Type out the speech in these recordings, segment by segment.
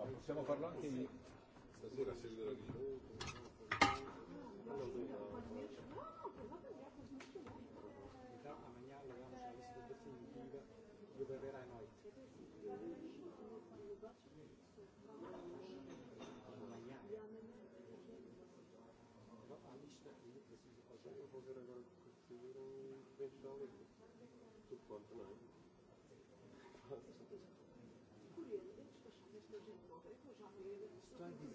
Ma possiamo farlo anche io. Stasera se vedo Tutto quanto noi. Thank you.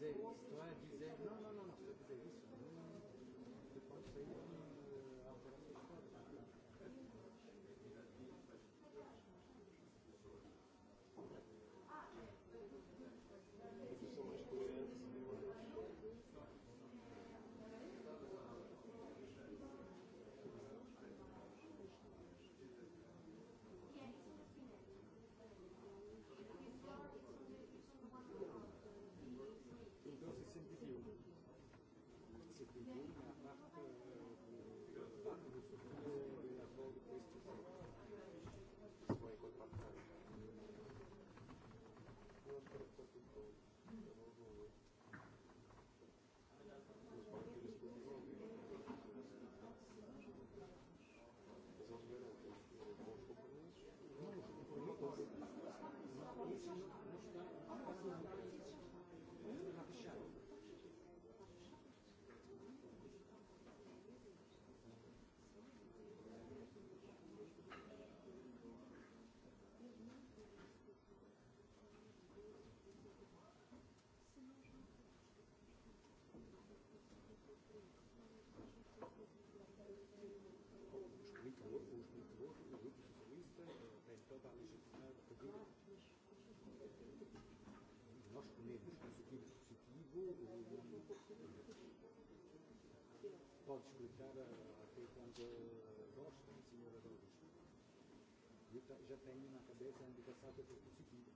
Pode explicar até quando gosta, senhora Dolores. Já tenho na cabeça a indicação que eu estou conseguindo.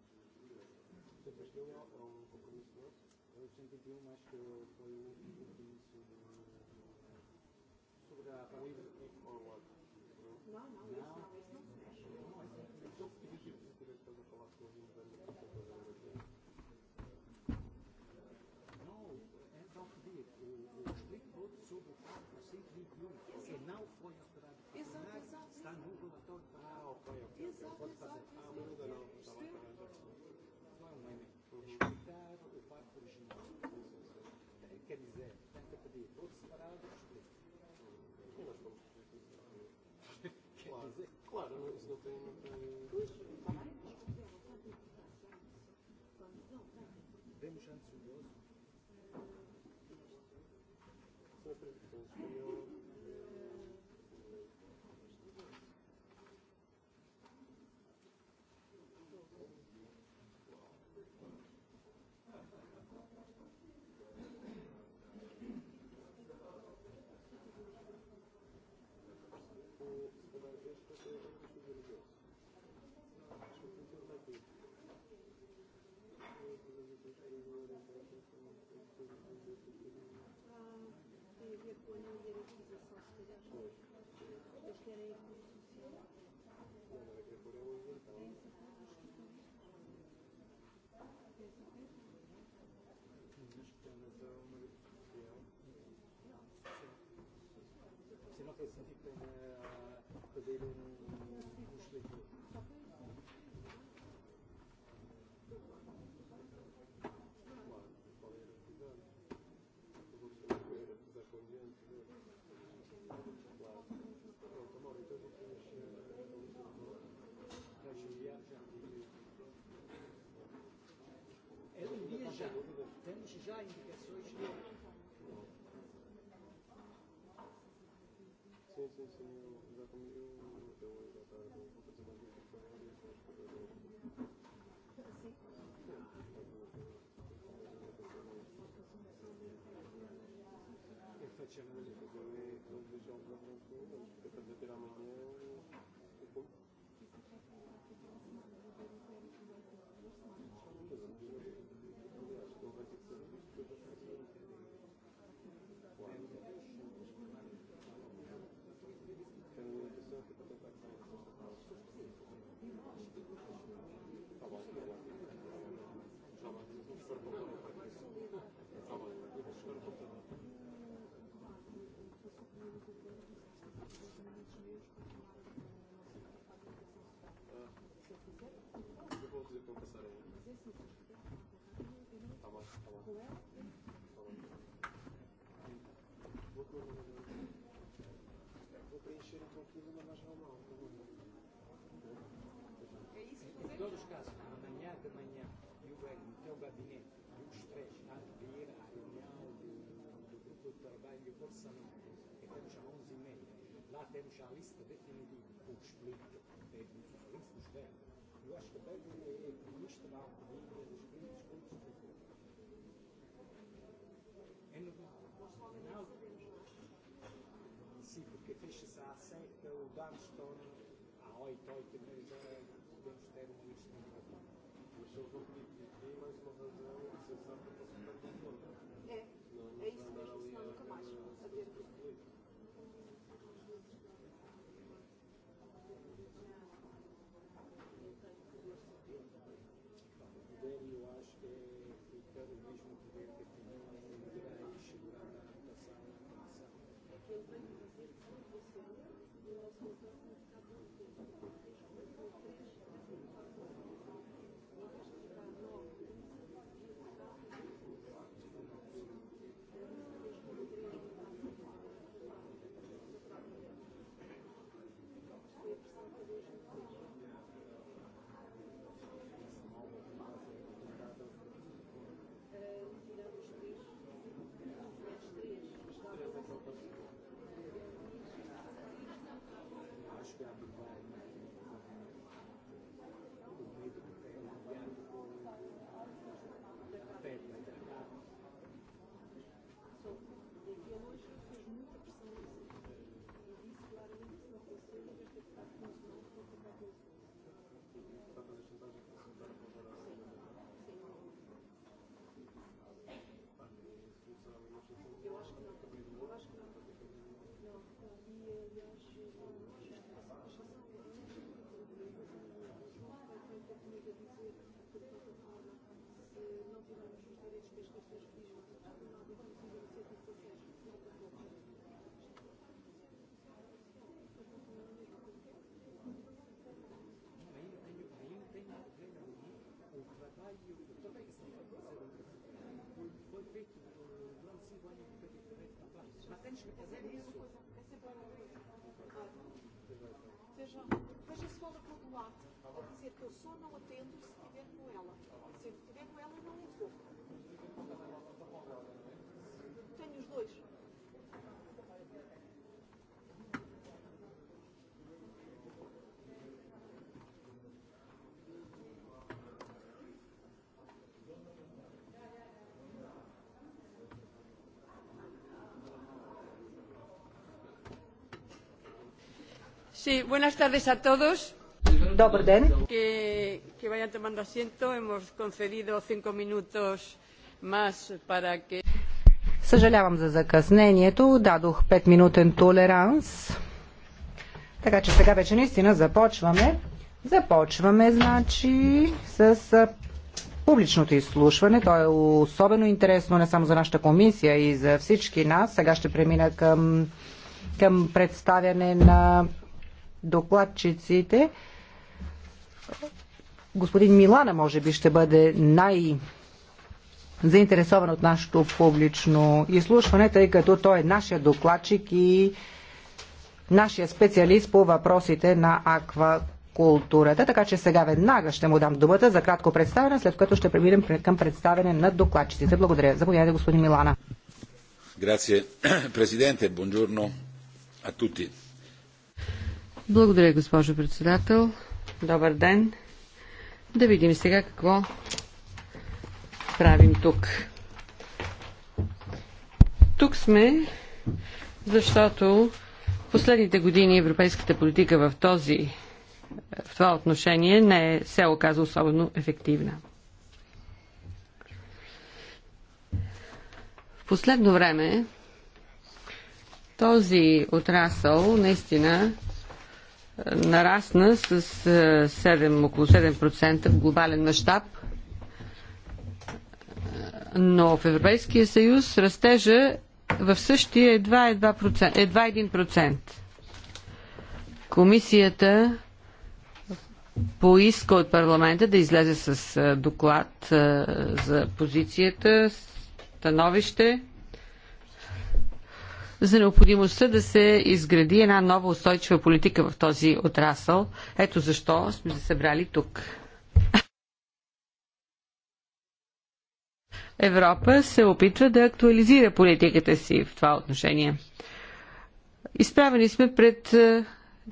Portanto, este o compromisso nosso. É o 121, mas que foi o último compromisso sobre a Paraíba. Não, não, isso não. работа има generally, because Em todos os casos, amanhã de manhã, eu venho no teu gabinete e os três há de vir à reunião do grupo de trabalho e orçamento, que temos a 11 e meia. Lá temos a lista definitiva, o os riscos dela. Eu acho que bem danstone a 8, 8 e mezzo eu só não atendo se estiver com ela. Se estiver com ela, não vou. Tenho os dois. buenas tardes a todos. Добър ден. Съжалявам за закъснението. Дадох 5-минутен толеранс. Така че сега вече наистина започваме. Започваме, значи, с публичното изслушване. То е особено интересно не само за нашата комисия и за всички нас. Сега ще премина към, към представяне на докладчиците господин Милана може би ще бъде най- заинтересован от нашето публично изслушване, тъй като той е нашия докладчик и нашия специалист по въпросите на аквакултурата. Така че сега веднага ще му дам думата за кратко представяне, след като ще преминем към представяне на докладчиците. Благодаря. Заповядайте, господин Милана. Грация, президенте. Бонжурно а тути. Благодаря, госпожо председател. Добър ден. Да видим сега какво правим тук. Тук сме, защото последните години европейската политика в този в това отношение не е, се е оказа особено ефективна. В последно време този отрасъл наистина нарасна с 7, е, около 7% в глобален мащаб, но в Европейския съюз растежа в същия е 2 е процент, едва 1%. Комисията поиска от парламента да излезе с е, доклад за позицията, становище за необходимостта да се изгради една нова устойчива политика в този отрасъл. Ето защо сме се събрали тук. Европа се опитва да актуализира политиката си в това отношение. Изправени сме пред е,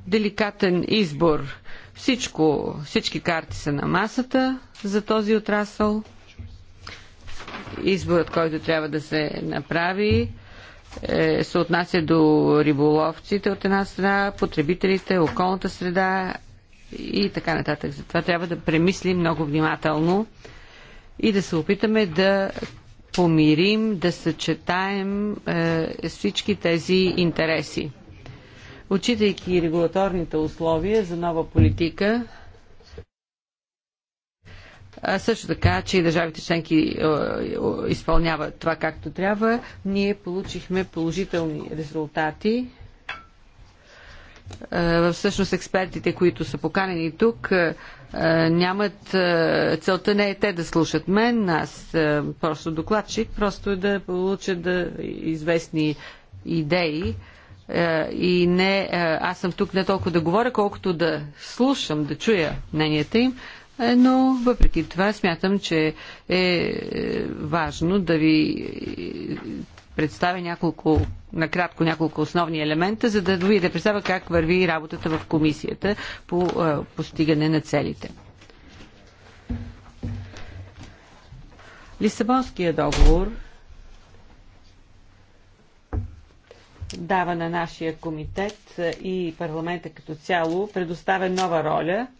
деликатен избор. Всичко, всички карти са на масата за този отрасъл. Изборът, който трябва да се направи, е, се отнася до риболовците от една страна, потребителите, околната среда и така нататък. Затова трябва да премислим много внимателно и да се опитаме да помирим, да съчетаем е, всички тези интереси. Отчитайки регулаторните условия за нова политика, а също така, че и държавите членки е, е, изпълняват това както трябва. Ние получихме положителни резултати. Е, всъщност експертите, които са поканени тук, нямат... Целта не е те да слушат мен, аз просто докладчик, просто да получат да известни идеи и не, аз съм тук не толкова да говоря, колкото да слушам, да чуя мненията им. Е, но въпреки това смятам, че е, е важно да ви представя няколко, накратко няколко основни елемента, за да видите да представя как върви работата в комисията по е, постигане на целите. Лисабонския договор дава на нашия комитет и парламента като цяло, предоставя нова роля –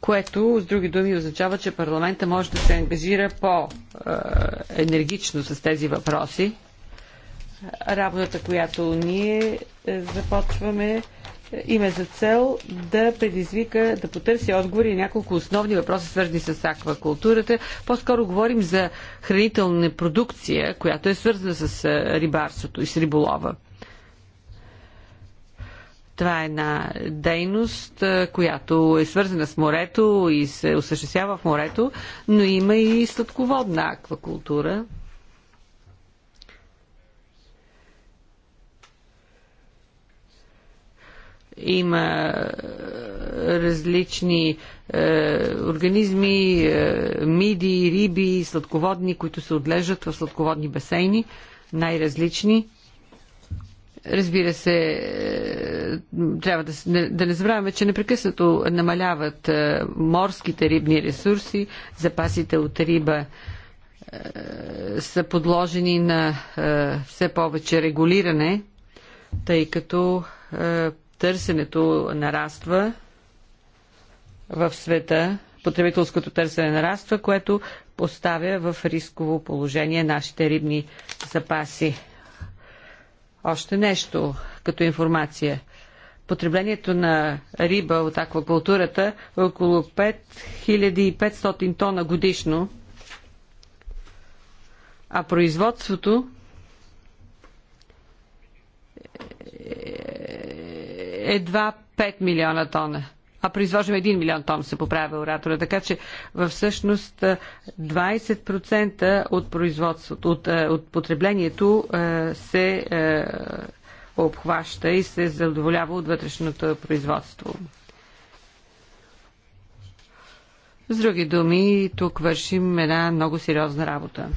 което с други думи означава, че парламента може да се ангажира по-енергично с тези въпроси. Работата, която ние е, започваме, е, има за цел да предизвика, да потърси отговори и няколко основни въпроси, свързани с аквакултурата. По-скоро говорим за хранителна продукция, която е свързана с е, рибарството и с риболова. Това е една дейност, която е свързана с морето и се осъществява в морето, но има и сладководна аквакултура. Има различни е, организми, е, миди, риби, сладководни, които се отлежат в сладководни басейни, най-различни. Разбира се, е, трябва да, да не забравяме, че непрекъснато намаляват е, морските рибни ресурси, запасите от риба е, са подложени на все повече регулиране, тъй като търсенето нараства в света, потребителското търсене нараства, което поставя в рисково положение нашите рибни запаси. Още нещо като информация. Потреблението на риба от аквакултурата е около 5500 тона годишно, а производството едва 5 милиона тона а произвождаме 1 милион тон, се поправя оратора. Така че всъщност 20% от производството, от, от потреблението се обхваща и се задоволява от вътрешното производство. С други думи, тук вършим една много сериозна работа.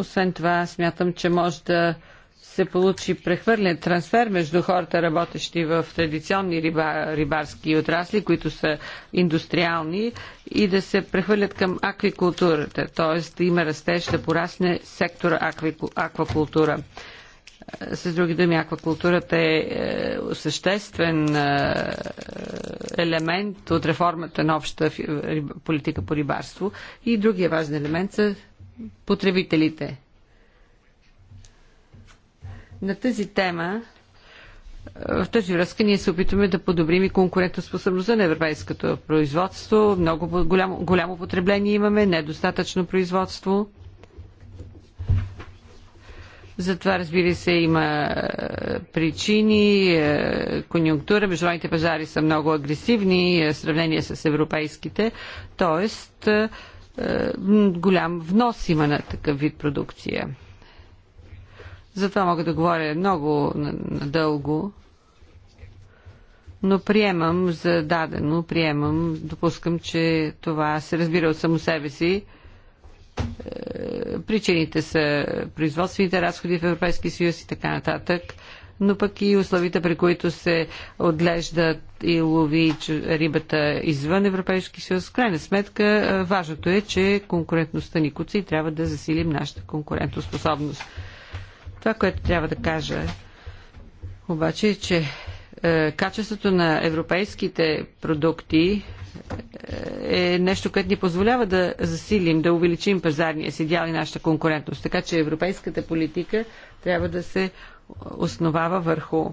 Освен това, смятам, че може да се получи прехвърлен трансфер между хората, работещи в традиционни риба, рибарски отрасли, които са индустриални, и да се прехвърлят към аквикултурата, т.е. да има растеж да порасне сектора аквику, аквакултура. С други думи, аквакултурата е, е съществен е, елемент от реформата на общата политика по рибарство и другия важен елемент са потребителите. На тази тема, е, в тази връзка, ние се опитваме да подобрим и конкурентоспособността на европейското производство. Много голямо, голямо потребление имаме, недостатъчно производство. Затова, разбира се, има е, причини, е, конюнктура, международните пазари са много агресивни в сравнение с европейските, т.е. Е, голям внос има на такъв вид продукция. Затова мога да говоря много надълго, но приемам за дадено, приемам, допускам, че това се разбира от само себе си. Е, причините са производствените разходи в Европейския съюз и така нататък но пък и условията, при които се отглеждат и лови рибата извън Европейски съюз. В крайна сметка, е, важното е, че конкурентността ни куца и трябва да засилим нашата конкурентоспособност. Това, което трябва да кажа обаче е, че е, качеството на европейските продукти е, е нещо, което ни позволява да засилим, да увеличим пазарния си дял и нашата конкурентност. Така че европейската политика трябва да се основава върху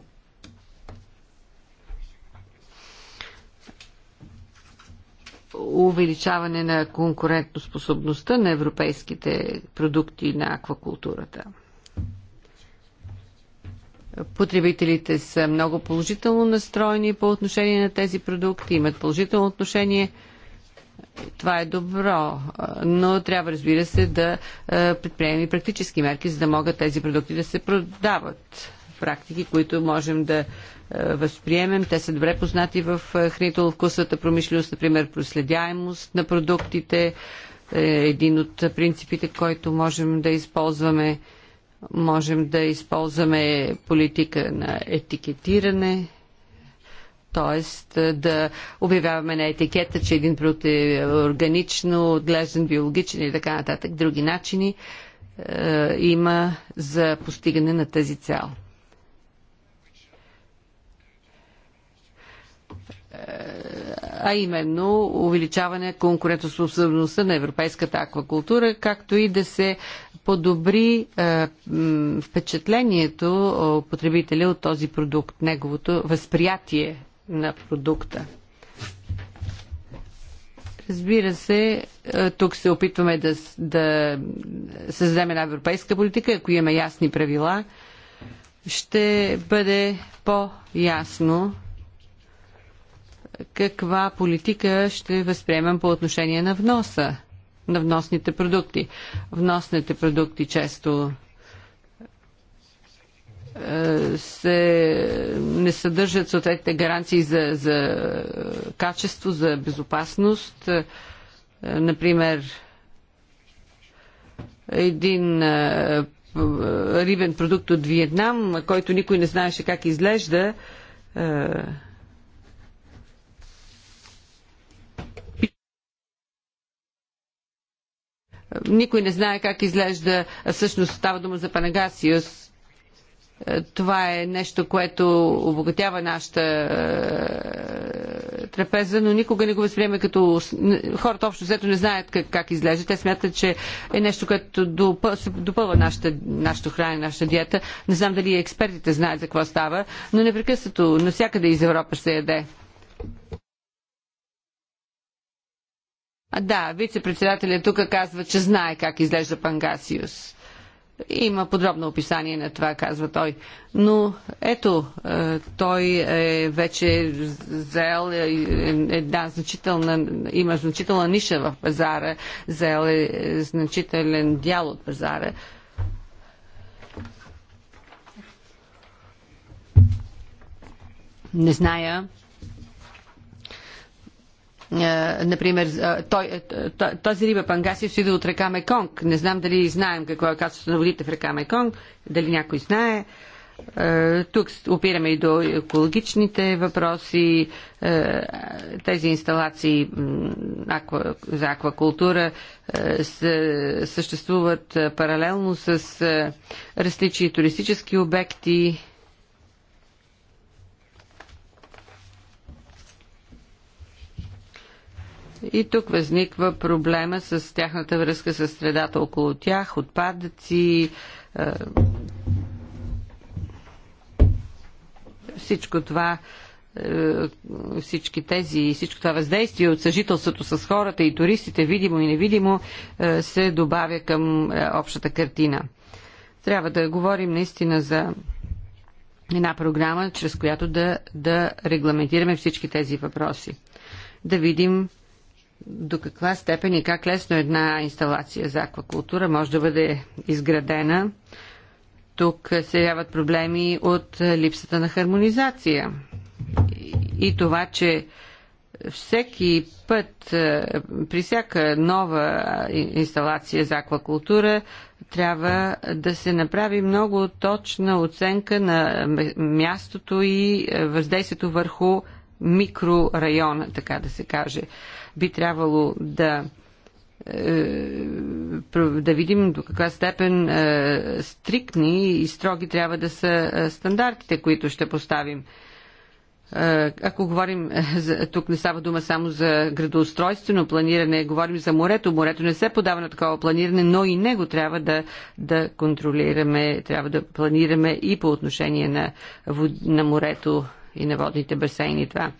увеличаване на конкурентоспособността на европейските продукти на аквакултурата. Потребителите са много положително настроени по отношение на тези продукти, имат положително отношение това е добро, но трябва, разбира се, да предприемем и практически мерки, за да могат тези продукти да се продават. Практики, които можем да възприемем. Те са добре познати в хранително-вкусната промишленост, например, проследяемост на продуктите. Е един от принципите, който можем да използваме. Можем да използваме политика на етикетиране т.е. да обявяваме на етикета, че един продукт е органично, отглеждан, биологичен и така нататък. Други начини е, има за постигане на тази цел. Е, а именно увеличаване конкурентоспособността на европейската аквакултура, както и да се подобри е, впечатлението потребителя от този продукт, неговото възприятие на продукта. Разбира се, е, тук се опитваме да, да създадем една европейска политика, ако имаме ясни правила, ще бъде по-ясно каква политика ще възприемам по отношение на вноса, на вносните продукти. Вносните продукти често се, не съдържат съответните гаранции за, за качество, за безопасност. Е, например, един е, е, рибен продукт от Виетнам, който никой не знаеше как изглежда, никой не знае как изглежда, всъщност става дума за Панагасиус, е, това е нещо, което обогатява нашата е, трапеза, но никога не го възприеме като... Хората общо взето не знаят как, как изглежда. Те смятат, че е нещо, което допълва нашата, нашата хранене, нашата диета. Не знам дали експертите знаят за какво става, но непрекъснато навсякъде из Европа се яде. А, да, вице-председателят тук казва, че знае как изглежда пангасиус. Има подробно описание на това, казва той. Но ето, е, той е вече заел е, една значителна, има значителна ниша в пазара, заел е, е значителен дял от пазара. Не зная е, например, е, тази е, този риба пангаси идва от река Меконг. Не знам дали знаем какво е качеството на водите в река Меконг, дали някой знае. Тук опираме и до екологичните въпроси, тези инсталации за аквакултура съществуват паралелно с различни туристически обекти, И тук възниква проблема с тяхната връзка с средата около тях, отпадъци, всичко това всички тези, всичко това въздействие от съжителството с хората и туристите, видимо и невидимо, се добавя към общата картина. Трябва да говорим наистина за една програма, чрез която да, да регламентираме всички тези въпроси. Да видим до каква степен и как лесно една инсталация за аквакултура може да бъде изградена. Тук се яват проблеми от липсата на хармонизация и това, че всеки път, е, при всяка нова инсталация за аквакултура, трябва да се направи много точна оценка на мястото и въздействието върху микрорайона, така да се каже би трябвало да е, да видим до каква степен е, стриктни и строги трябва да са е, стандартите, които ще поставим. Ако говорим, тук не става дума само за градоустройствено планиране, говорим за морето. Морето не се подава на такова планиране, но и него трябва да, да контролираме, трябва да планираме и по отношение на, на морето и на водните басейни това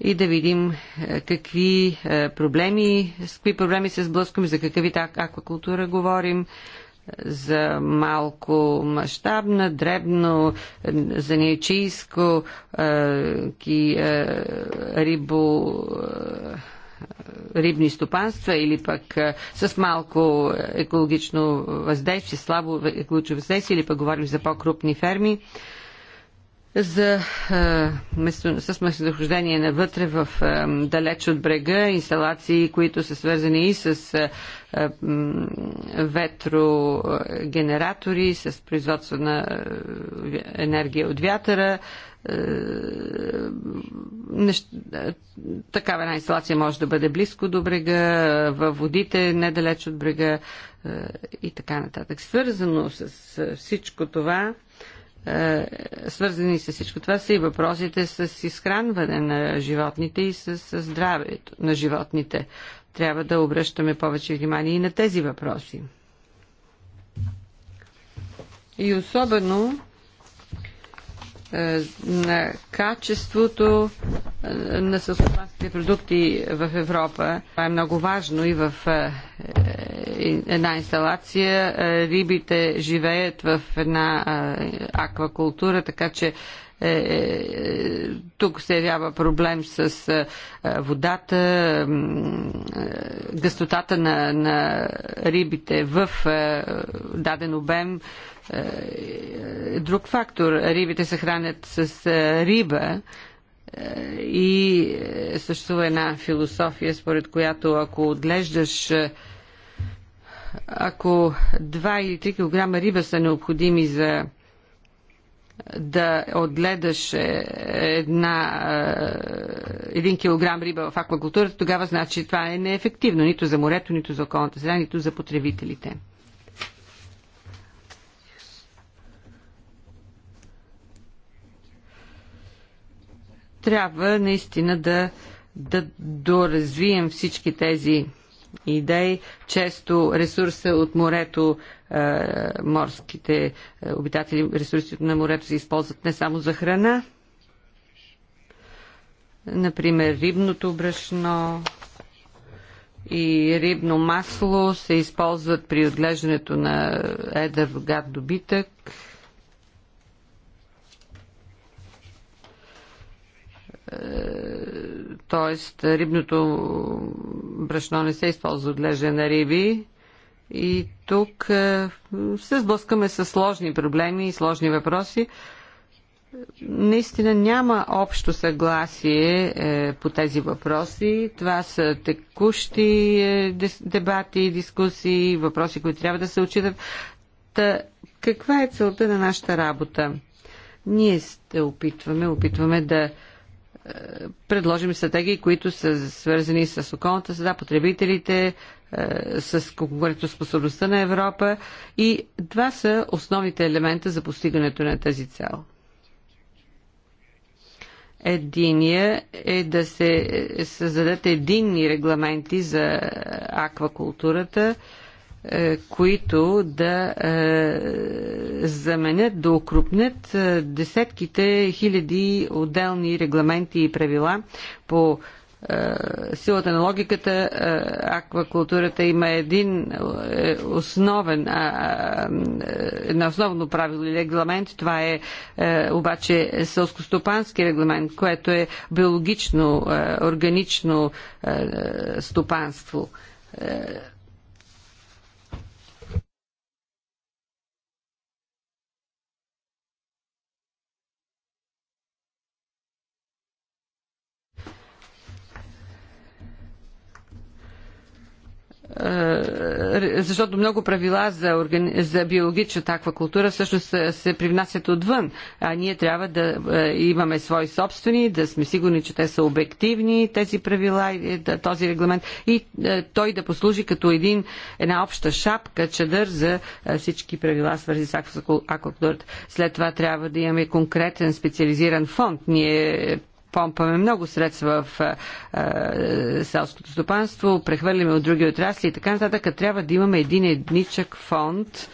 и да видим е, какви е, проблеми, с какви проблеми се сблъскваме, за какъв вид аквакултура говорим, е, за малко мащабна, дребно, занечийско ки, рибо рибни стопанства или пък с малко екологично въздействие, слабо екологично въздействие или пък говорим за по-крупни ферми за, а, место, с местонахождение навътре в а, далеч от брега, инсталации, които са свързани и с а, а, ветрогенератори, с производство на а, енергия от вятъра. А, нещ... Такава една инсталация може да бъде близко до брега, във водите, недалеч от брега а, и така нататък. Свързано с всичко това, е, свързани с всичко това са и въпросите с изхранване на животните и с здравето на животните. Трябва да обръщаме повече внимание и на тези въпроси. И особено е, на качеството е, на селскостопанските продукти в Европа. Това е много важно и в е, една инсталация. Рибите живеят в една аквакултура, така че тук се явява проблем с водата, гъстотата на, на рибите в даден обем е, е, друг фактор. Рибите се хранят с е, риба и съществува една философия, според която ако отглеждаш ако 2 или 3 кг риба са необходими за да отгледаш една, един килограм риба в аквакултурата, тогава значи това е неефективно нито за морето, нито за околната среда, нито за потребителите. трябва наистина да, да доразвием всички тези идеи. Често ресурса от морето, е, морските е, обитатели, ресурсите на морето се използват не само за храна, например рибното брашно и рибно масло се използват при отглеждането на едър гад добитък. т.е. рибното брашно не се използва лежа на риби. И тук е, се сблъскаме с сложни проблеми и сложни въпроси. Наистина няма общо съгласие е, по тези въпроси. Това са текущи е, дебати, дискусии, въпроси, които трябва да се очитат. Та, каква е целта на нашата работа? Ние се опитваме, опитваме да е, предложим стратегии, които са свързани с околната среда, потребителите, е, с конкурентоспособността на Европа и два са основните елемента за постигането на тази цел. Единия е да се е, създадат единни регламенти за аквакултурата, е, които да е, заменят, да окрупнят е, десетките хиляди отделни регламенти и правила по силата на логиката, аквакултурата има един основен, на основно правило или регламент. Това е обаче сълскостопански регламент, което е биологично, органично стопанство Е, защото много правила за, органи... за биологичната аквакултура всъщност се привнасят отвън, а ние трябва да е, имаме свои собствени, да сме сигурни, че те са обективни, тези правила, е, този регламент и той да послужи като един, една обща шапка, чадър за всички правила, свързани с аквакултурата. След това трябва да имаме конкретен специализиран фонд. Ние помпаме много средства в е, е, селското стопанство, прехвърляме от други отрасли и така нататък, трябва да имаме един едничък фонд,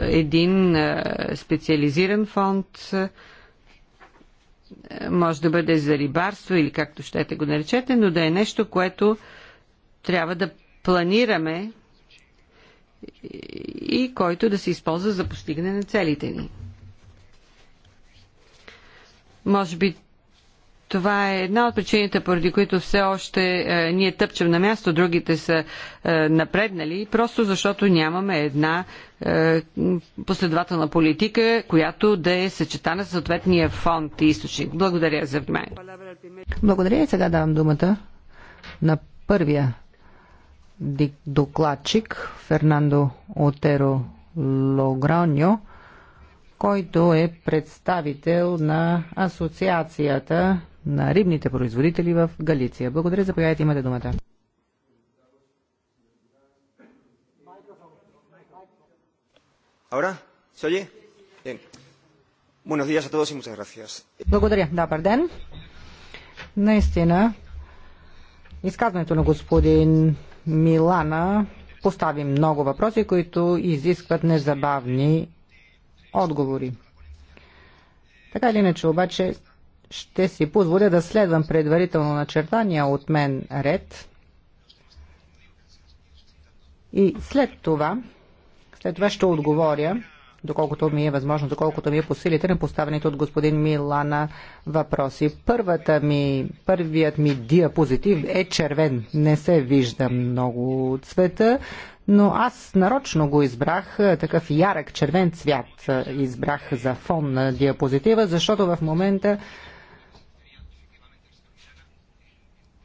един е, специализиран фонд, е, може да бъде за рибарство или както щете го наречете, но да е нещо, което трябва да планираме и който да се използва за постигане на целите ни. Може би това е една от причините, поради които все още е, ние тъпчем на място, другите са е, напреднали, просто защото нямаме една е, последователна политика, която да е съчетана с съответния фонд и източник. Благодаря за вниманието. Благодаря и сега давам думата на първия докладчик Фернандо Отеро Лограньо, който е представител на Асоциацията на рибните производители в Галиция. Благодаря, заповядайте, имате думата. Ahora, ¿se oye? Bien. Buenos días a todos y muchas gracias. Благодаря. Да, парден. Наистина, изказването на господин Милана постави много въпроси, които изискват незабавни отговори. Така или иначе, обаче, ще си позволя да следвам предварително начертания от мен ред и след това, след това ще отговоря, доколкото ми е възможно, доколкото ми е по силите на поставените от господин Милана въпроси. Първата ми, първият ми диапозитив е червен. Не се вижда много цвета, но аз нарочно го избрах, такъв ярък червен цвят избрах за фон на диапозитива, защото в момента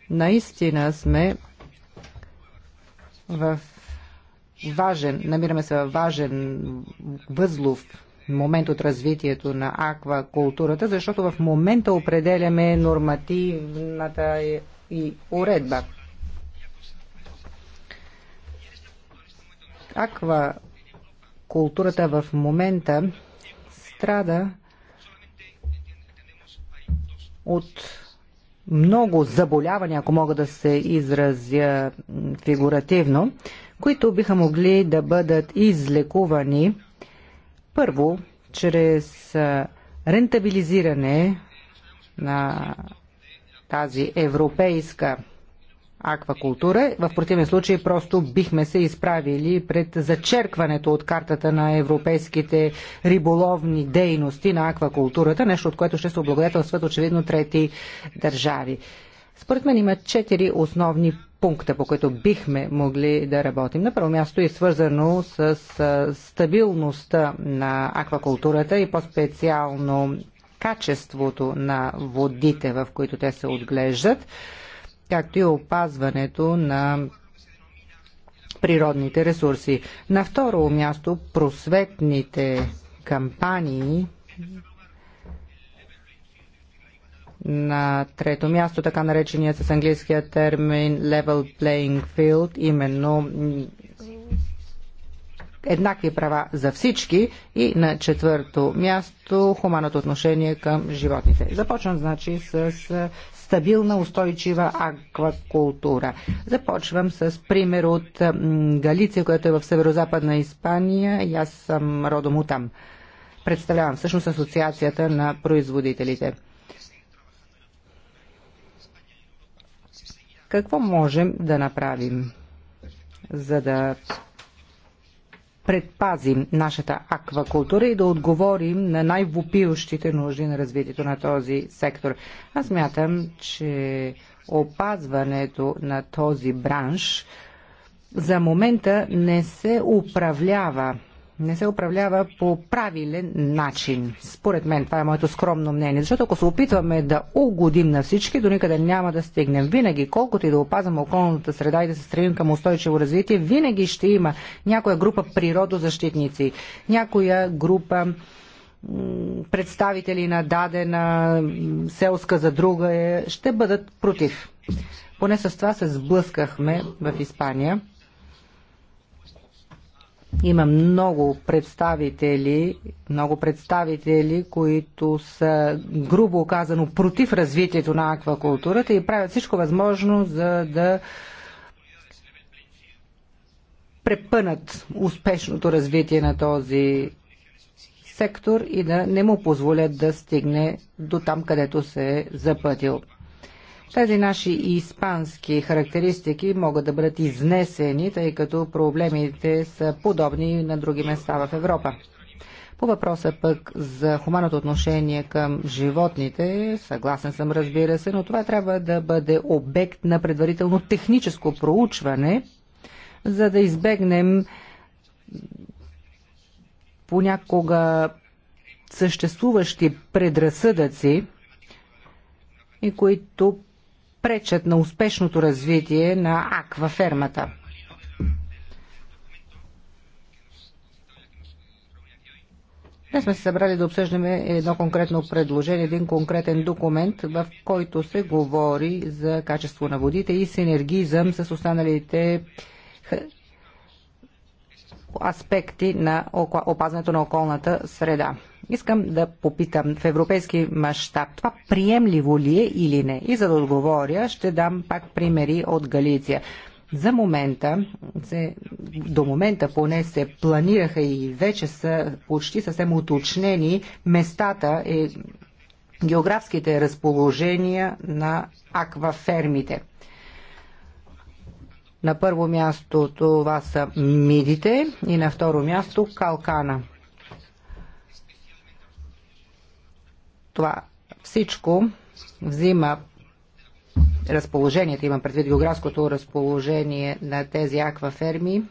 Наистина сме в важен, намираме се в важен възлов момент от развитието на аквакултурата, защото в момента определяме нормативната и уредба. Аквакултурата в момента страда от много заболявания, ако мога да се изразя фигуративно, които биха могли да бъдат излекувани първо чрез рентабилизиране на тази европейска аквакултура. В противен случай просто бихме се изправили пред зачеркването от картата на европейските риболовни дейности на аквакултурата, нещо от което ще се облагодетелстват очевидно трети държави. Според мен има четири основни пункта, по които бихме могли да работим. На първо място е свързано с стабилността на аквакултурата и по-специално качеството на водите, в които те се отглеждат както и опазването на природните ресурси. На второ място просветните кампании. На трето място така наречения с английския термин level playing field, именно еднакви права за всички и на четвърто място хуманото отношение към животните. Започвам значи с стабилна, устойчива аквакултура. Започвам с пример от Галиция, която е в северо-западна Испания и аз съм родом от там. Представлявам всъщност асоциацията на производителите. Какво можем да направим, за да предпазим нашата аквакултура и да отговорим на най-вопиващите нужди на развитието на този сектор. Аз мятам, че опазването на този бранш за момента не се управлява не се управлява по правилен начин. Според мен това е моето скромно мнение, защото ако се опитваме да угодим на всички, до никъде няма да стигнем. Винаги, колкото и да опазваме околната среда и да се стремим към устойчиво развитие, винаги ще има някоя група природозащитници, някоя група представители на дадена селска за друга е, ще бъдат против. Поне с това се сблъскахме в Испания – има много представители, много представители, които са грубо казано против развитието на аквакултурата и правят всичко възможно за да препънат успешното развитие на този сектор и да не му позволят да стигне до там, където се е запътил. Тези наши испански характеристики могат да бъдат изнесени, тъй като проблемите са подобни на други места в Европа. По въпроса пък за хуманото отношение към животните, съгласен съм разбира се, но това трябва да бъде обект на предварително техническо проучване, за да избегнем понякога съществуващи предразсъдъци и които пречат на успешното развитие на аквафермата. Днес сме се събрали да обсъждаме едно конкретно предложение, един конкретен документ, в който се говори за качество на водите и синергизъм с останалите аспекти на опазването на околната среда. Искам да попитам в европейски мащаб, това приемливо ли е или не? И за да отговоря, ще дам пак примери от Галиция. За момента, се, до момента поне се планираха и вече са почти съвсем уточнени местата, е, географските разположения на аквафермите. На първо място това са мидите и на второ място калкана. Това всичко взима разположението, имам предвид географското разположение на тези акваферми,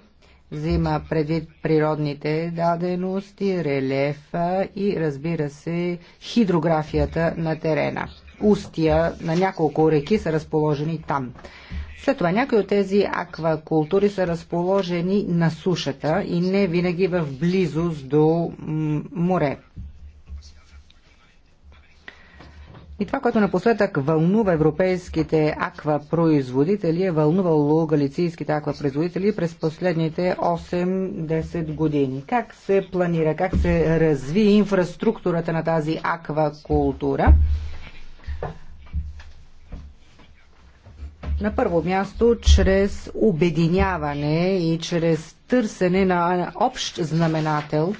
взима предвид природните дадености, релефа и разбира се хидрографията на терена. Устия на няколко реки са разположени там. След това някои от тези аквакултури са разположени на сушата и не винаги в близост до море. И това, което напоследък вълнува европейските аквапроизводители, е вълнувало галицийските аквапроизводители през последните 8-10 години. Как се планира, как се разви инфраструктурата на тази аквакултура? На първо място, чрез обединяване и чрез търсене на общ знаменател,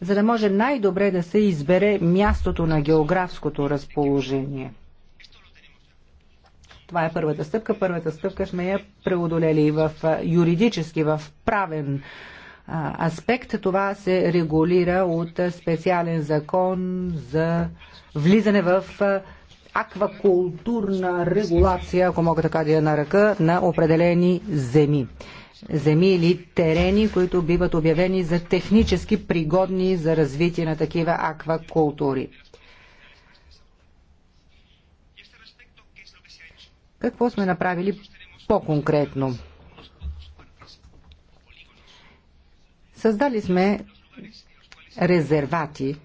за да може най-добре да се избере мястото на географското разположение. Това е първата стъпка. Първата стъпка сме я преодолели в юридически, в правен аспект. Това се регулира от специален закон за влизане в аквакултурна регулация, ако мога така да я наръка, на определени земи. Земи или терени, които биват обявени за технически пригодни за развитие на такива аквакултури. Какво сме направили по-конкретно? Създали сме резервати,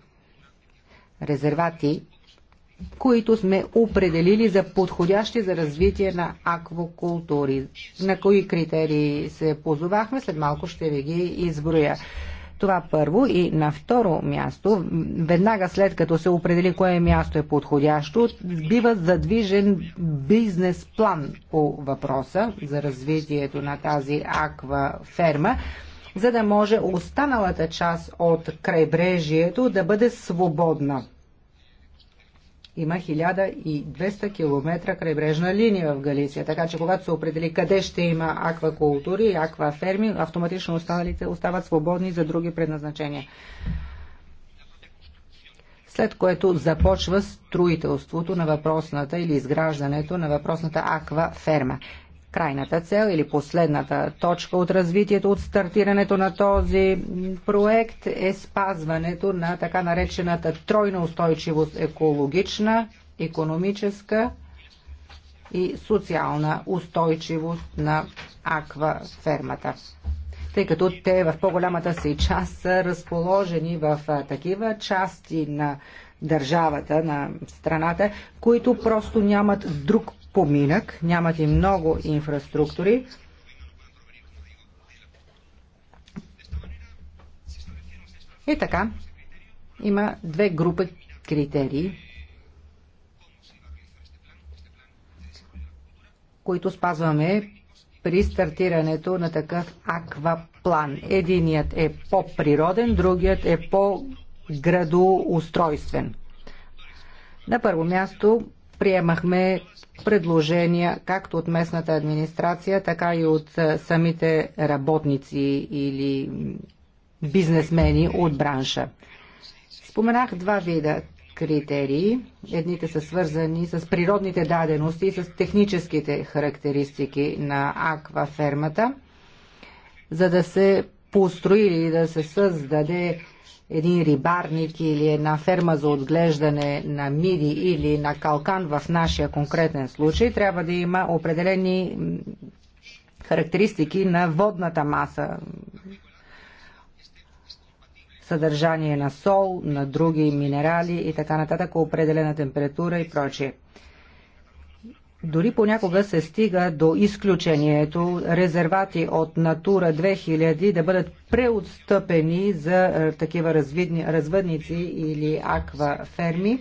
резервати които сме определили за подходящи за развитие на аквакултури. На кои критерии се позовахме, след малко ще ви ги изброя. Това първо и на второ място, веднага след като се определи кое място е подходящо, бива задвижен бизнес план по въпроса за развитието на тази акваферма, за да може останалата част от крайбрежието да бъде свободна има 1200 км крайбрежна линия в Галиция. Така че когато се определи къде ще има аквакултури и акваферми, автоматично останалите остават свободни за други предназначения. След което започва строителството на въпросната или изграждането на въпросната акваферма крайната цел или последната точка от развитието, от стартирането на този проект е спазването на така наречената тройна устойчивост екологична, економическа и социална устойчивост на аквафермата тъй като те в по-голямата си част са разположени в такива части на държавата, на страната, които просто нямат друг поминък, нямат и много инфраструктури. И така, има две групи критерии, които спазваме при стартирането на такъв акваплан. Единият е по-природен, другият е по-градоустройствен. На първо място приемахме предложения както от местната администрация, така и от самите работници или бизнесмени от бранша. Споменах два вида критерии. Едните са свързани с природните дадености и с техническите характеристики на аквафермата, за да се построи или да се създаде един рибарник или една ферма за отглеждане на миди или на калкан в нашия конкретен случай, трябва да има определени характеристики на водната маса, съдържание на сол, на други минерали и така нататък, определена температура и прочие. Дори понякога се стига до изключението резервати от Натура 2000 да бъдат преотстъпени за е, такива развидни, развъдници или акваферми,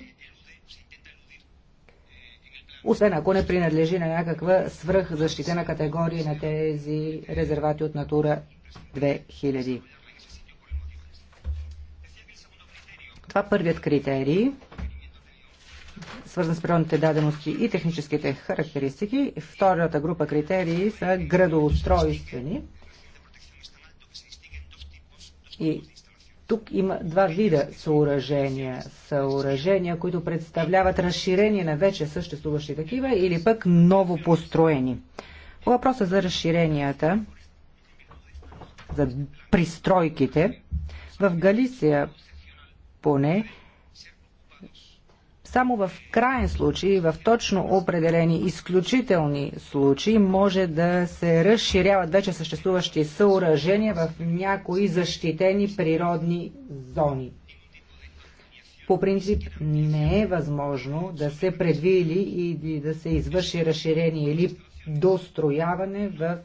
освен ако не принадлежи на някаква свръхзащитена категория на тези резервати от Натура 2000. Това е първият критерий – свързан с природните дадености и техническите характеристики. Втората група критерии са градоустройствени. И тук има два вида съоръжения. Съоръжения, които представляват разширение на вече съществуващи такива или пък ново построени. По въпроса за разширенията, за пристройките, в Галисия поне само в крайен случай, в точно определени изключителни случаи, може да се разширяват вече съществуващи съоръжения в някои защитени природни зони. По принцип не е възможно да се предвиди и да се извърши разширение или дострояване в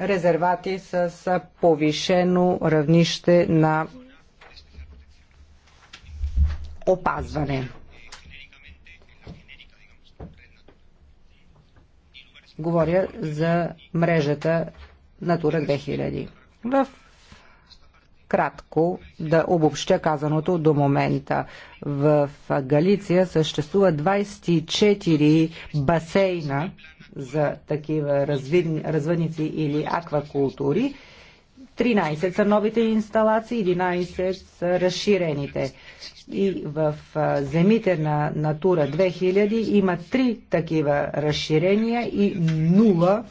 резервати с повишено равнище на опазване. Говоря за мрежата Натура 2000. В кратко да обобщя казаното до момента. В Галиция съществува 24 басейна за такива развъдници или аквакултури 13 са новите инсталации, 11 са разширените. И в земите на Натура 2000 има 3 такива разширения и 0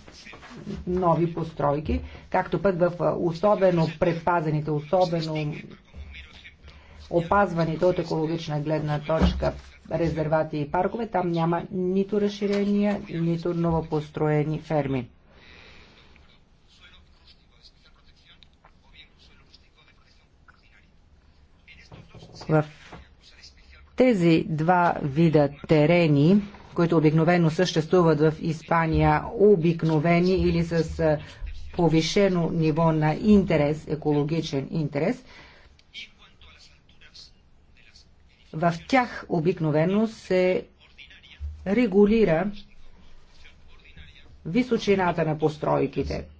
нови постройки, както пък в особено предпазените, особено опазваните от екологична гледна точка резервати и паркове, там няма нито разширения, нито новопостроени ферми. В тези два вида терени, които обикновено съществуват в Испания, обикновени или с повишено ниво на интерес, екологичен интерес, в тях обикновено се регулира височината на постройките –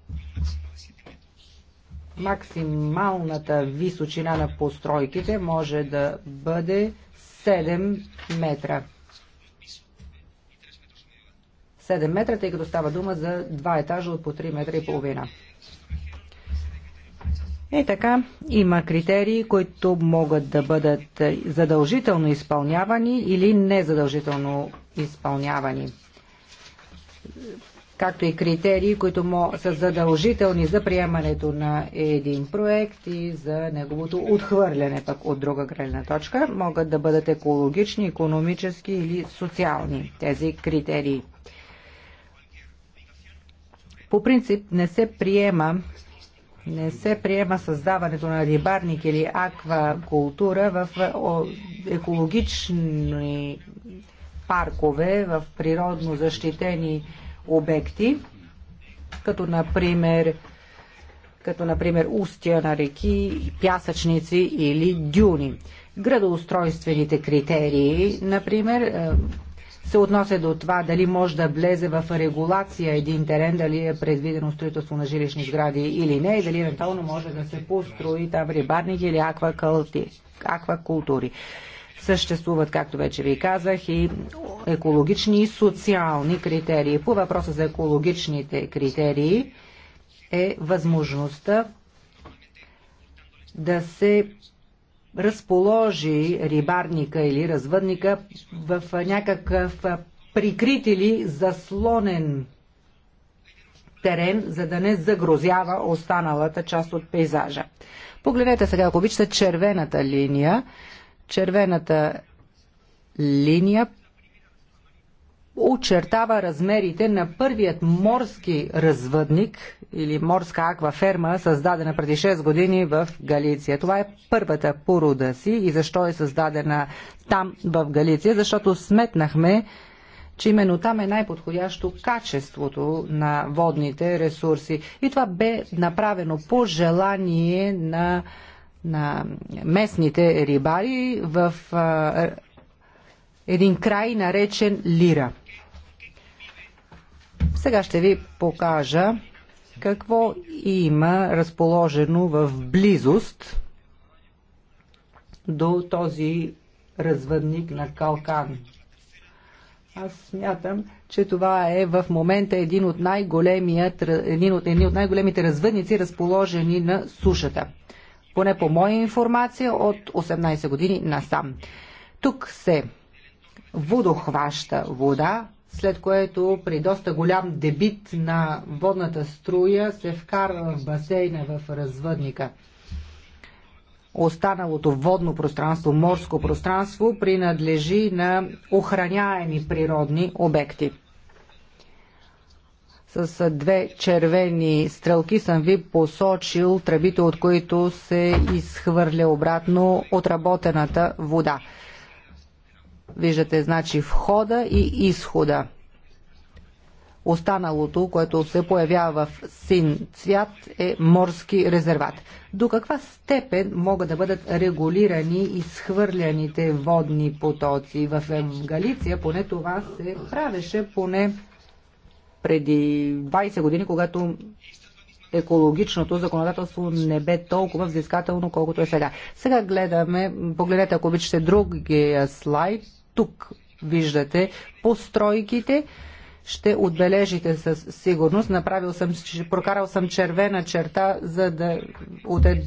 максималната височина на постройките може да бъде 7 метра. 7 метра, тъй като става дума за два етажа от по 3 метра и половина. И така, има критерии, които могат да бъдат задължително изпълнявани или незадължително изпълнявани както и критерии, които са задължителни за приемането на един проект и за неговото отхвърляне пък от друга гледна точка. Могат да бъдат екологични, економически или социални тези критерии. По принцип не се приема не се приема създаването на рибарник или аквакултура в екологични паркове, в природно защитени обекти, като например като например устия на реки, пясъчници или дюни. Градоустройствените критерии, например, е, се относят до това дали може да влезе в регулация един терен, дали е предвидено строителство на жилищни сгради или не, и дали евентуално може да се построи там рибарник или аквакултури съществуват, както вече ви казах, и екологични и социални критерии. По въпроса за екологичните критерии е възможността да се разположи рибарника или развъдника в някакъв прикрит или заслонен терен, за да не загрозява останалата част от пейзажа. Погледнете сега, ако обичате, червената линия червената линия очертава размерите на първият морски развъдник или морска акваферма, създадена преди 6 години в Галиция. Това е първата порода си и защо е създадена там в Галиция, защото сметнахме, че именно там е най-подходящо качеството на водните ресурси. И това бе направено по желание на на местните рибари в а, един край наречен Лира. Сега ще ви покажа какво има разположено в близост до този развъдник на Калкан. Аз смятам, че това е в момента един от, един от, един от най-големите развъдници, разположени на сушата поне по моя информация, от 18 години насам. Тук се водохваща вода, след което при доста голям дебит на водната струя се вкарва в басейна в развъдника. Останалото водно пространство, морско пространство принадлежи на охраняеми природни обекти с две червени стрелки съм ви посочил тръбите, от които се изхвърля обратно отработената вода. Виждате, значи, входа и изхода. Останалото, което се появява в син цвят, е морски резерват. До каква степен могат да бъдат регулирани изхвърляните водни потоци? В е, Галиция поне това се правеше, поне преди 20 години, когато екологичното законодателство не бе толкова взискателно, колкото е сега. Сега гледаме, погледнете ако обичате другия слайд, тук виждате постройките, ще отбележите със сигурност. Направил съм, прокарал съм червена черта, за да от е-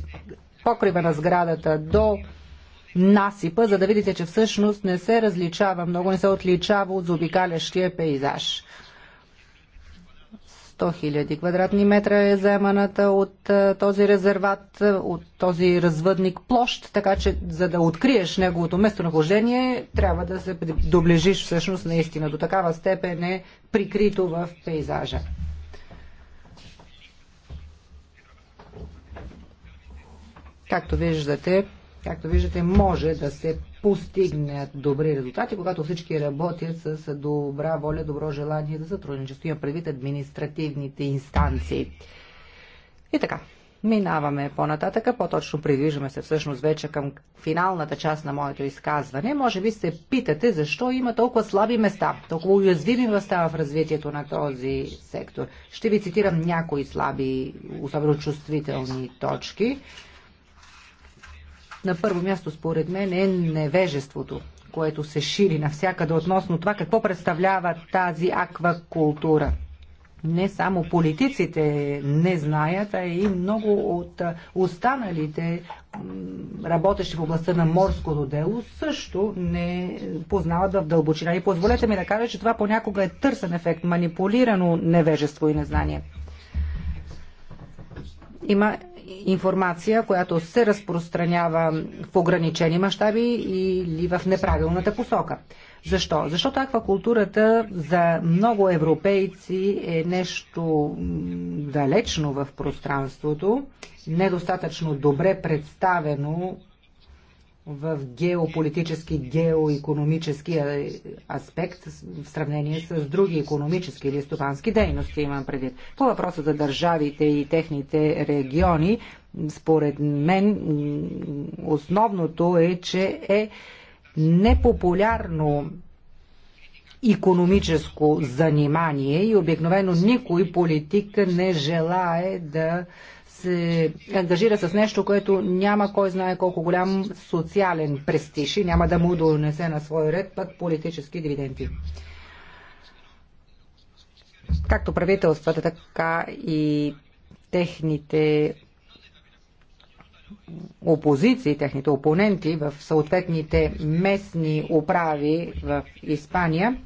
покрива на сградата до насипа, за да видите, че всъщност не се различава много, не се отличава от заобикалящия пейзаж. 100 000 квадратни метра е заеманата от е, този резерват, е, от този развъдник площ, така че за да откриеш неговото местонахождение, трябва да се доближиш всъщност наистина. До такава степен е прикрито в пейзажа. Както виждате, както виждате, може да се постигнат добри резултати, когато всички работят с добра воля, добро желание за да сътрудничество. има предвид административните инстанции. И така, минаваме по-нататъка, по-точно придвижваме се всъщност вече към финалната част на моето изказване. Може би се питате защо има толкова слаби места, толкова уязвими места в развитието на този сектор. Ще ви цитирам някои слаби, особено чувствителни точки. На първо място, според мен, е невежеството, което се шири навсякъде относно това какво представлява тази аквакултура не само политиците не знаят, а и много от останалите работещи в областта на морското дело също не познават в дълбочина. И позволете ми да кажа, че това понякога е търсен ефект, манипулирано невежество и незнание. Има информация, която се разпространява в ограничени мащаби или в неправилната посока. Защо? Защото аквакултурата за много европейци е нещо далечно в пространството, недостатъчно добре представено в геополитически, геоекономически аспект в сравнение с други економически или стопански дейности, имам предвид. По въпроса за държавите и техните региони, според мен основното е, че е непопулярно економическо занимание и обикновено никой политик не желае да се ангажира с нещо, което няма кой знае колко голям социален престиж и няма да му донесе на свой ред пък политически дивиденти. Както правителствата, така и техните опозиции, техните опоненти в съответните местни управи в Испания,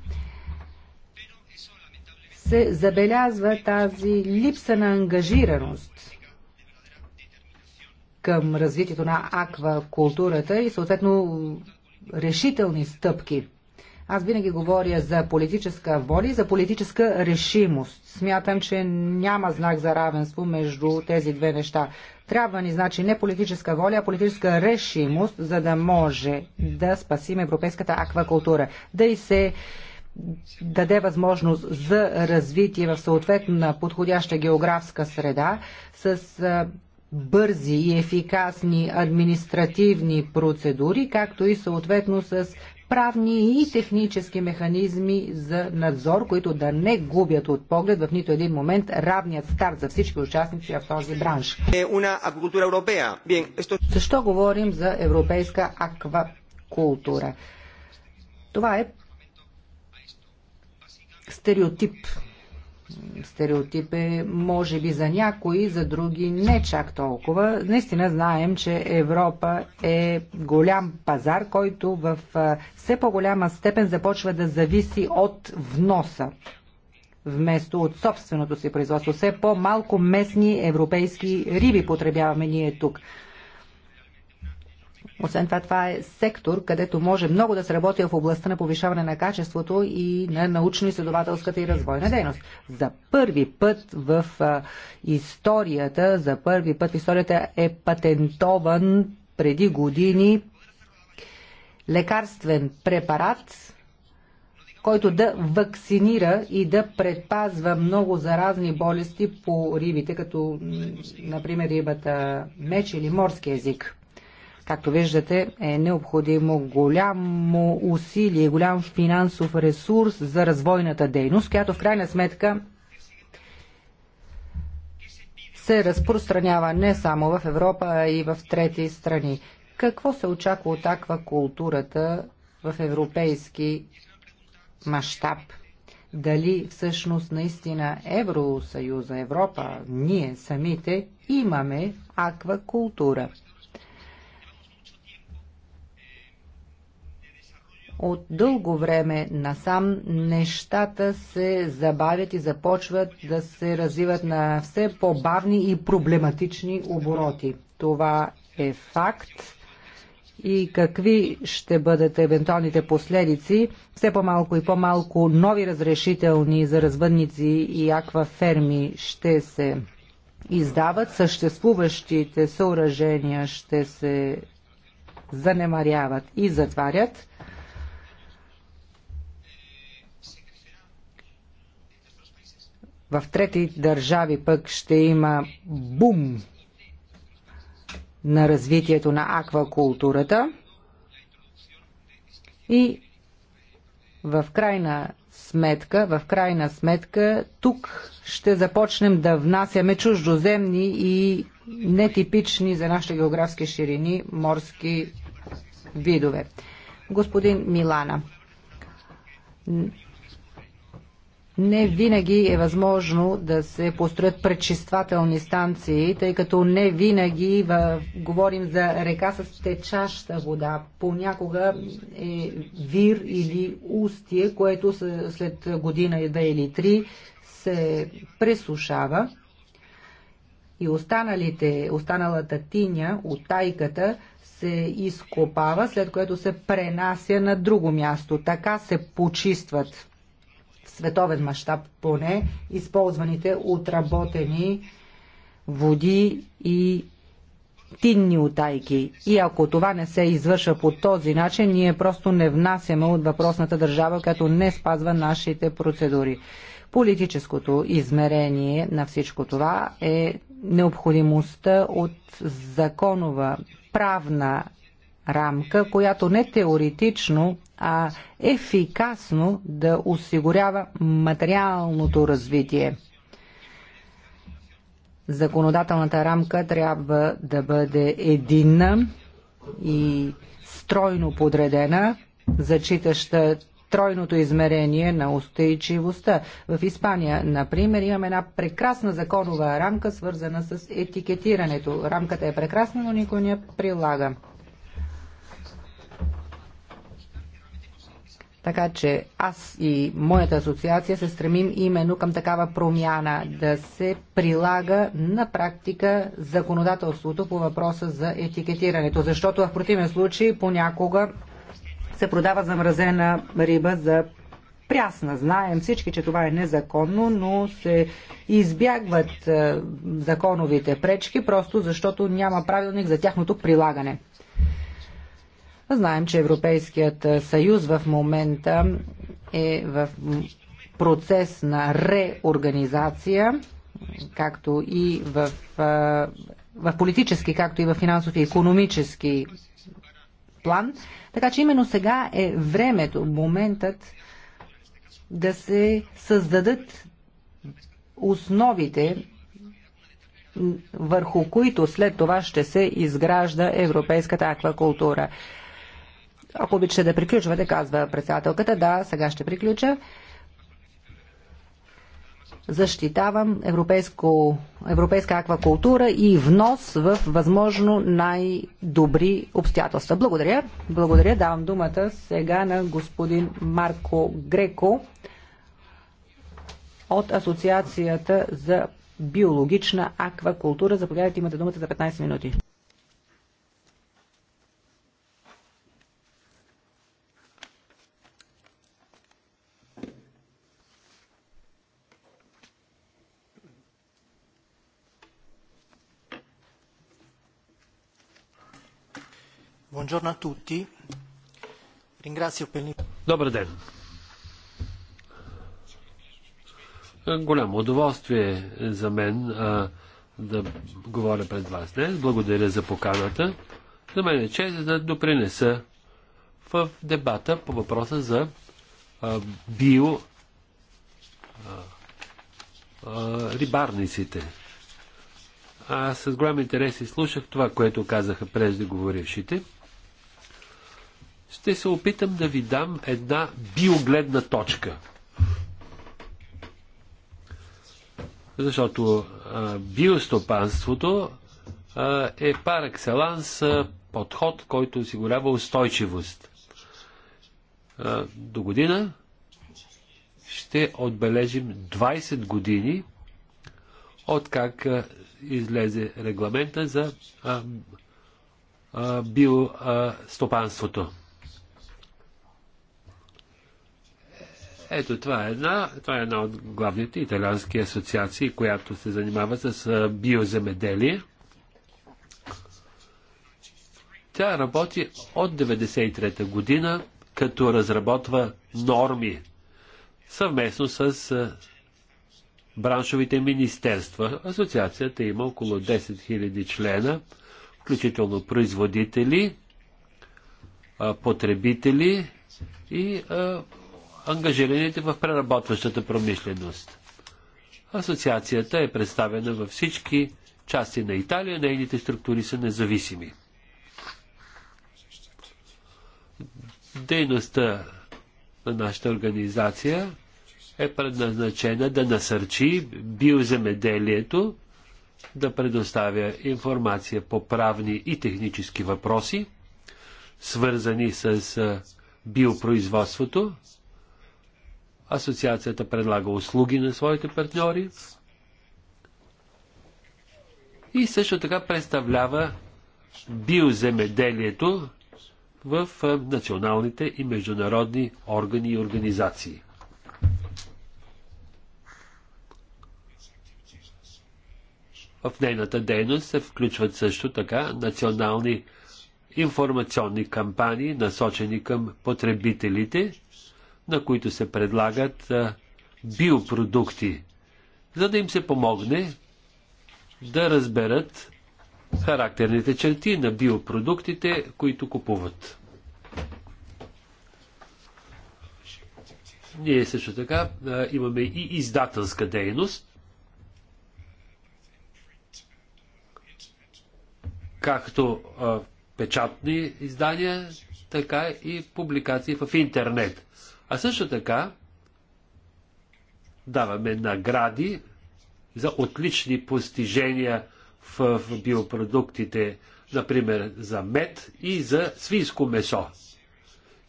се забелязва тази липса на ангажираност към развитието на аквакултурата и съответно решителни стъпки. Аз винаги говоря за политическа воля и за политическа решимост. Смятам, че няма знак за равенство между тези две неща. Трябва ни, значи, не политическа воля, а политическа решимост, за да може да спасим европейската аквакултура. Да и се даде възможност за развитие в съответна подходяща географска среда с бързи и ефикасни административни процедури, както и съответно с правни и технически механизми за надзор, които да не губят от поглед в нито един момент равният старт за всички участници в този бранш. Е, Защо говорим за европейска аквакултура? Това е стереотип стереотип е може би за някои, за други не чак толкова. Наистина знаем, че Европа е голям пазар, който в все по-голяма степен започва да зависи от вноса вместо от собственото си производство. Все по-малко местни европейски риби потребяваме ние тук. Освен това, това е сектор, където може много да се работи в областта на повишаване на качеството и на научно-изследователската и развойна дейност. За първи път в историята, за първи път в историята е патентован преди години лекарствен препарат, който да вакцинира и да предпазва много заразни болести по рибите, като например рибата меч или морски език. Както виждате, е необходимо голямо усилие, голям финансов ресурс за развойната дейност, която в крайна сметка се разпространява не само в Европа, а и в трети страни. Какво се очаква от аквакултурата в европейски мащаб? Дали всъщност наистина Евросъюза, Европа, ние самите имаме аквакултура? От дълго време насам нещата се забавят и започват да се развиват на все по-бавни и проблематични обороти. Това е факт и какви ще бъдат евентуалните последици, все по-малко и по-малко нови разрешителни за развъдници и акваферми ще се издават, съществуващите съоръжения ще се занемаряват и затварят. В трети държави пък ще има бум на развитието на аквакултурата и в крайна сметка, в крайна сметка, тук ще започнем да внасяме чуждоземни и нетипични за нашите географски ширини морски видове. Господин Милана, не винаги е възможно да се построят пречиствателни станции, тъй като не винаги в... говорим за река с течаща вода. Понякога е вир или устие, което след година, две или три се пресушава и останалите, останалата тиня от тайката се изкопава, след което се пренася на друго място. Така се почистват световен мащаб поне, използваните отработени води и тинни отайки. И ако това не се извършва по този начин, ние просто не внасяме от въпросната държава, като не спазва нашите процедури. Политическото измерение на всичко това е необходимостта от законова правна рамка, която не теоретично а ефикасно да осигурява материалното развитие. Законодателната рамка трябва да бъде единна и стройно подредена, зачитаща тройното измерение на устойчивостта. В Испания, например, имаме една прекрасна законова рамка, свързана с етикетирането. Рамката е прекрасна, но никой не я прилага. Така че аз и моята асоциация се стремим именно към такава промяна да се прилага на практика законодателството по въпроса за етикетирането, защото в противен случай понякога се продава замразена риба за прясна. Знаем всички, че това е незаконно, но се избягват е, законовите пречки, просто защото няма правилник за тяхното прилагане. Знаем, че Европейският съюз в момента е в процес на реорганизация, както и в, в политически, както и в финансов и економически план. Така че именно сега е времето, моментът да се създадат основите, върху които след това ще се изгражда европейската аквакултура. Ако обичате да приключвате, казва председателката, да, сега ще приключа. Защитавам европейско, европейска аквакултура и внос в възможно най-добри обстоятелства. Благодаря. Благодаря. Давам думата сега на господин Марко Греко от Асоциацията за биологична аквакултура. Заповядайте, имате думата за 15 минути. Buongiorno a tutti. Ringrazio per Добър ден. Голямо удоволствие за мен а, да говоря пред вас днес. Благодаря за поканата. За мен е чест да допринеса в дебата по въпроса за а, био а, а, рибарниците. Аз с голям интерес изслушах това, което казаха преждеговорившите. говорившите ще се опитам да ви дам една биогледна точка. Защото а, биостопанството а, е пар екселанс подход, който осигурява устойчивост. А, до година ще отбележим 20 години от как а, излезе регламента за а, биостопанството. Ето, това е една, това е една от главните италиански асоциации, която се занимава с биоземеделие. Тя работи от 1993 година, като разработва норми съвместно с браншовите министерства. Асоциацията има около 10 000 члена, включително производители, потребители и ангажираните в преработващата промишленост. Асоциацията е представена във всички части на Италия, нейните структури са независими. Дейността на нашата организация е предназначена да насърчи биоземеделието, да предоставя информация по правни и технически въпроси, свързани с биопроизводството, Асоциацията предлага услуги на своите партньори и също така представлява биоземеделието в националните и международни органи и организации. В нейната дейност се включват също така национални информационни кампании, насочени към потребителите на които се предлагат биопродукти, за да им се помогне да разберат характерните черти на биопродуктите, които купуват. Ние също така а, имаме и издателска дейност, както а, печатни издания, така и публикации в интернет. А също така даваме награди за отлични постижения в биопродуктите, например за мед и за свинско месо.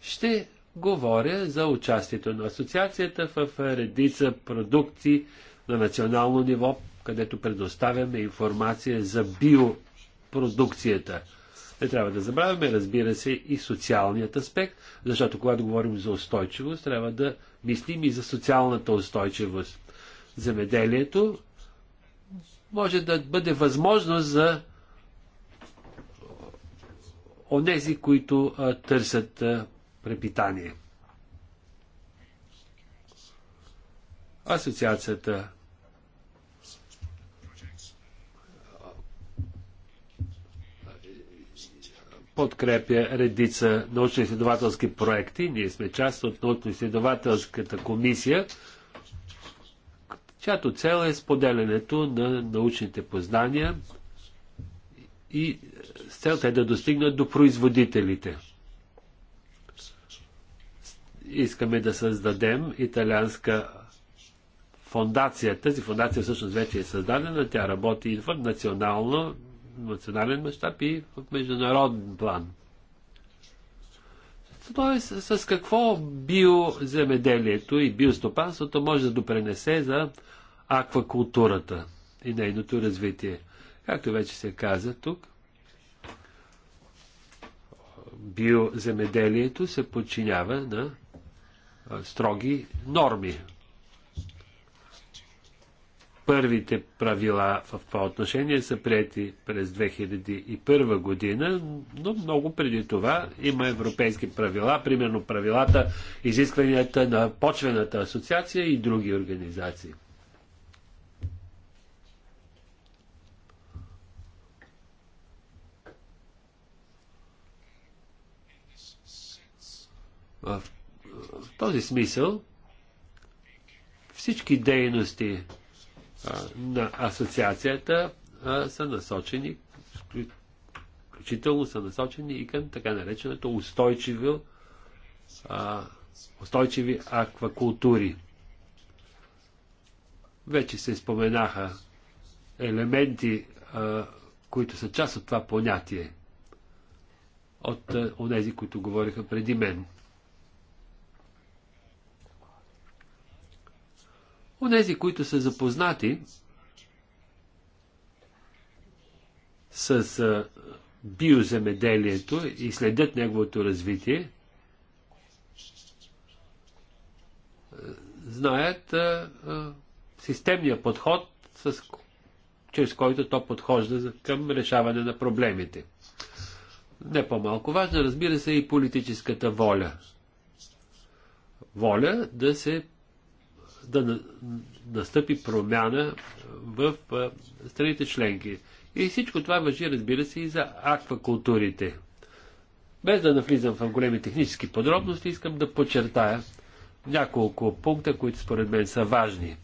Ще говоря за участието на асоциацията в редица продукти на национално ниво, където предоставяме информация за биопродукцията – не трябва да забравяме, разбира се, и социалният аспект, защото когато говорим за устойчивост, трябва да мислим и за социалната устойчивост. Земеделието може да бъде възможност за онези, които а, търсят а, препитание. Асоциацията подкрепя редица научно-изследователски проекти. Ние сме част от научно-изследователската комисия, чиято цел е споделянето на научните познания и с целта е да достигнат до производителите. Искаме да създадем италианска фондация. Тази фондация всъщност вече е създадена. Тя работи и в национално национален мащаб и в международен план. Тоест, с какво биоземеделието и биостопанството може да допренесе за аквакултурата и нейното развитие. Както вече се каза тук, биоземеделието се подчинява на строги норми. Първите правила в това отношение са прияти през 2001 година, но много преди това има европейски правила, примерно правилата, изискванията на почвената асоциация и други организации. В, този смисъл всички дейности, на асоциацията а, са насочени, включително са насочени и към така нареченото устойчиво, а, устойчиви аквакултури. Вече се споменаха елементи, а, които са част от това понятие от онези, които говориха преди мен. Унези, които са запознати с биоземеделието и следят неговото развитие, знаят а, а, системния подход, с, чрез който то подхожда към решаване на проблемите. Не по-малко важна, разбира се, и политическата воля. Воля да се да настъпи промяна в страните членки. И всичко това въжи, разбира се, и за аквакултурите. Без да навлизам в големи технически подробности, искам да подчертая няколко пункта, които според мен са важни.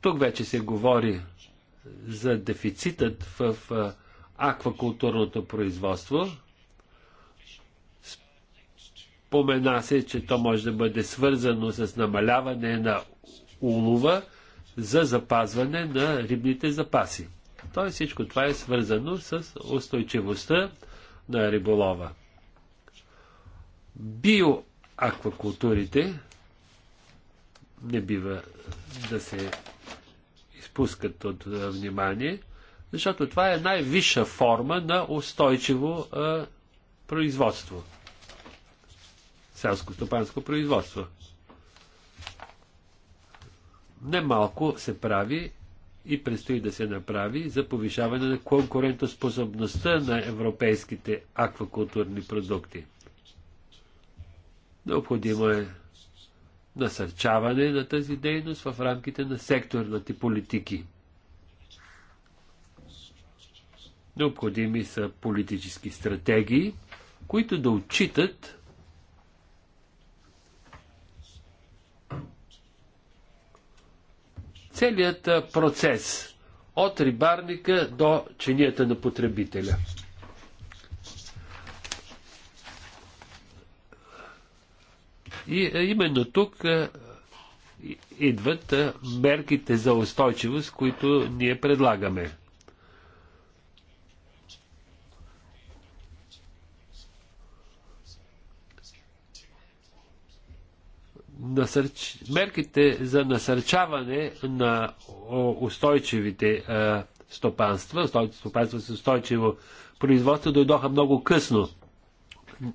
Тук вече се говори за дефицитът в аквакултурното производство – Спомена се, че то може да бъде свързано с намаляване на улова за запазване на рибните запаси. Тоест всичко това е свързано с устойчивостта на риболова. Биоаквакултурите не бива да се изпускат от внимание, защото това е най-висша форма на устойчиво а, производство селско-стопанско производство. Немалко се прави и предстои да се направи за повишаване на конкурентоспособността на европейските аквакултурни продукти. Необходимо е насърчаване на тази дейност в рамките на секторните политики. Необходими са политически стратегии, които да отчитат целият процес от рибарника до чинията на потребителя. И именно тук идват мерките за устойчивост, които ние предлагаме. насърч... мерките за насърчаване на устойчивите а, стопанства, стопанства с устойчиво производство дойдоха много късно.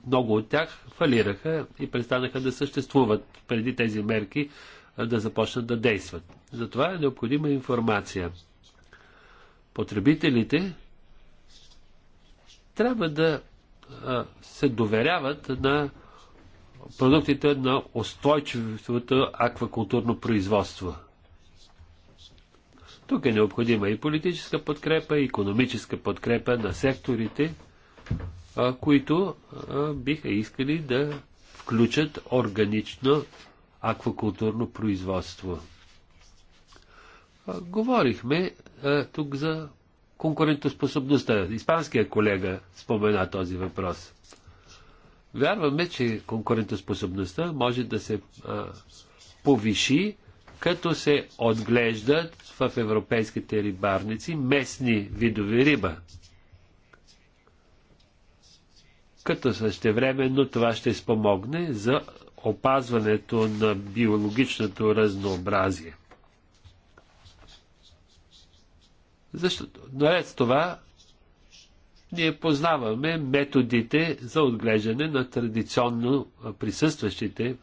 Много от тях фалираха и престанаха да съществуват преди тези мерки а, да започнат да действат. Затова е необходима информация. Потребителите трябва да се доверяват на продуктите на устойчивото аквакултурно производство. Тук е необходима и политическа подкрепа, и економическа подкрепа на секторите, които биха искали да включат органично аквакултурно производство. Говорихме тук за конкурентоспособността. Испанския колега спомена този въпрос. Вярваме, че конкурентоспособността може да се а, повиши, като се отглеждат в европейските рибарници местни видове риба. Като същевременно това ще спомогне за опазването на биологичното разнообразие. Защото, наред с това, ние познаваме методите за отглеждане на традиционно присъстващите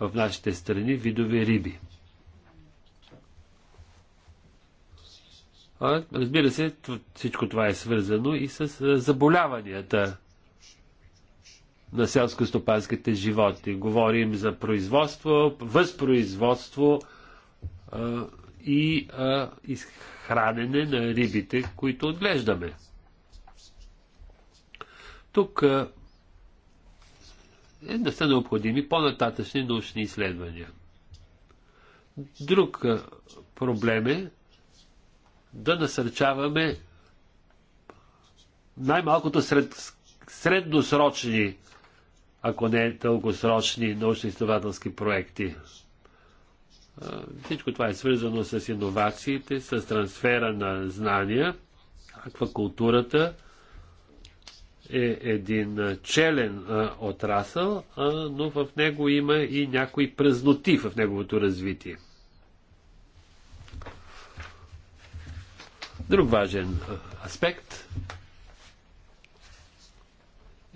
в нашите страни видове риби. А, разбира се, всичко това е свързано и с заболяванията на селско-стопанските животни. Говорим за производство, възпроизводство а, и а, изхранене на рибите, които отглеждаме. Тук е да са необходими по-нататъчни научни изследвания. Друг проблем е да насърчаваме най-малкото сред, средносрочни, ако не дългосрочни научно-изследователски проекти. Всичко това е свързано с иновациите, с трансфера на знания, аквакултурата, е един челен отрасъл, но в него има и някои празноти в неговото развитие. Друг важен аспект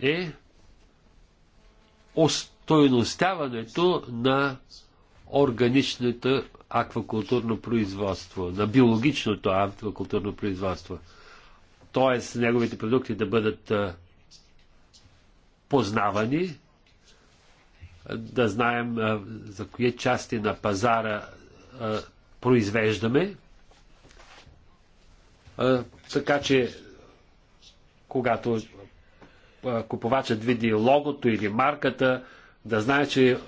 е остойностяването на органичното аквакултурно производство, на биологичното аквакултурно производство – т.е. неговите продукти да бъдат познавани, да знаем за кои части на пазара произвеждаме, така че когато купувачът види логото или марката, да знае, че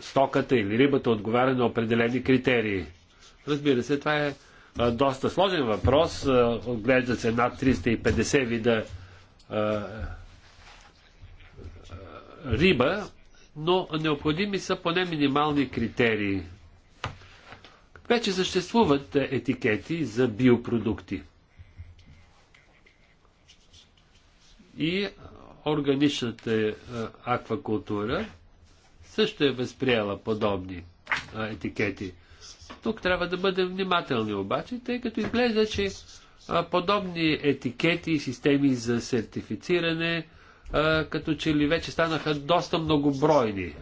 стоката или рибата отговаря на определени критерии. Разбира се, това е доста сложен въпрос. Отглеждат се над 350 вида риба, но необходими са поне минимални критерии. Вече съществуват етикети за биопродукти. И органичната аквакултура също е възприела подобни етикети. Тук трябва да бъдем внимателни обаче, тъй като изглежда, че подобни етикети и системи за сертифициране като че ли вече станаха доста многобройни.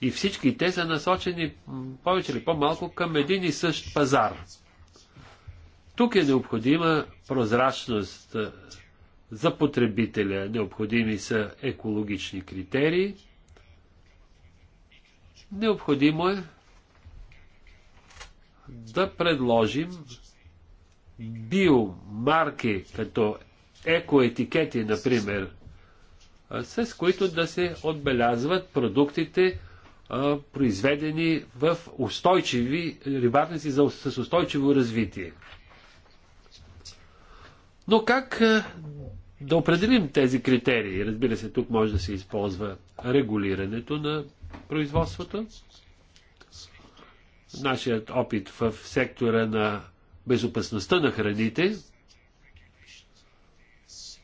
И всички те са насочени повече или по-малко към един и същ пазар. Тук е необходима прозрачност за потребителя, необходими са екологични критерии, необходимо е да предложим биомарки, като екоетикети, например, с които да се отбелязват продуктите, произведени в устойчиви рибарници с устойчиво развитие. Но как да определим тези критерии? Разбира се, тук може да се използва регулирането на производството, нашият опит в сектора на безопасността на храните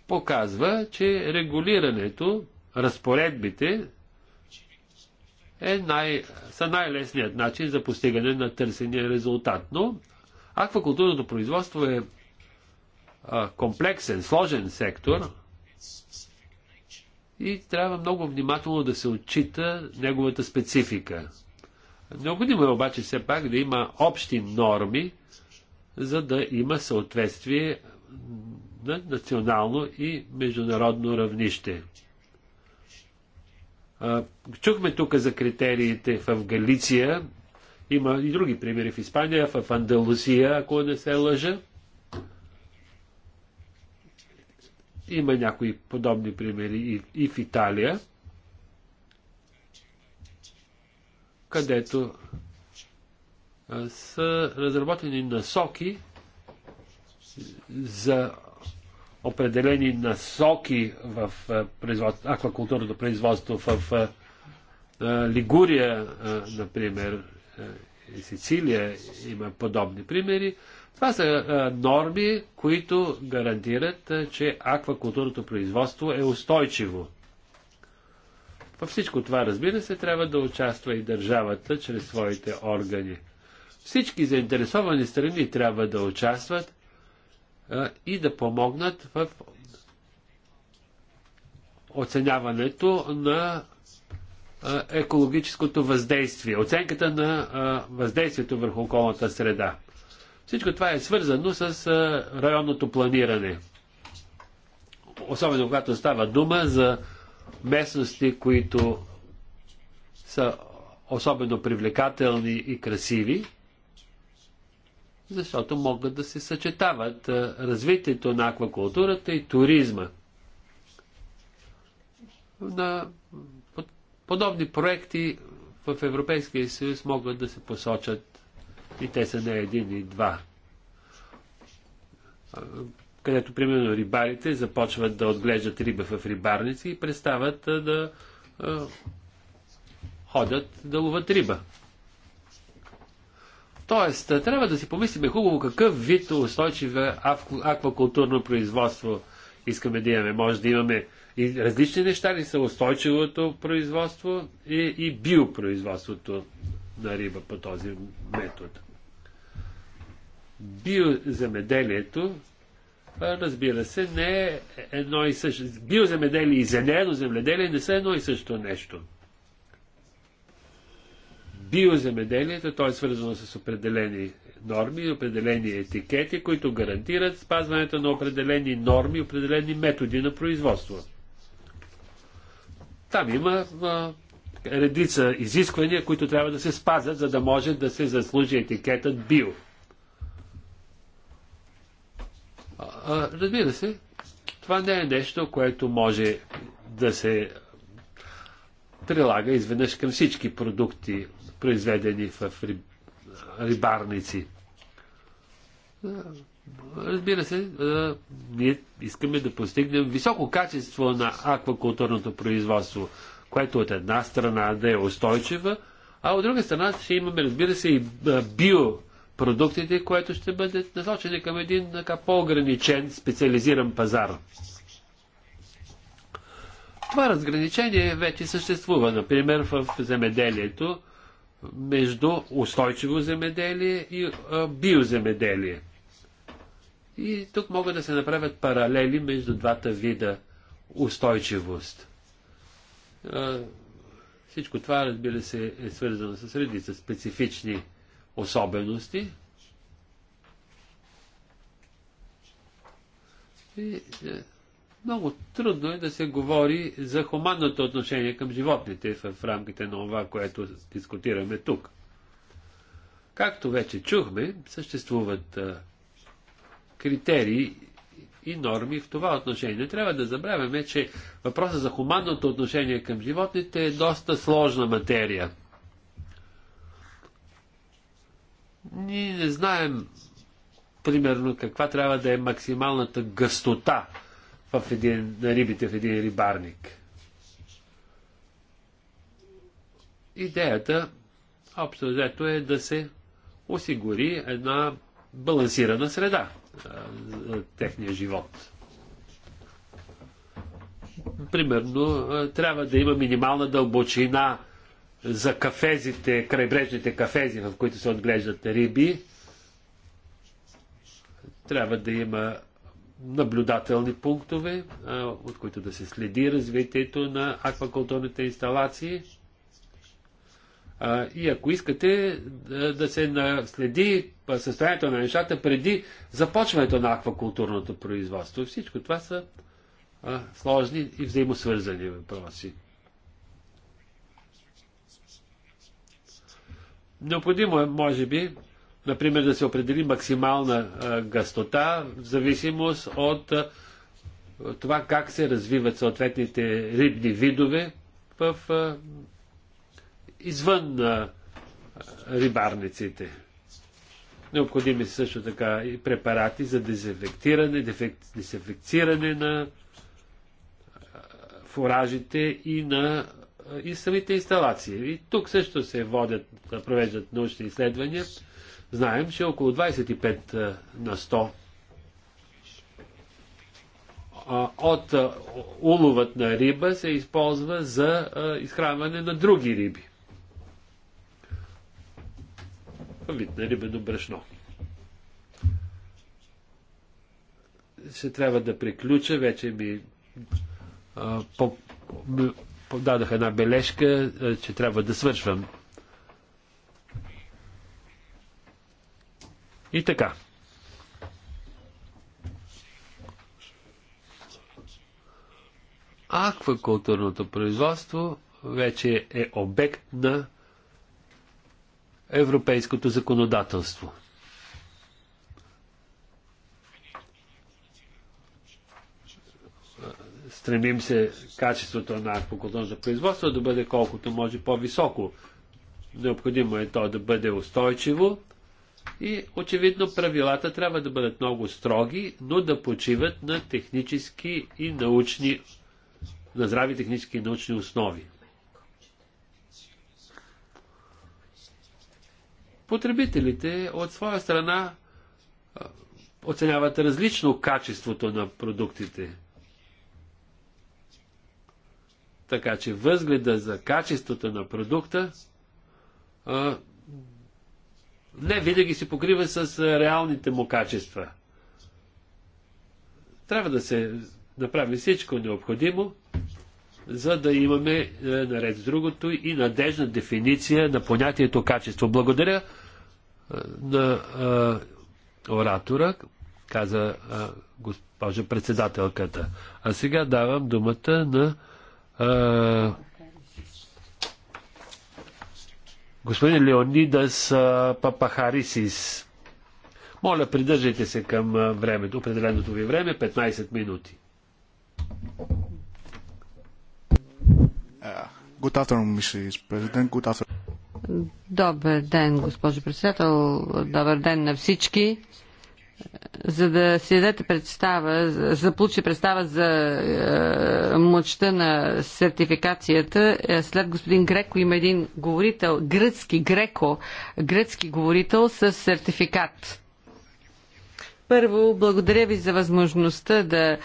показва, че регулирането, разпоредбите е най, са най-лесният начин за постигане на търсения резултат. Но аквакултурното производство е а, комплексен, сложен сектор и трябва много внимателно да се отчита неговата специфика. Необходимо е обаче все пак да има общи норми, за да има съответствие на национално и международно равнище. Чухме тук за критериите в Галиция. Има и други примери в Испания, в Андалусия, ако не се лъжа. Има някои подобни примери и, и в Италия. където са разработени насоки за определени насоки в производство, аквакултурното производство в Лигурия, например, и Сицилия има подобни примери. Това са норми, които гарантират, че аквакултурното производство е устойчиво. Във всичко това, разбира се, трябва да участва и държавата чрез своите органи. Всички заинтересовани страни трябва да участват а, и да помогнат в оценяването на а, екологическото въздействие, оценката на а, въздействието върху околната среда. Всичко това е свързано с районното планиране. Особено когато става дума за местности, които са особено привлекателни и красиви, защото могат да се съчетават развитието на аквакултурата и туризма. На подобни проекти в Европейския съюз могат да се посочат и те са не един и два където примерно рибарите започват да отглеждат риба в рибарници и престават да а, ходят да ловат риба. Тоест, трябва да си помислиме хубаво какъв вид устойчиво аквакултурно производство искаме да имаме. Може да имаме и различни неща ли са устойчивото производство и, и биопроизводството на риба по този метод. Биоземеделието разбира се, не е едно и също. Биоземеделие и зелено земеделие не са едно и също нещо. Биоземеделието, то е свързано с определени норми, определени етикети, които гарантират спазването на определени норми, определени методи на производство. Там има а, редица изисквания, които трябва да се спазят, за да може да се заслужи етикетът био. Разбира се, това не е нещо, което може да се прилага изведнъж към всички продукти, произведени в рибарници. Разбира се, ние искаме да постигнем високо качество на аквакултурното производство, което от една страна да е устойчива, а от друга страна ще имаме, разбира се, и био продуктите, което ще бъде насочени към един така, по-ограничен специализиран пазар. Това разграничение вече съществува, например, в земеделието между устойчиво земеделие и биоземеделие. И тук могат да се направят паралели между двата вида устойчивост. Всичко това, разбира се, е свързано с редица специфични особености. И е, много трудно е да се говори за хуманното отношение към животните в рамките на това, което дискутираме тук. Както вече чухме, съществуват е, критерии и норми в това отношение. трябва да забравяме, че въпросът за хуманното отношение към животните е доста сложна материя. Ние не знаем примерно каква трябва да е максималната гъстота в един, на рибите в един рибарник. Идеята, общо взето, е да се осигури една балансирана среда за техния живот. Примерно, трябва да има минимална дълбочина за кафезите, крайбрежните кафези, в които се отглеждат риби, трябва да има наблюдателни пунктове, от които да се следи развитието на аквакултурните инсталации. И ако искате да се следи състоянието на нещата преди започването на аквакултурното производство, всичко това са сложни и взаимосвързани въпроси. Необходимо е, може би, например, да се определи максимална гъстота в зависимост от това как се развиват съответните рибни видове в, извън рибарниците. Необходими са също така и препарати за дезинфектиране, дезинфекциране на фуражите и на и самите инсталации. И тук също се водят, провеждат научни изследвания. Знаем, че около 25 на 100 от уловът на риба се използва за изхранване на други риби. Вид на рибено брашно. Ще трябва да приключа, вече ми дадох една бележка, че трябва да свършвам. И така. Аквакултурното производство вече е обект на европейското законодателство. Стремим се качеството на аквакултурното производство да бъде колкото може по-високо. Необходимо е то да бъде устойчиво и очевидно правилата трябва да бъдат много строги, но да почиват на технически и научни, на здрави технически и научни основи. Потребителите от своя страна оценяват различно качеството на продуктите. Така че възгледа за качеството на продукта а, не винаги се покрива с реалните му качества. Трябва да се направи всичко необходимо, за да имаме наред с другото и надежна дефиниция на понятието качество. Благодаря на а, оратора, каза а, госпожа председателката. А сега давам думата на господин Леонидас Папахарисис. Моля, придържайте се към времето, определеното ви време, 15 минути. Добър ден, госпожо председател. Добър ден на всички за да си дадете представа, за да получи представа за е, мощта на сертификацията, е, след господин Греко има един говорител, гръцки Греко, гръцки говорител с сертификат. Първо, благодаря ви за възможността да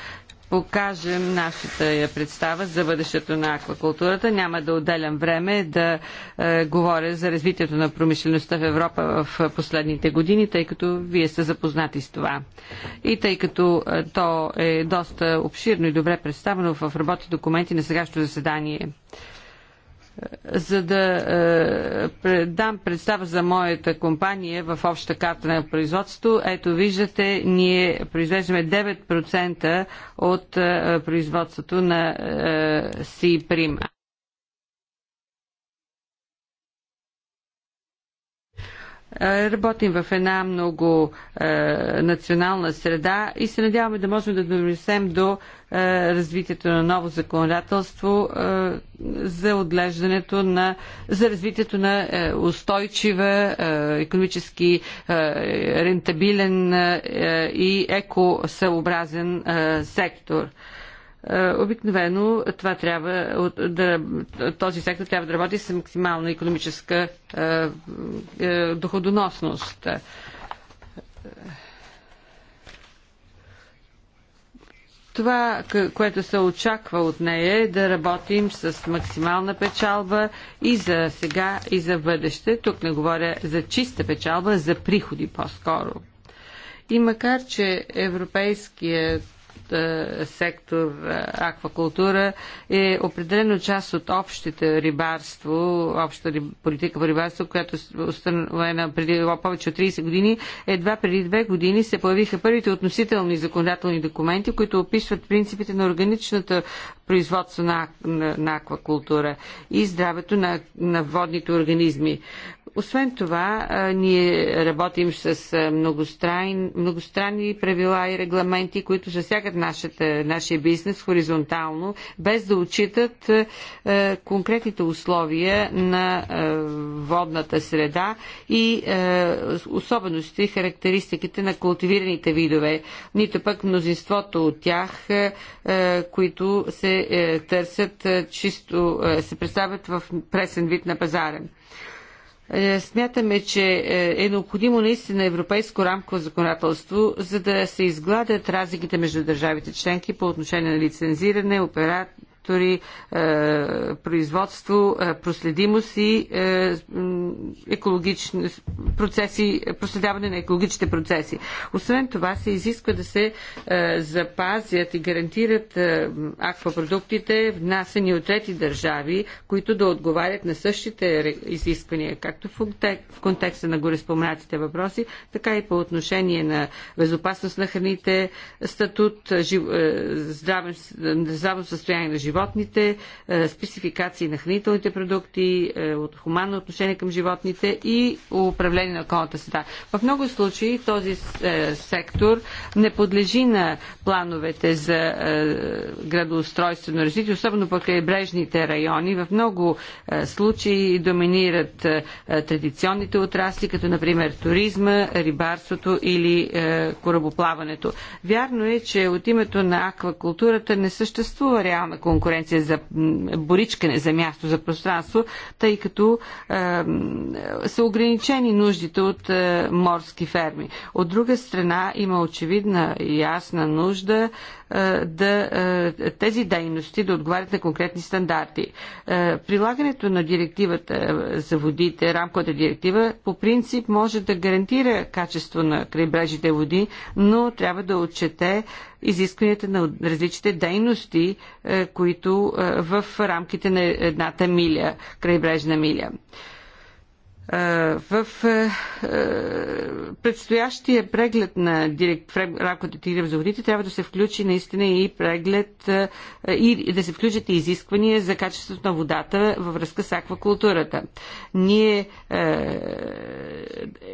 покажем нашата я представа за бъдещето на аквакултурата. Няма да отделям време да е, говоря за развитието на промишлеността в Европа в последните години, тъй като вие сте запознати с това. И тъй като е, то е доста обширно и добре представено в работни документи на сегашното заседание за да е, дам представа за моята компания в обща карта на производство. Ето виждате, ние произвеждаме 9% от е, производството на е, c прим. Е, работим в една много е, национална среда и се надяваме да можем да донесем до е, развитието на ново законодателство за отглеждането на, за развитието на устойчива, економически рентабилен и екосъобразен сектор. Е, обикновено това трябва да, този сектор трябва да работи с максимална економическа е, е, доходоносност. Това, което се очаква от нея е да работим с максимална печалба и за сега, и за бъдеще. Тук не говоря за чиста печалба, за приходи по-скоро. И макар, че Европейският е, сектор е, аквакултура е определено част от общите рибарство, обща политика по рибарство, която е установена преди повече от 30 години. Едва преди две години се появиха първите относителни законодателни документи, които описват принципите на органичната производство на, на, на аквакултура и здравето на, на водните организми. Освен това, ние работим с многостран, многостранни правила и регламенти, които засягат нашата, нашия бизнес хоризонтално, без да отчитат конкретните условия на водната среда и особености характеристиките на култивираните видове, нито пък мнозинството от тях, които се е, търсят чисто, се представят в пресен вид на пазара. Е, смятаме, че е, е необходимо наистина европейско рамково законодателство, за да се изгладят разликите между държавите членки по отношение на лицензиране, опера сектори, е, производство, е, проследимост и е, екологични процеси, проследяване на екологичните процеси. Освен това се изисква да се запазят и гарантират аквапродуктите, внасени от трети държави, които да отговарят на същите изисквания, както в контекста на гореспомнатите въпроси, така и по отношение на безопасност на храните, статут, здраво здравно състояние на живота, животните, е, спецификации на хранителните продукти, е, от хуманно отношение към животните и управление на околната среда. В много случаи този е, сектор не подлежи на плановете за градоустройствено развитие, особено по крайбрежните райони. В много случаи доминират традиционните отрасли, като например туризма, рибарството или корабоплаването. Вярно е, че от името на аквакултурата не съществува реална конкуренция конкуренция за боричкане за място, за пространство, тъй като е, са ограничени нуждите от е, морски ферми. От друга страна има очевидна и ясна нужда е, да е, тези дейности да отговарят на конкретни стандарти. Е, прилагането на директивата е, за водите, рамковата директива, по принцип може да гарантира качество на крайбрежите води, но трябва да отчете изискванията на различните дейности, е, които е, в рамките на едната миля, крайбрежна миля. В предстоящия преглед на директ, в рамката директива за водите трябва да се включи наистина и преглед и да се включат и изисквания за качеството на водата във връзка с аквакултурата. Ние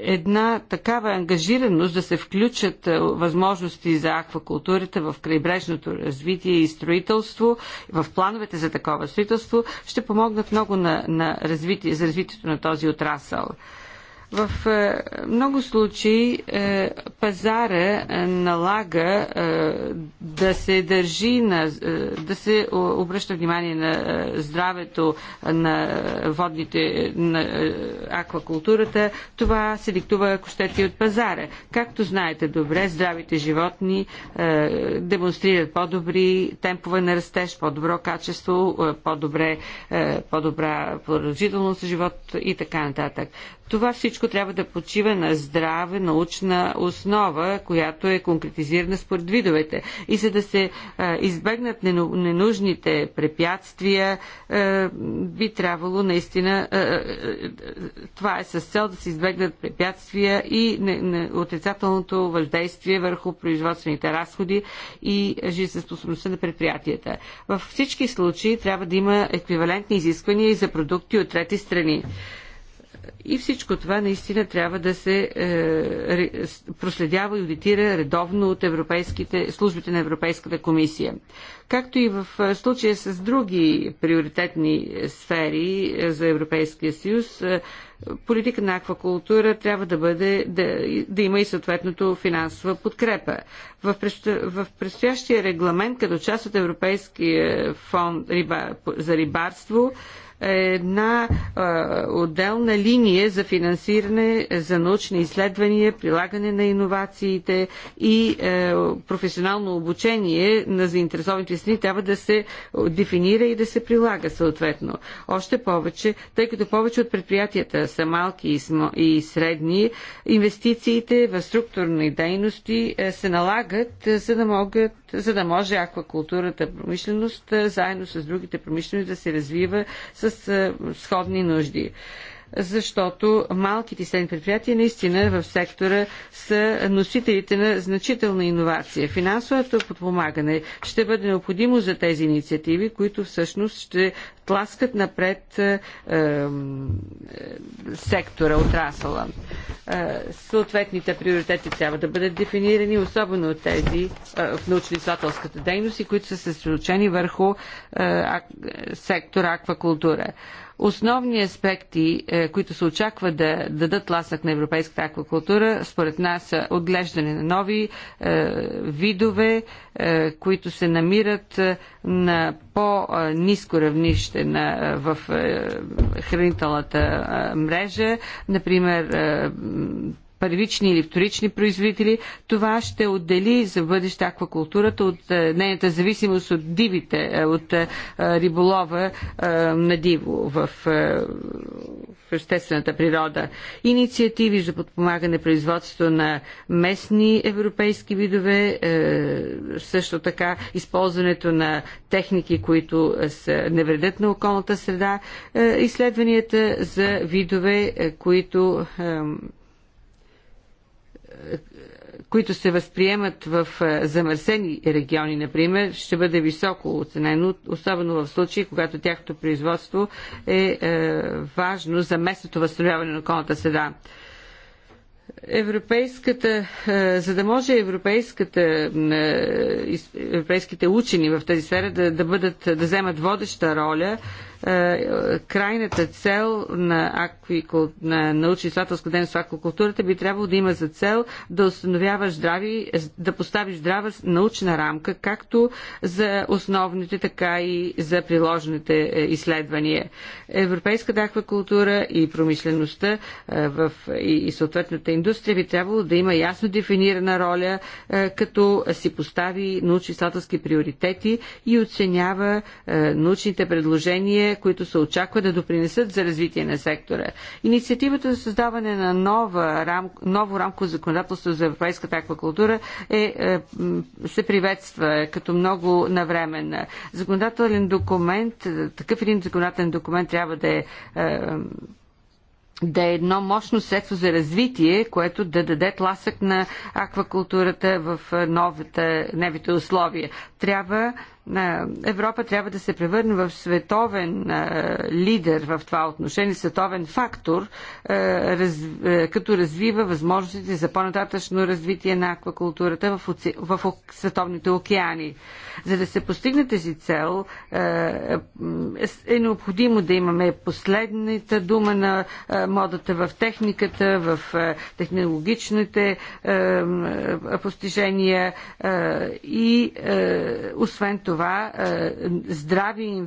една такава ангажираност да се включат възможности за аквакултурата в крайбрежното развитие и строителство, в плановете за такова строителство, ще помогнат много на, на развитие, за развитието на този отрасъл Брюксел. В е, много случаи е, пазара е, налага да се държи на, да се обръща внимание на здравето на водните, на аквакултурата. Това се диктува, ако щете, от пазара. Както знаете добре, здравите животни демонстрират по-добри темпове на растеж, по-добро качество, по-добре, по-добра продължителност на живот и така нататък. Това всичко трябва да почива на здраве научна основа, която е конкретизирана според видовете. И за да се избегнат ненужните препятствия, би трябвало наистина, това е с цел да се избегнат препятствия и отрицателното въздействие върху производствените разходи и жизнеспособността на предприятията. Във всички случаи трябва да има еквивалентни изисквания и за продукти от трети страни. И всичко това наистина трябва да се е, проследява и аудитира редовно от европейските, службите на Европейската комисия. Както и в е, случая с други приоритетни сфери е, за Европейския съюз, е, политика на аквакултура трябва да, бъде, да, да има и съответното финансова подкрепа. В, в предстоящия регламент, като част от Европейския фонд за рибарство, една отделна линия за финансиране за научни изследвания, прилагане на иновациите и е, професионално обучение на заинтересованите страни трябва да се дефинира и да се прилага съответно. Още повече, тъй като повече от предприятията са малки и средни, инвестициите в структурни дейности е, се налагат, е, за да могат за да може аквакултурата промишленост заедно с другите промишлени да се развива с сходни нужди защото малките и средни предприятия наистина в сектора са носителите на значителна иновация. Финансовото подпомагане ще бъде необходимо за тези инициативи, които всъщност ще тласкат напред е, е, сектора, отрасъла. Е, съответните приоритети трябва да бъдат дефинирани, особено от тези е, в научно-изследователската дейност и които са съсредоточени върху е, сектора аквакултура. Основни аспекти, е, които се очаква да дадат ласък на европейската аквакултура, според нас са отглеждане на нови е, видове, е, които се намират на по-низко равнище на, в хранителната мрежа, например първични или вторични производители, това ще отдели за бъдеща аквакултурата от е, нейната зависимост от дивите, е, от е, риболова на диво в естествената природа. Инициативи за подпомагане производството на местни европейски видове, също така използването на техники, които са, не вредят на околната среда, изследванията за видове, които които се възприемат в е, замърсени региони, например, ще бъде високо оценено, особено в случаи, когато тяхното производство е, е важно за местното възстановяване на околната среда. Европейската, е, за да може европейската, европейските учени в тази сфера да, да, бъдат, да вземат водеща роля, е, крайната цел на, на научно-изследователска дейност в аквакултурата би трябвало да има за цел да установяваш здрави, да поставиш здрава научна рамка, както за основните, така и за приложените е, изследвания. Европейската аквакултура и промишлеността е, в... и съответната индустрия би трябвало да има ясно дефинирана роля, като си постави научно-изследователски приоритети и оценява научните предложения които се очаква да допринесат за развитие на сектора. Инициативата за създаване на нова рам, ново рамко законодателство за европейската аквакултура е, е, се приветства като много навременна. Законодателен документ, такъв един законодателен документ трябва да е, е да е едно мощно средство за развитие, което да даде тласък на аквакултурата в новите условия. Трябва Европа трябва да се превърне в световен е, лидер в това отношение, световен фактор, е, е, като развива възможностите за по-нататъчно развитие на аквакултурата в, в, в световните океани. За да се постигне тази цел, е необходимо да имаме последната дума на модата в техниката, в технологичните постижения и освен това, това е, здрави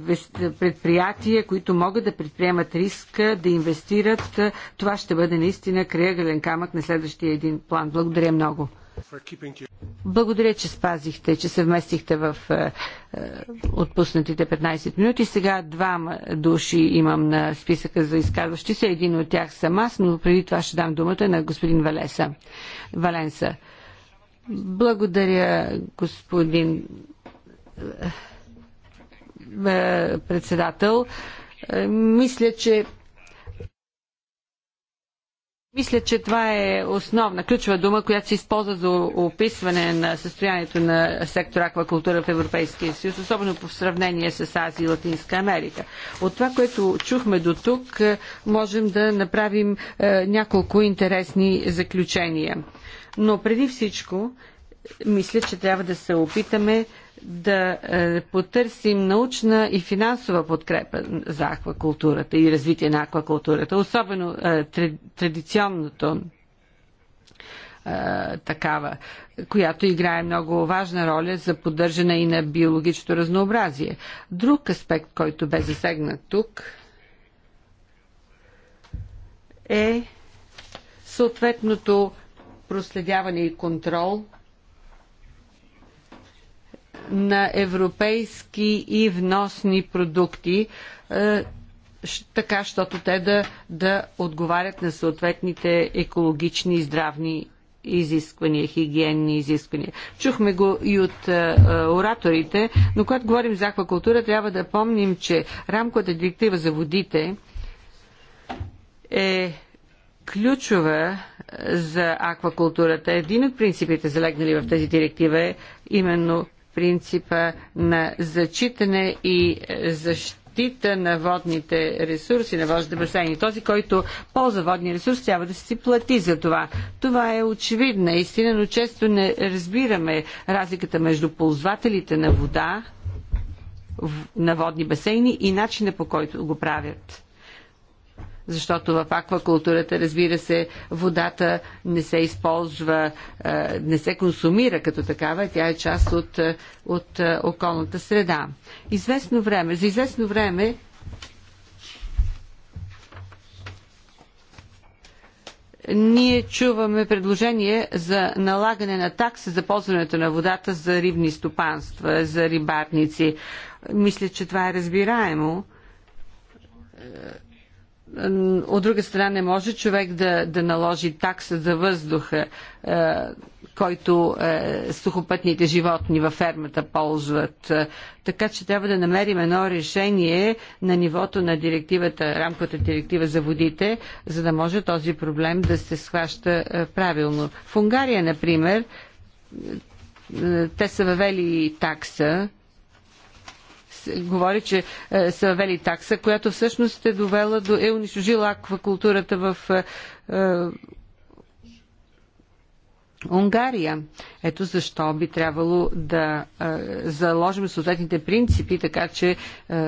предприятия, които могат да предприемат риска, да инвестират, е, това ще бъде наистина крайъгълен камък на следващия един план. Благодаря много. Благодаря, че спазихте, че се вместихте в е, е отпуснатите 15 минути. Сега двама души имам на списъка за изказващи се. Един от тях съм аз, но преди това ще дам думата на господин Валеса. Валенса. Благодаря, господин председател. Е, мисля, че мисля, че това е основна, ключова дума, която се използва за описване на състоянието на сектор аквакултура в Европейския съюз, особено по сравнение с Азия и Латинска Америка. От това, което чухме до тук, е, можем да направим е, няколко интересни заключения. Но преди всичко, мисля, че трябва да се опитаме да е, потърсим научна и финансова подкрепа за аквакултурата и развитие на аквакултурата, особено е, традиционното е, такава, която играе много важна роля за поддържане и на биологичното разнообразие. Друг аспект, който бе засегнат тук, е съответното проследяване и контрол на европейски и вносни продукти, е, така, щото те да, да отговарят на съответните екологични и здравни изисквания, хигиенни изисквания. Чухме го и от а, е, е, ораторите, но когато говорим за аквакултура, трябва да помним, че рамковата директива за водите е ключова за аквакултурата. Един от принципите, залегнали в тази директива е именно принципа на зачитане и защита на водните ресурси, на водните басейни. Този, който ползва водни ресурси, трябва да си плати за това. Това е очевидна истина, но често не разбираме разликата между ползвателите на вода, на водни басейни и начина по който го правят защото в аквакултурата, разбира се, водата не се използва, е, не се консумира като такава, тя е част от, е, от е, околната среда. Известно време, за известно време ние чуваме предложение за налагане на такса за ползването на водата за рибни стопанства, за рибарници. Мисля, че това е разбираемо от друга страна не може човек да, да наложи такса за въздуха, е, който е, сухопътните животни във фермата ползват. Така че трябва да намерим едно решение на нивото на директивата, рамката директива за водите, за да може този проблем да се схваща е, правилно. В Унгария, например, те са въвели такса говори, че е, са вели такса, която всъщност е довела до, е унищожила аквакултурата в е, е, Унгария. Ето защо би трябвало да е, заложим съответните принципи, така че е,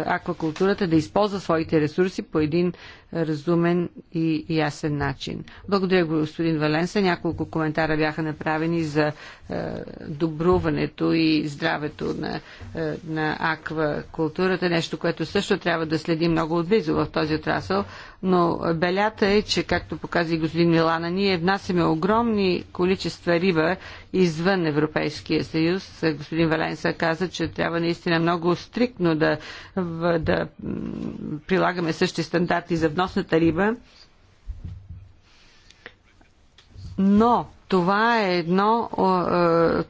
аквакултурата да използва своите ресурси по един разумен и ясен начин. Благодаря го, господин Валенса. Няколко коментара бяха направени за е, добруването и здравето на, е, на аквакултурата, нещо, което също трябва да следи много отблизо в този отрасъл, но белята е, че, както показа и господин Милана, ние внасяме огромни количества риба извън Европейския съюз. Господин Валенса каза, че трябва наистина много стриктно да, да прилагаме същи стандарти за вносната риба. Но това е едно,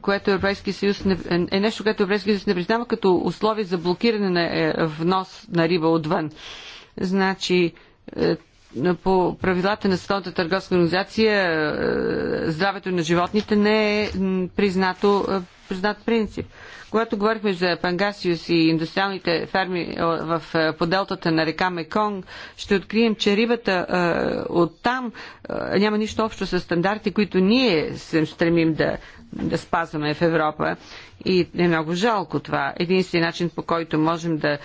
което Европейския съюз не, е нещо, което Европейския съюз не признава като условие за блокиране на е, внос на риба отвън. Значи, е, по правилата на Световната търговска организация е, здравето на животните не е признато, е, признат принцип. Когато говорихме за Пангасиус и индустриалните ферми е, в е, поделтата на река Меконг, ще открием, че рибата е, от там няма нищо общо с стандарти, които ние се стремим да, да спазваме в Европа. И е много жалко това. Единственият начин, по който можем да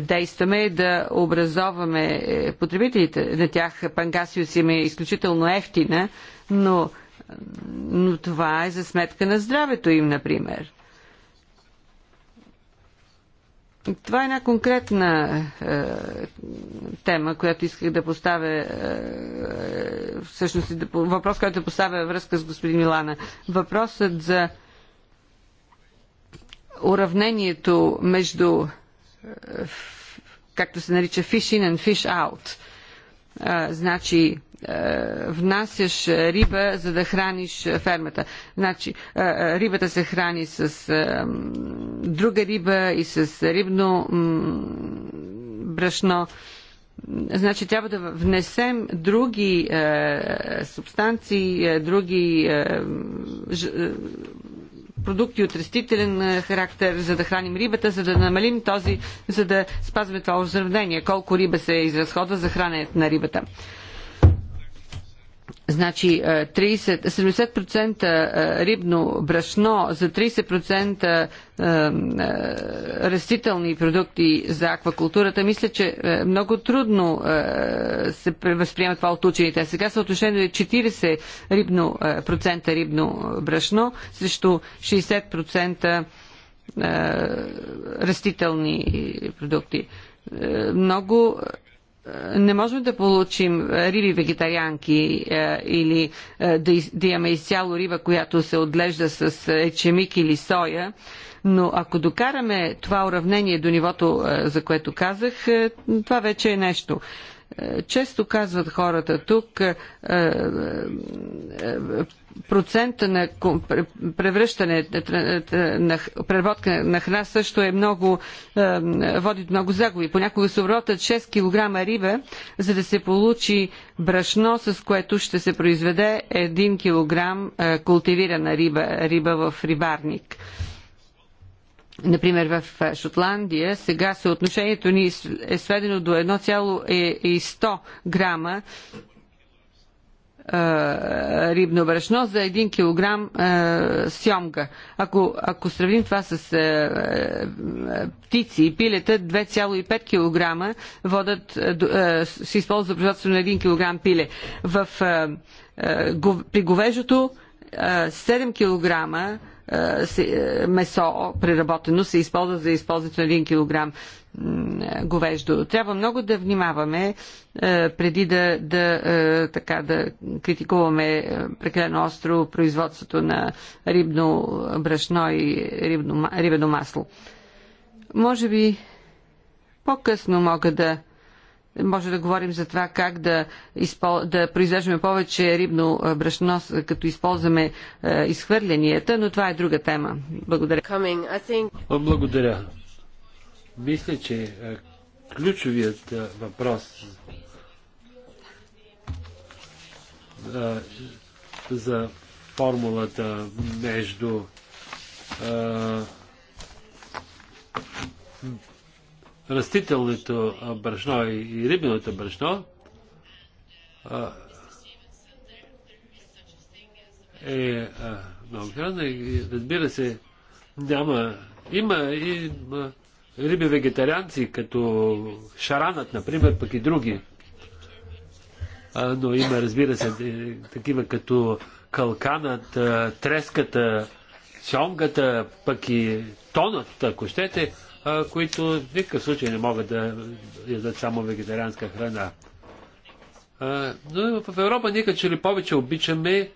действаме е да образоваме потребителите на тях. Пангасиус им е изключително ефтина, но, но това е за сметка на здравето им, например. Това е една конкретна е, тема, която исках да поставя, е, всъщност да, въпрос, който поставя връзка с господин Милана. Въпросът за уравнението между, е, както се нарича, fish in and fish out – значи внасяш риба, за да храниш фермата. Значи, рибата се храни с друга риба и с рибно брашно. Значи трябва да внесем други субстанции, други продукти от растителен характер, за да храним рибата, за да намалим този, за да спазваме това оздравление, колко риба се изразходва за храненето на рибата. Значи 30, е, 70% е, рибно брашно, за 30% е, растителни продукти за аквакултурата, мисля, че много трудно се възприема това от учените. А сега съотношено е 40% рибно, процента рибно брашно срещу 60% растителни продукти. Много не можем да получим риби вегетарианки е, или е, да, да имаме изцяло риба, която се отглежда с ечемик или соя, но ако докараме това уравнение до нивото, е, за което казах, това вече е нещо. Често казват хората тук, е, е, процента на превръщане е, на преработка на храна също е много, води много загуби. Понякога се обработят 6 кг риба, за да се получи брашно, с което ще се произведе 1 кг култивирана риба, риба в рибарник. Например, в Шотландия сега съотношението ни е сведено до 1,100 грама рибно брашно за 1 кг сьомга. Ако, ако сравним това с птици и пилета, 2,5 кг водят, е, се използва за производство на 1 кг пиле. В, при говежото 7 кг е, е, месо преработено се използва за използването на 1 кг е, говеждо. Трябва много да внимаваме преди да, да, така, да критикуваме прекалено остро производството на рибно брашно и рибно, рибено масло. Може би по-късно мога да може да говорим за това как да, изпол... да произвеждаме повече рибно брашно, като използваме е, изхвърленията, но това е друга тема. Благодаря. Think... Благодаря. Мисля, че ключовият въпрос за формулата между растителното брашно и рибното брашно е много храна и разбира се, няма. Има и риби вегетарианци, като шаранът, например, пък и други. но има, разбира се, е, такива като калканът, треската, сьонгата, пък и тонът, ако щете които в никакъв случай не могат да ядат само вегетарианска храна. Но в Европа ние че ли повече обичаме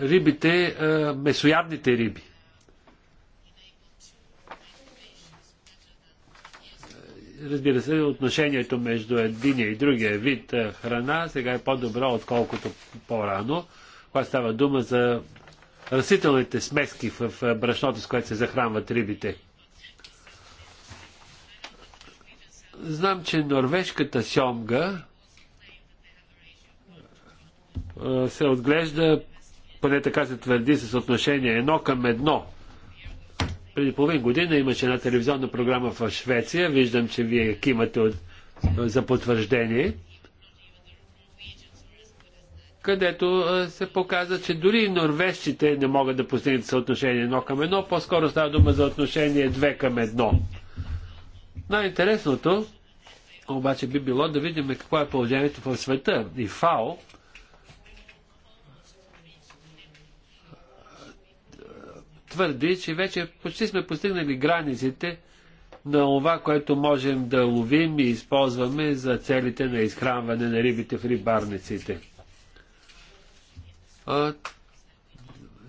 рибите, месоядните риби. Разбира се, отношението между единия и другия вид храна сега е по-добро, отколкото по-рано. Това става дума за растителните смески в брашното, с което се захранват рибите. Знам, че норвежката сьомга се отглежда, поне така се твърди, с отношение едно към едно. Преди половин година имаше една телевизионна програма в Швеция. Виждам, че вие кимате от, за потвърждение където се показа, че дори и норвежците не могат да постигнат съотношение едно към едно, по-скоро става дума за отношение две към едно. Най-интересното обаче би било да видим какво е положението в света. И ФАО твърди, че вече почти сме постигнали границите на това, което можем да ловим и използваме за целите на изхранване на рибите в рибарниците.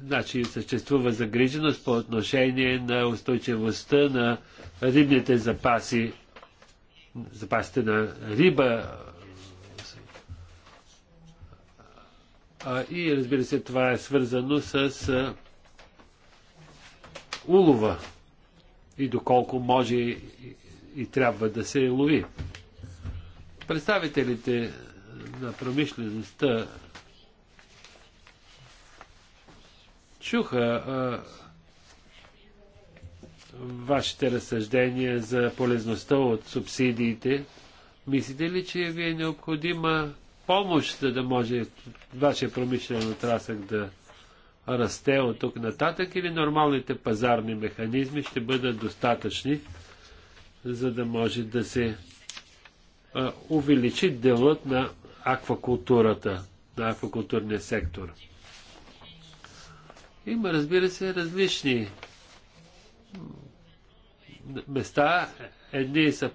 Значи съществува загриженост по отношение на устойчивостта на рибните запаси, запасите на риба. И разбира се, това е свързано с улова и доколко може и трябва да се лови. Представителите на промишлеността чуха вашите разсъждения за полезността от субсидиите. Мислите ли, че ви е необходима помощ, за да може вашия промишлен отрасък да расте от тук нататък или нормалните пазарни механизми ще бъдат достатъчни, за да може да се увеличи делът на аквакултурата, на аквакултурния сектор? Има, разбира се, различни места. Едни са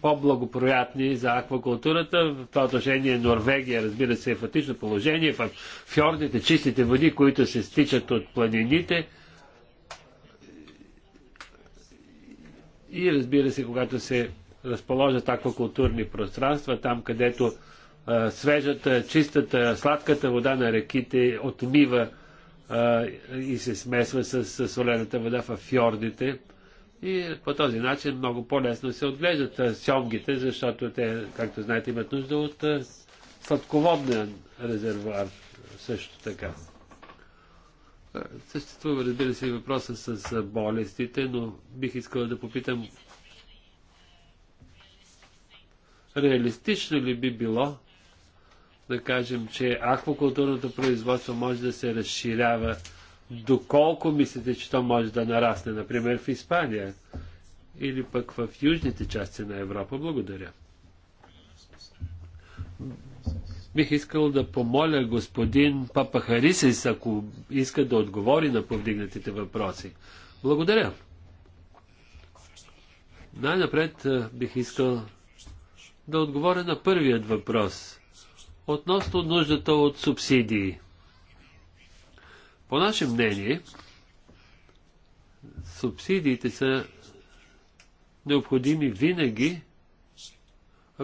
по-благоприятни за аквакултурата. В това отношение Норвегия, разбира се, е в отлично положение. В фьордите, чистите води, които се стичат от планините. И разбира се, когато се разположат аквакултурни пространства, там където а, свежата, чистата, сладката вода на реките отмива и се смесва с солената вода в фьордите. И по този начин много по-лесно се отглеждат сьомгите, защото те, както знаете, имат нужда от сладководния резервуар също така. Съществува, разбира се, и въпроса с болестите, но бих искал да попитам реалистично ли би било да кажем, че аквакултурното производство може да се разширява. Доколко мислите, че то може да нарасне, например, в Испания или пък в южните части на Европа? Благодаря. Бих искал да помоля господин Папа Харисис, ако иска да отговори на повдигнатите въпроси. Благодаря. Най-напред бих искал да отговоря на първият въпрос – Относно нуждата от субсидии. По наше мнение, субсидиите са необходими винаги,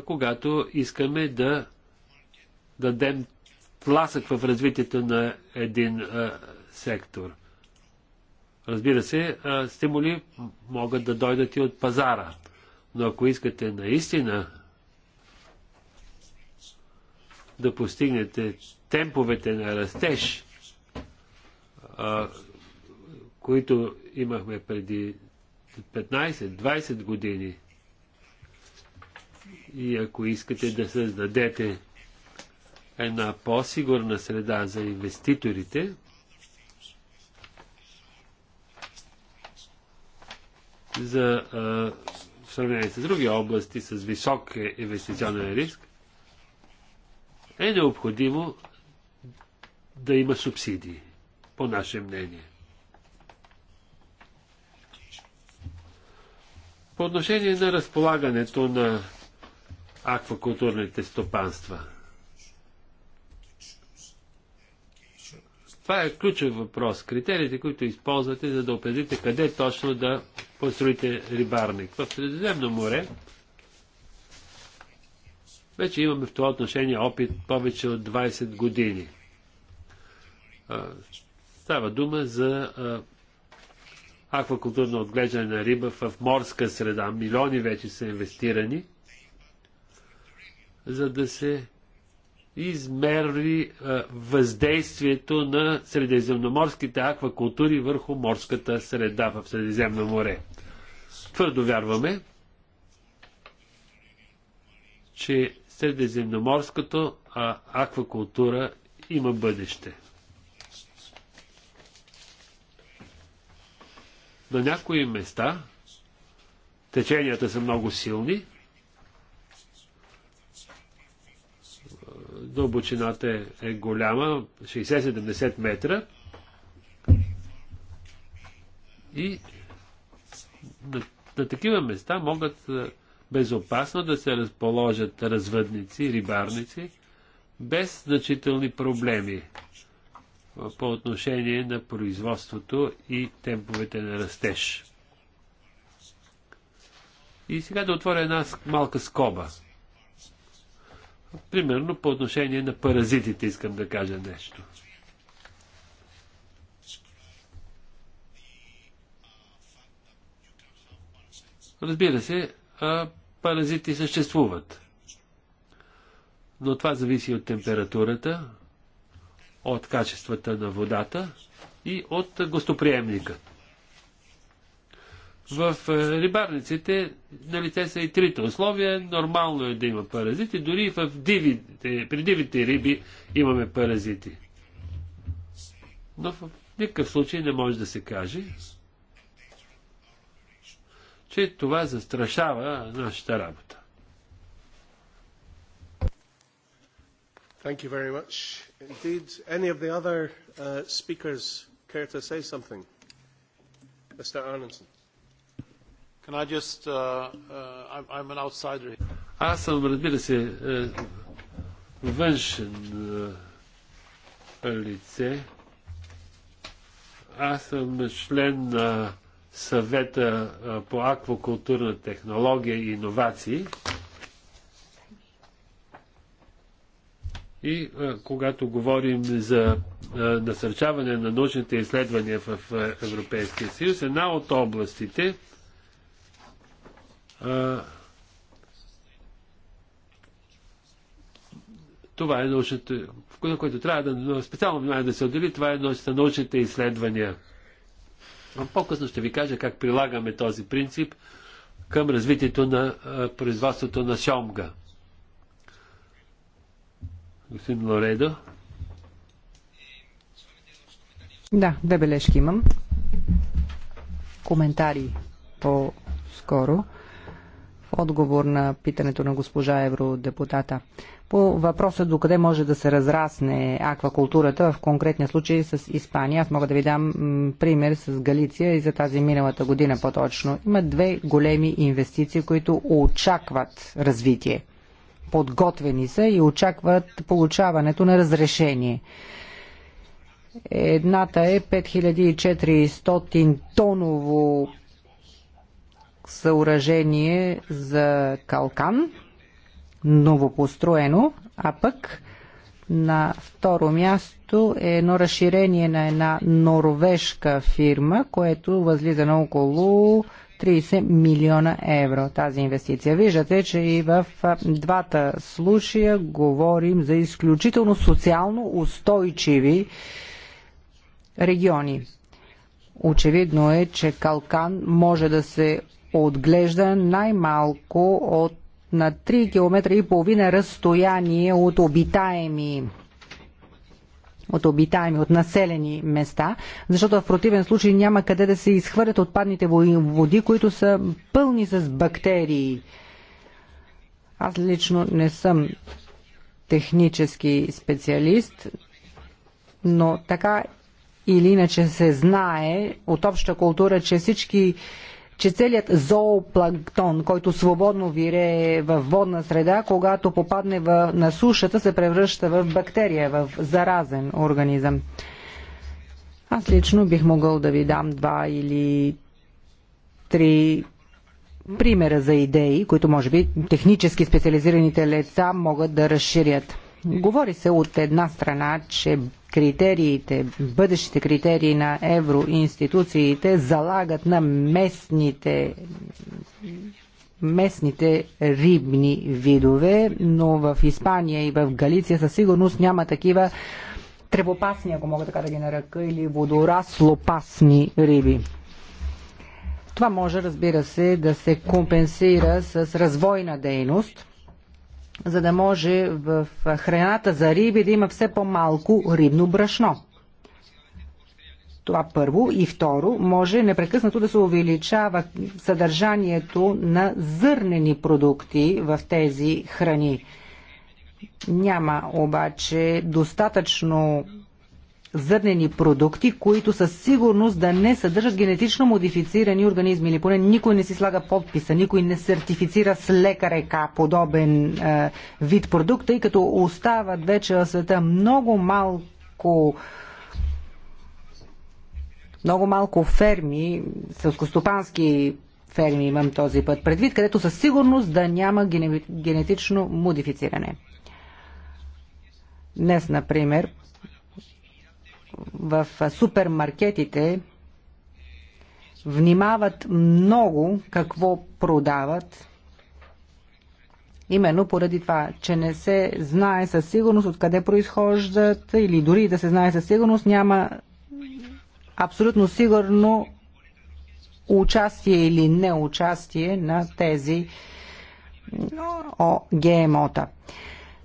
когато искаме да дадем тласък в развитието на един а, сектор. Разбира се, а, стимули могат да дойдат и от пазара. Но ако искате наистина да постигнете темповете на растеж, а, които имахме преди 15-20 години. И ако искате да създадете една по-сигурна среда за инвеститорите, за а, в сравнение с други области с висок инвестиционен риск, е необходимо да има субсидии, по наше мнение. По отношение на разполагането на аквакултурните стопанства. Това е ключов въпрос. Критериите, които използвате, за да определите къде точно да построите рибарник. В Средиземно море вече имаме в това отношение опит повече от 20 години. Става дума за аквакултурно отглеждане на риба в морска среда. Милиони вече са инвестирани, за да се измери въздействието на средиземноморските аквакултури върху морската среда в Средиземно море. Твърдо вярваме, че средиземноморското а, аквакултура има бъдеще. На някои места теченията са много силни, дълбочината е, голяма, 60-70 метра. И на, на такива места могат безопасно да се разположат развъдници, рибарници, без значителни проблеми по отношение на производството и темповете на растеж. И сега да отворя една малка скоба. Примерно по отношение на паразитите искам да кажа нещо. Разбира се, паразити съществуват. Но това зависи от температурата, от качествата на водата и от гостоприемника. В е, рибарниците на лице са и трите условия. Нормално е да има паразити. Дори в дивите, при дивите риби имаме паразити. Но в никакъв случай не може да се каже, че това застрашава нашата работа. Thank you very much. Indeed, any of the other uh, speakers care to say something? Mr. Arnonson. Can I just, uh, uh, I'm, I'm an outsider. Аз съм, разбира се, външен лице. Аз съм член на съвета по аквакултурна технология и иновации. И когато говорим за насърчаване на научните изследвания в Европейския съюз, една от областите това е научната, на което трябва да специално внимание да се отдели, това е научните изследвания – по-късно ще ви кажа как прилагаме този принцип към развитието на производството на сьомга. Господин Лоредо. Да, две бележки имам. Коментари по-скоро в отговор на питането на госпожа евродепутата. По въпроса до къде може да се разрасне аквакултурата, в конкретния случай с Испания, аз мога да ви дам пример с Галиция и за тази миналата година по-точно. Има две големи инвестиции, които очакват развитие. Подготвени са и очакват получаването на разрешение. Едната е 5400 тоново съоръжение за калкан – новопостроено, а пък на второ място е едно разширение на една норвежка фирма, което възлиза на около 30 милиона евро тази инвестиция. Виждате, че и в двата случая говорим за изключително социално устойчиви региони. Очевидно е, че Калкан може да се отглежда най-малко от на 3 км и половина разстояние от обитаеми от обитаеми, от населени места, защото в противен случай няма къде да се изхвърлят отпадните води, които са пълни с бактерии. Аз лично не съм технически специалист, но така или иначе се знае от обща култура, че всички че целият зоопланктон, който свободно вирее в водна среда, когато попадне в, на сушата, се превръща в бактерия, в заразен организъм. Аз лично бих могъл да ви дам два или три примера за идеи, които може би технически специализираните лица могат да разширят. Говори се от една страна, че критериите, бъдещите критерии на евроинституциите залагат на местните местните рибни видове, но в Испания и в Галиция със сигурност няма такива тревопасни, ако мога така да ги наръка, или водораслопасни риби. Това може, разбира се, да се компенсира с развойна дейност – за да може в храната за риби да има все по-малко рибно брашно. Това първо. И второ, може непрекъснато да се увеличава съдържанието на зърнени продукти в тези храни. Няма обаче достатъчно зърнени продукти, които със сигурност да не съдържат генетично модифицирани организми или поне никой не си слага подписа, никой не сертифицира с лека река подобен е, вид продукт, тъй като остават вече в света много малко много малко ферми, селскостопански ферми имам този път предвид, където със сигурност да няма генетично модифициране. Днес, например, в супермаркетите внимават много какво продават, именно поради това, че не се знае със сигурност откъде произхождат или дори да се знае със сигурност няма абсолютно сигурно участие или неучастие на тези ГМО-та.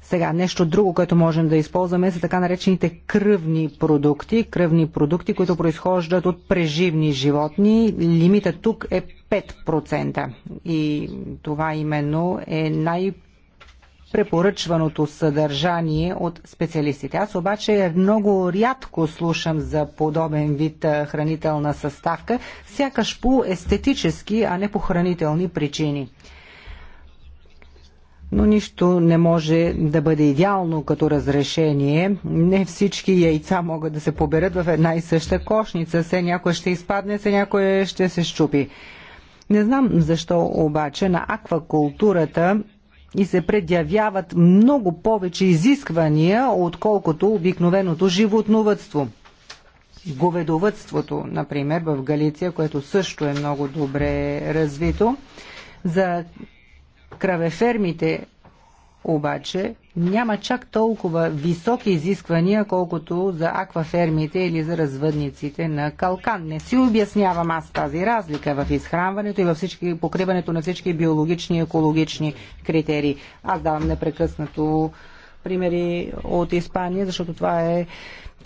Сега, нещо друго, което можем да използваме, са така наречените кръвни продукти, кръвни продукти, които произхождат от преживни животни. Лимитът тук е 5%. И това именно е най- препоръчваното съдържание от специалистите. Аз обаче много рядко слушам за подобен вид хранителна съставка, сякаш по естетически, а не по хранителни причини но нищо не може да бъде идеално като разрешение. Не всички яйца могат да се поберат в една и съща кошница. Се някой ще изпадне, се някой ще се щупи. Не знам защо обаче на аквакултурата и се предявяват много повече изисквания, отколкото обикновеното животновътство. Говедовътството, например, в Галиция, което също е много добре развито, за Кравефермите обаче няма чак толкова високи изисквания, колкото за аквафермите или за развъдниците на калкан. Не си обяснявам аз тази разлика в изхранването и във всички, покриването на всички биологични и екологични критерии. Аз давам непрекъснато примери от Испания, защото това е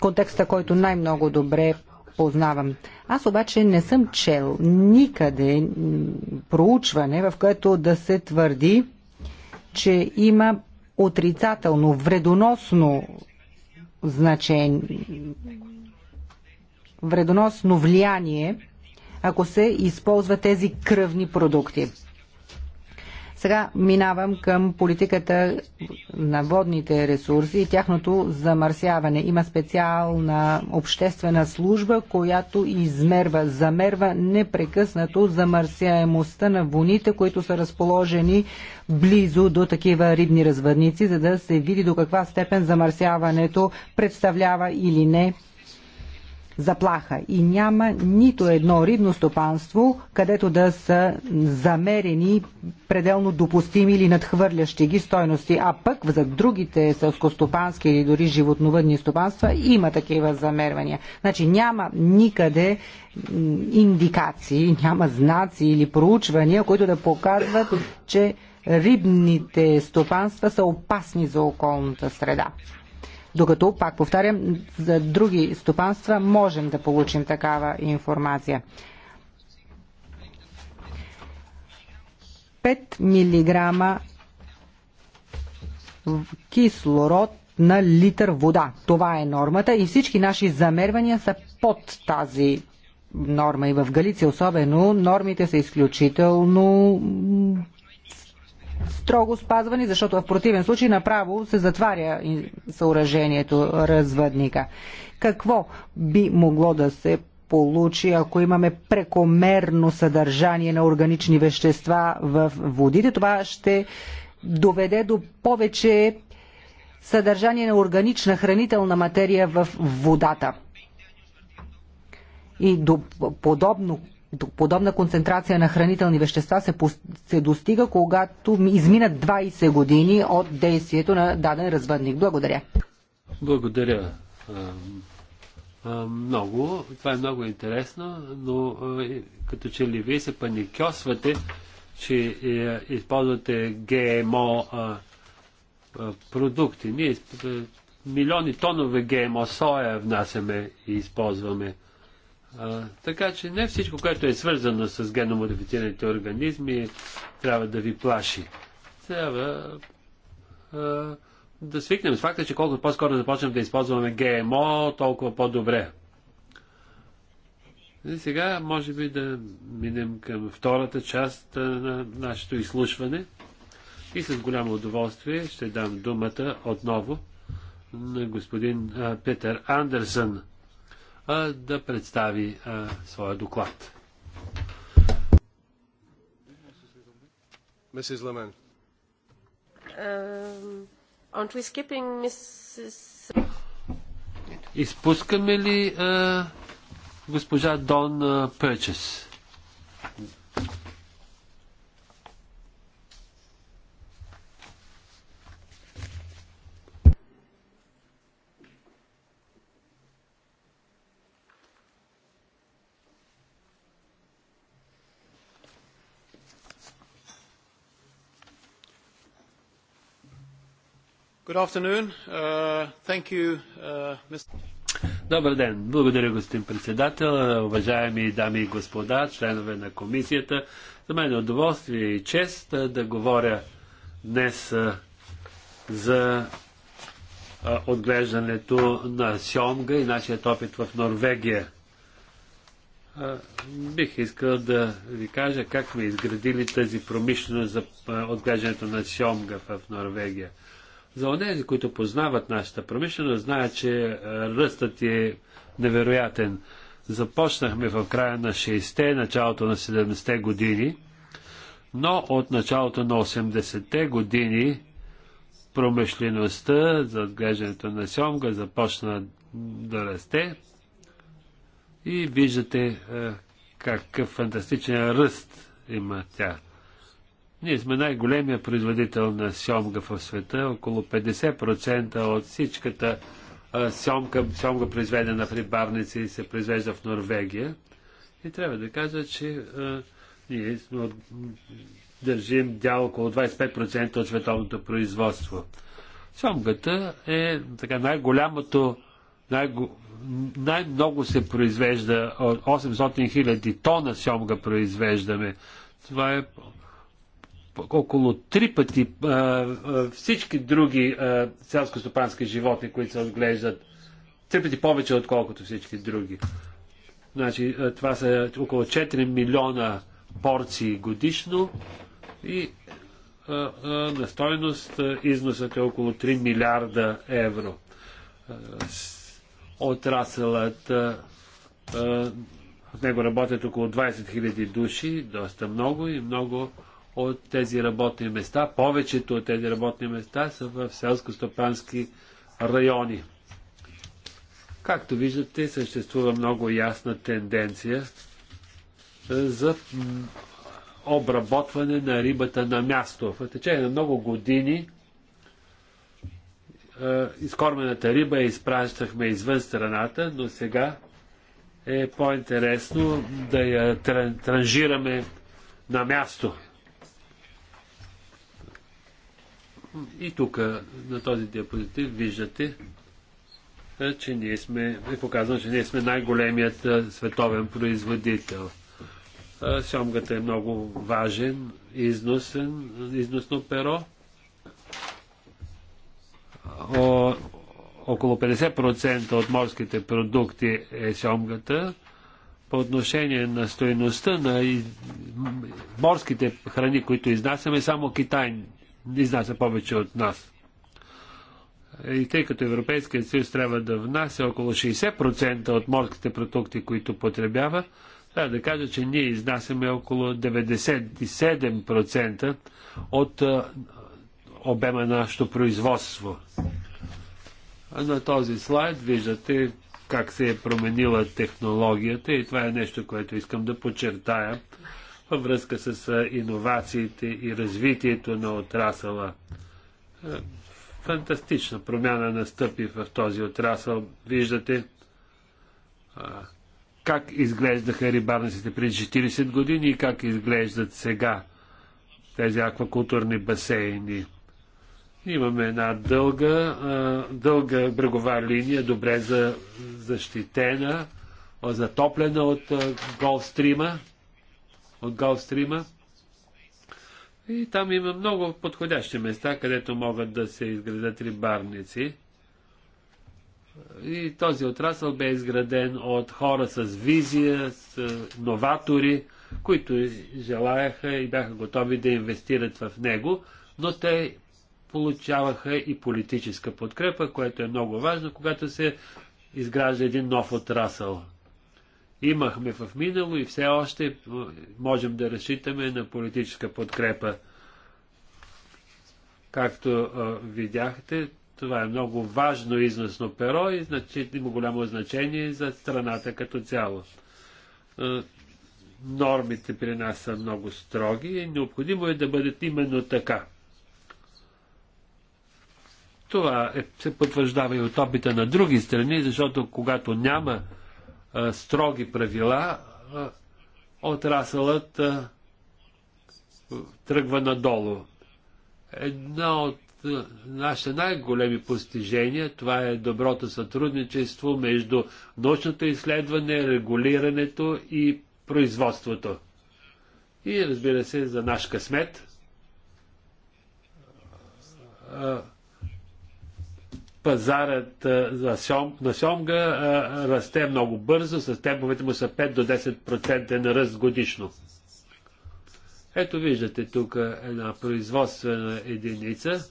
контекста, който най-много добре познавам. Аз обаче не съм чел никъде проучване, в което да се твърди, че има отрицателно, вредоносно значение, вредоносно влияние, ако се използват тези кръвни продукти. Сега минавам към политиката на водните ресурси и тяхното замърсяване. Има специална обществена служба, която измерва, замерва непрекъснато замърсяемостта на воните, които са разположени близо до такива рибни развъдници, за да се види до каква степен замърсяването представлява или не заплаха и няма нито едно рибно стопанство, където да са замерени пределно допустими или надхвърлящи ги стойности, а пък за другите селскостопански или дори животновъдни стопанства има такива замервания. Значи няма никъде индикации, няма знаци или проучвания, които да показват, че рибните стопанства са опасни за околната среда. Докато, пак повтарям, за други стопанства можем да получим такава информация. 5 милиграма кислород на литър вода. Това е нормата и всички наши замервания са под тази норма. И в Галиция особено нормите са изключително строго спазвани, защото в противен случай направо се затваря съоръжението развъдника. Какво би могло да се получи, ако имаме прекомерно съдържание на органични вещества в водите? Това ще доведе до повече съдържание на органична хранителна материя в водата. И до подобно подобна концентрация на хранителни вещества се, се достига, когато изминат 20 години от действието на даден развъдник. Благодаря. Благодаря много. Това е много интересно, но като че ли вие се паникьосвате, че е, използвате ГМО продукти. Ние е, милиони тонове ГМО соя внасяме и използваме. А, така че не всичко, което е свързано с геномодифицираните организми, трябва да ви плаши. Трябва а, да свикнем с факта, че колкото по-скоро започнем да използваме ГМО, толкова по-добре. И сега може би да минем към втората част на нашето изслушване. И с голямо удоволствие ще дам думата отново на господин а, Петър Андерсън да представи своя доклад. Mrs. Um, aren't we skipping Mrs... Изпускаме ли госпожа Дон Пърчес? Uh, uh, Добър ден. Благодаря, господин председател, уважаеми дами и господа, членове на комисията. За мен е удоволствие и чест да говоря днес за отглеждането на сьомга и нашият опит в Норвегия. Бих искал да ви кажа как сме изградили тази промишленост за отглеждането на сьомга в Норвегия. За онези, които познават нашата промишленост, знаят, че е, ръстът е невероятен. Започнахме в края на 60-те, началото на 70-те години, но от началото на 80-те години промишлеността за отглеждането на сьомга започна да расте и виждате е, какъв фантастичен ръст има тя. Ние сме най-големия производител на сьомга в света. Около 50% от всичката сьомга, сьомга произведена в рибарници се произвежда в Норвегия. И трябва да кажа, че а, ние сме, държим дял около 25% от световното производство. Сьомгата е така най-голямото, най- най-много се произвежда, 800 000 тона сьомга произвеждаме. Това е около три пъти а, всички други селско-стопански животни, които се отглеждат, три пъти повече, отколкото всички други. Значи, това са около 4 милиона порции годишно и а, а, на стойност износът е около 3 милиарда евро. Отрасълът в него работят около 20 000 души, доста много и много от тези работни места, повечето от тези работни места са в селско-стопански райони. Както виждате, съществува много ясна тенденция е, за обработване на рибата на място. В течение на много години е, изкормената риба я изпращахме извън страната, но сега е по-интересно да я транжираме на място. И тук на този диапозитив виждате, че ние сме, ви е показано, че ние сме най-големият световен производител. Сьомгата е много важен, износен, износно перо. О, около 50% от морските продукти е сьомгата. По отношение на стоеността на морските храни, които изнасяме, само Китай изнася повече от нас. И тъй като Европейският съюз трябва да внася около 60% от морските продукти, които потребява, трябва да кажа, че ние изнасяме около 97% от обема на нашето производство. На този слайд виждате как се е променила технологията и това е нещо, което искам да подчертая във връзка с иновациите и развитието на отрасъла. Фантастична промяна настъпи в този отрасъл. Виждате как изглеждаха рибарниците преди 40 години и как изглеждат сега тези аквакултурни басейни. Имаме една дълга, дълга брегова линия, добре защитена, затоплена от голстрима от Голфстрима. И там има много подходящи места, където могат да се изградат рибарници. И този отрасъл бе изграден от хора с визия, с е, новатори, които желаяха и бяха готови да инвестират в него, но те получаваха и политическа подкрепа, което е много важно, когато се изгражда един нов отрасъл имахме в минало и все още можем да разчитаме на политическа подкрепа. Както видяхте, това е много важно износно перо и значи, има голямо значение за страната като цяло. Нормите при нас са много строги и необходимо е да бъдат именно така. Това е, се потвърждава и от опита на други страни, защото когато няма строги правила, отрасълът тръгва надолу. Една от нашите най-големи постижения, това е доброто сътрудничество между научното изследване, регулирането и производството. И разбира се, за наш късмет, пазарът на, сьом, на сьомга расте много бързо, с темповете му са 5 до 10% на ръст годишно. Ето виждате тук една производствена единица.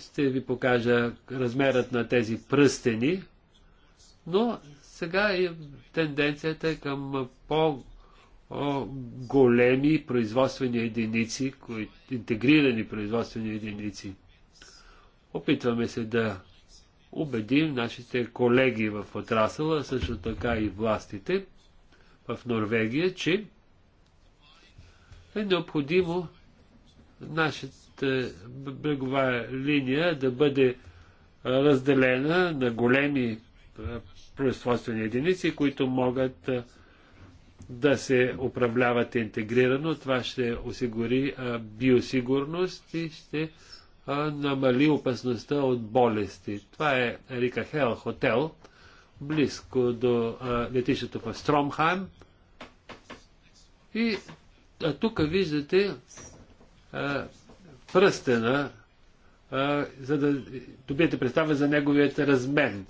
Ще ви покажа размерът на тези пръстени, но сега е тенденцията към по- големи производствени единици, интегрирани производствени единици – Опитваме се да убедим нашите колеги в отрасъла, също така и властите в Норвегия, че е необходимо нашата брегова линия да бъде разделена на големи производствени единици, които могат да се управляват интегрирано. Това ще осигури биосигурност и ще намали опасността от болести. Това е Рика Хел хотел, близко до летището в Стромхайм. И а тук виждате а, пръстена, а, за да добиете представа за неговият размен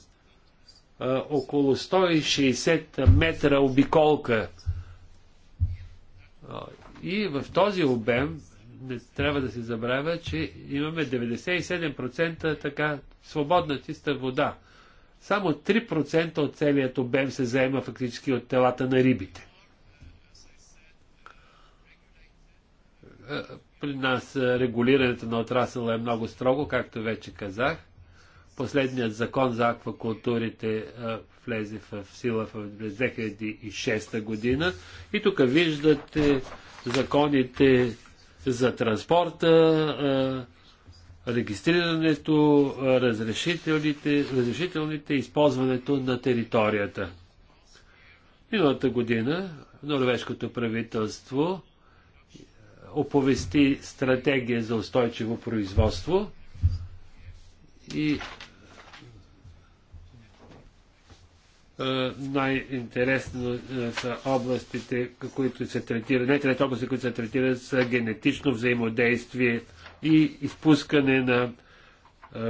А, около 160 метра обиколка. А, и в този обем не трябва да се забравя, че имаме 97% така свободна чиста вода. Само 3% от целият обем се заема фактически от телата на рибите. При нас регулирането на отрасъла е много строго, както вече казах. Последният закон за аквакултурите влезе в сила в 2006 година. И тук виждате законите за транспорта, регистрирането, разрешителните, разрешителните, използването на територията. Миналата година норвежкото правителство оповести стратегия за устойчиво производство и Е, най-интересно е, са областите, които се третират, не трет области, които се третират с генетично взаимодействие и изпускане на е,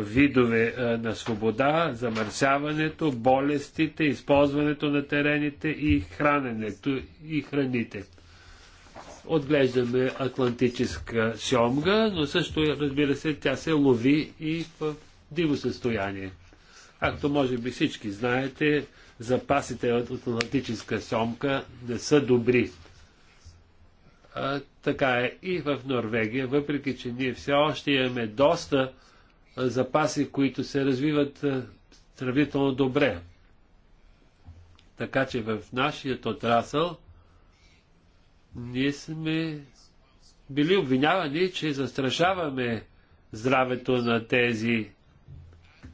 видове на свобода, замърсяването, болестите, използването на терените и храненето и храните. Отглеждаме атлантическа сьомга, но също, разбира се, тя се лови и в диво състояние. Както може би всички знаете, запасите от атлантическа сомка не са добри. А, така е и в Норвегия, въпреки че ние все още имаме доста запаси, които се развиват сравнително добре. Така че в нашия отрасъл ние сме били обвинявани, че застрашаваме здравето на тези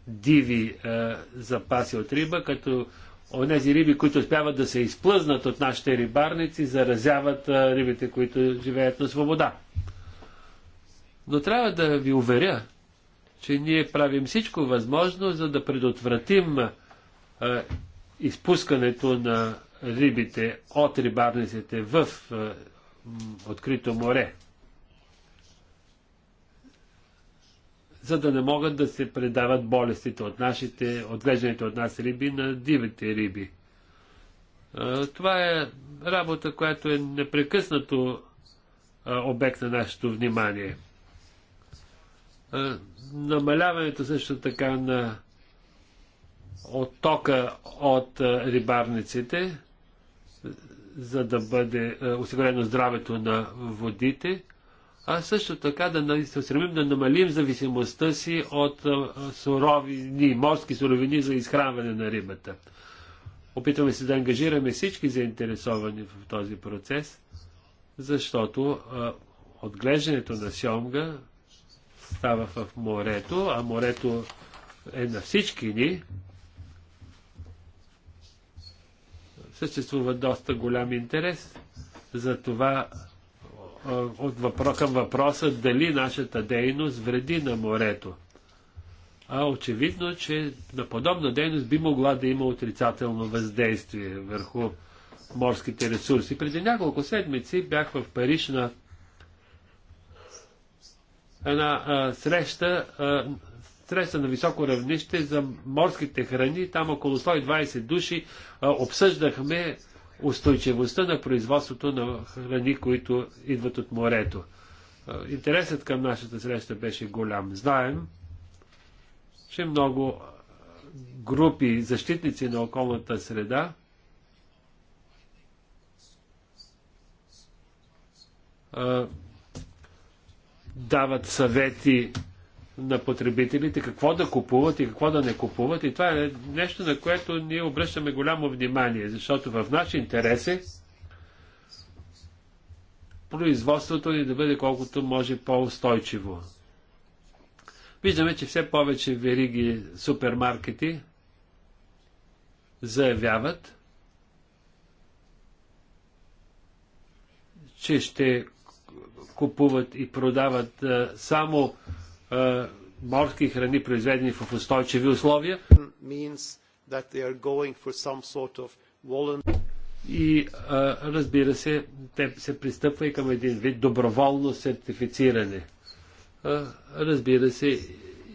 диви е, запаси от риба, като онези риби, които успяват да се изплъзнат от нашите рибарници, заразяват рибите, които живеят на свобода. Но трябва да ви уверя, че ние правим всичко възможно, за да предотвратим а, изпускането на рибите от рибарниците в а, открито море. за да не могат да се предават болестите от нашите, отглежданите от нас риби на дивите риби. Това е работа, която е непрекъснато обект на нашето внимание. Намаляването също така на оттока от рибарниците, за да бъде осигурено здравето на водите, а също така да се стремим да намалим зависимостта си от суровини, морски суровини за изхранване на рибата. Опитваме се да ангажираме всички заинтересовани в този процес, защото а, отглеждането на сьомга става в морето, а морето е на всички ни. Съществува доста голям интерес за това е, от въпро, към въпроса дали нашата дейност вреди на морето. А очевидно, че на подобна дейност би могла да има отрицателно въздействие върху морските ресурси. Преди няколко седмици бях в Париж на една а, среща, а, среща на високо равнище за морските храни. Там около 120 души а, обсъждахме устойчивостта на производството на храни, които идват от морето. Интересът към нашата среща беше голям. Знаем, че много групи защитници на околната среда дават съвети на потребителите какво да купуват и какво да не купуват. И това е нещо, на което ние обръщаме голямо внимание, защото в наши интереси е производството ни да бъде колкото може по-устойчиво. Виждаме, че все повече вериги супермаркети заявяват, че ще купуват и продават само морски храни, произведени в устойчиви условия. И разбира се, те се пристъпва и към един вид доброволно сертифициране. разбира се,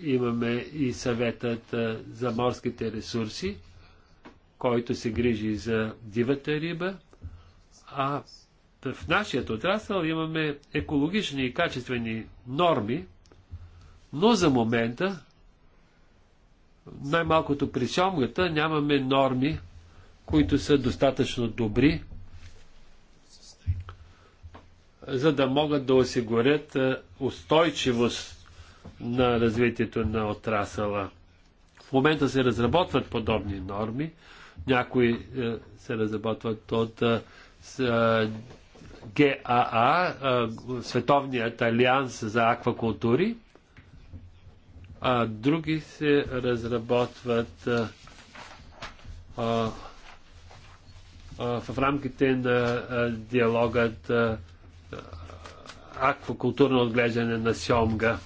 имаме и съветът за морските ресурси, който се грижи за дивата риба, а в нашия отрасъл имаме екологични и качествени норми, но за момента, най-малкото при сьомгата, нямаме норми, които са достатъчно добри, за да могат да осигурят е, устойчивост на развитието на отрасъла. В момента се разработват подобни норми. Някои е, се разработват от е, ГАА, Световният алианс за аквакултури а други се разработват а, а, в рамките на диалогът а, аквакултурно отглеждане на сьомга.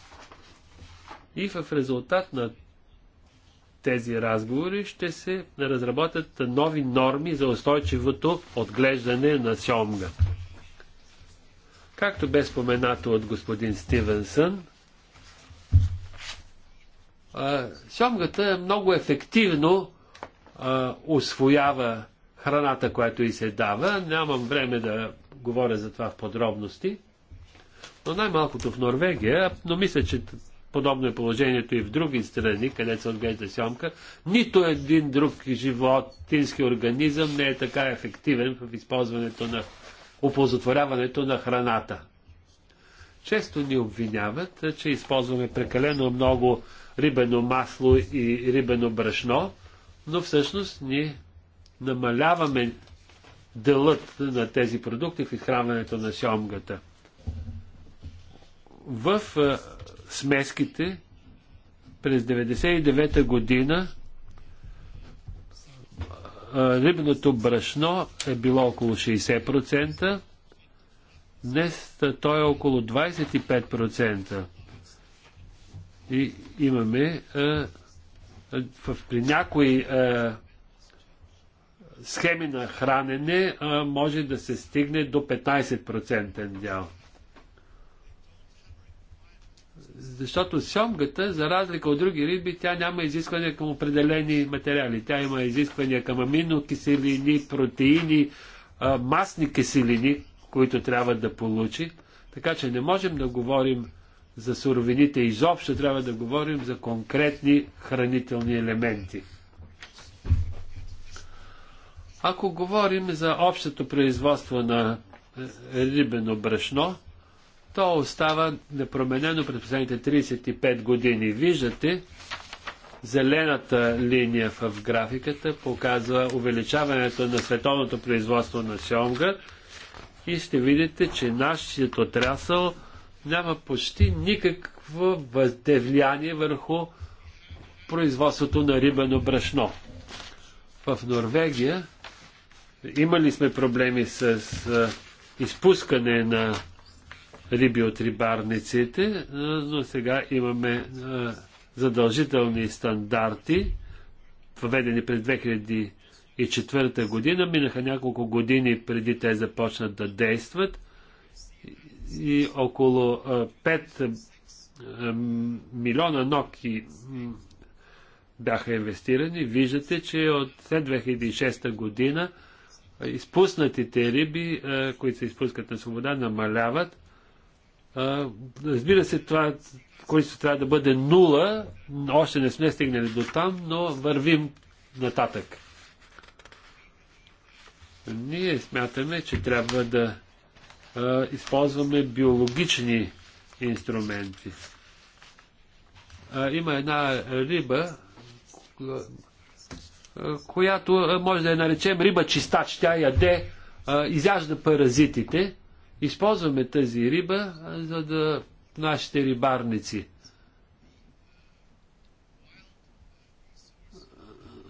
И в резултат на тези разговори ще се разработят нови норми за устойчивото отглеждане на сьомга. Както бе споменато от господин Стивенсън, Сьомгата много ефективно а, освоява храната, която и се дава. Нямам време да говоря за това в подробности. Но най-малкото в Норвегия, но мисля, че подобно е положението и в други страни, където се отглежда сьомка, нито един друг животински организъм не е така ефективен в използването на оползотворяването на храната. Често ни обвиняват, че използваме прекалено много рибено масло и рибено брашно, но всъщност ни намаляваме делът на тези продукти в изхранването на сьомгата. В смеските през 1999 година рибното брашно е било около 60%, днес то е около 25%. И имаме а, в, при някои а, схеми на хранене а, може да се стигне до 15% дял. Защото сьомгата, за разлика от други риби, тя няма изисквания към определени материали. Тя има изисквания към аминокиселини, протеини, а, масни киселини, които трябва да получи. Така че не можем да говорим за суровините изобщо трябва да говорим за конкретни хранителни елементи. Ако говорим за общото производство на е, рибено брашно, то остава непроменено през последните 35 години. Виждате, зелената линия в графиката показва увеличаването на световното производство на шелмга и ще видите, че нашият отрасъл – няма почти никакво въздевляние върху производството на рибено брашно. В Норвегия имали сме проблеми с изпускане на риби от рибарниците, но сега имаме задължителни стандарти, въведени през 2004 година. Минаха няколко години преди те започнат да действат – и около 5 милиона ноки бяха инвестирани. Виждате, че от след 2006 година изпуснатите риби, които се изпускат на свобода, намаляват. Разбира се, това, което трябва да бъде нула, още не сме стигнали до там, но вървим нататък. Ние смятаме, че трябва да използваме биологични инструменти. Има една риба, която може да я наречем риба чистач. Тя яде, изяжда паразитите. Използваме тази риба, за да нашите рибарници.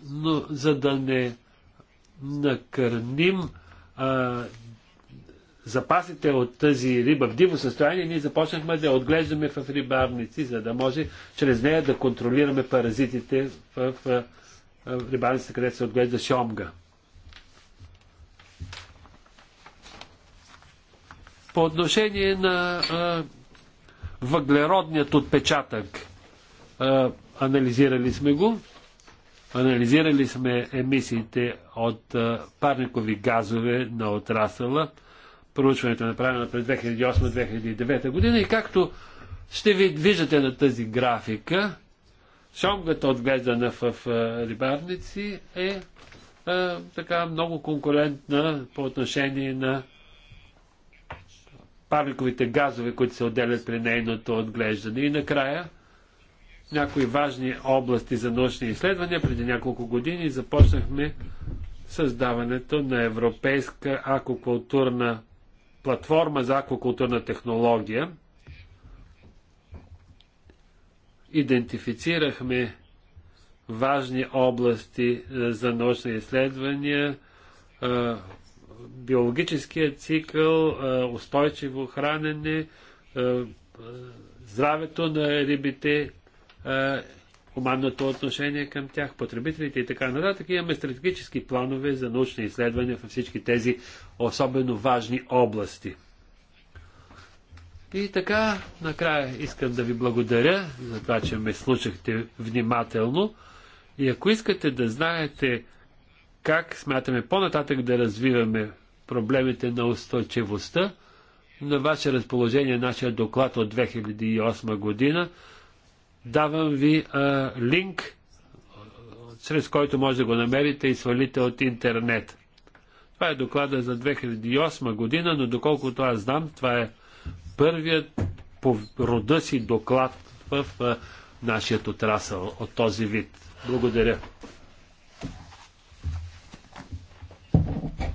Но за да не накърним запасите от тази риба в диво състояние, ние започнахме да отглеждаме в рибарници, за да може чрез нея да контролираме паразитите в, в, в рибарниците, където се отглежда шомга. По отношение на а, въглеродният отпечатък, а, анализирали сме го. Анализирали сме емисиите от а, парникови газове на отрасъла проучването е направено през 2008-2009 година и както ще ви виждате на тази графика, шомгата отглеждана в рибарници е а, така много конкурентна по отношение на парниковите газове, които се отделят при нейното отглеждане. И накрая някои важни области за научни изследвания. Преди няколко години започнахме създаването на Европейска аквакултурна платформа за аквакултурна технология. Идентифицирахме важни области е, за научни изследвания, е, биологическия цикъл, е, устойчиво хранене, здравето на рибите хуманното отношение към тях, потребителите и така нататък. Имаме стратегически планове за научни изследвания във всички тези особено важни области. И така, накрая искам да ви благодаря за това, че ме слушахте внимателно. И ако искате да знаете как смятаме по-нататък да развиваме проблемите на устойчивостта, на ваше разположение нашия доклад от 2008 година Давам ви а, линк, чрез който може да го намерите и свалите от интернет. Това е доклада за 2008 година, но доколкото аз знам, това е първият по рода си доклад в а, нашия отрасъл от този вид. Благодаря.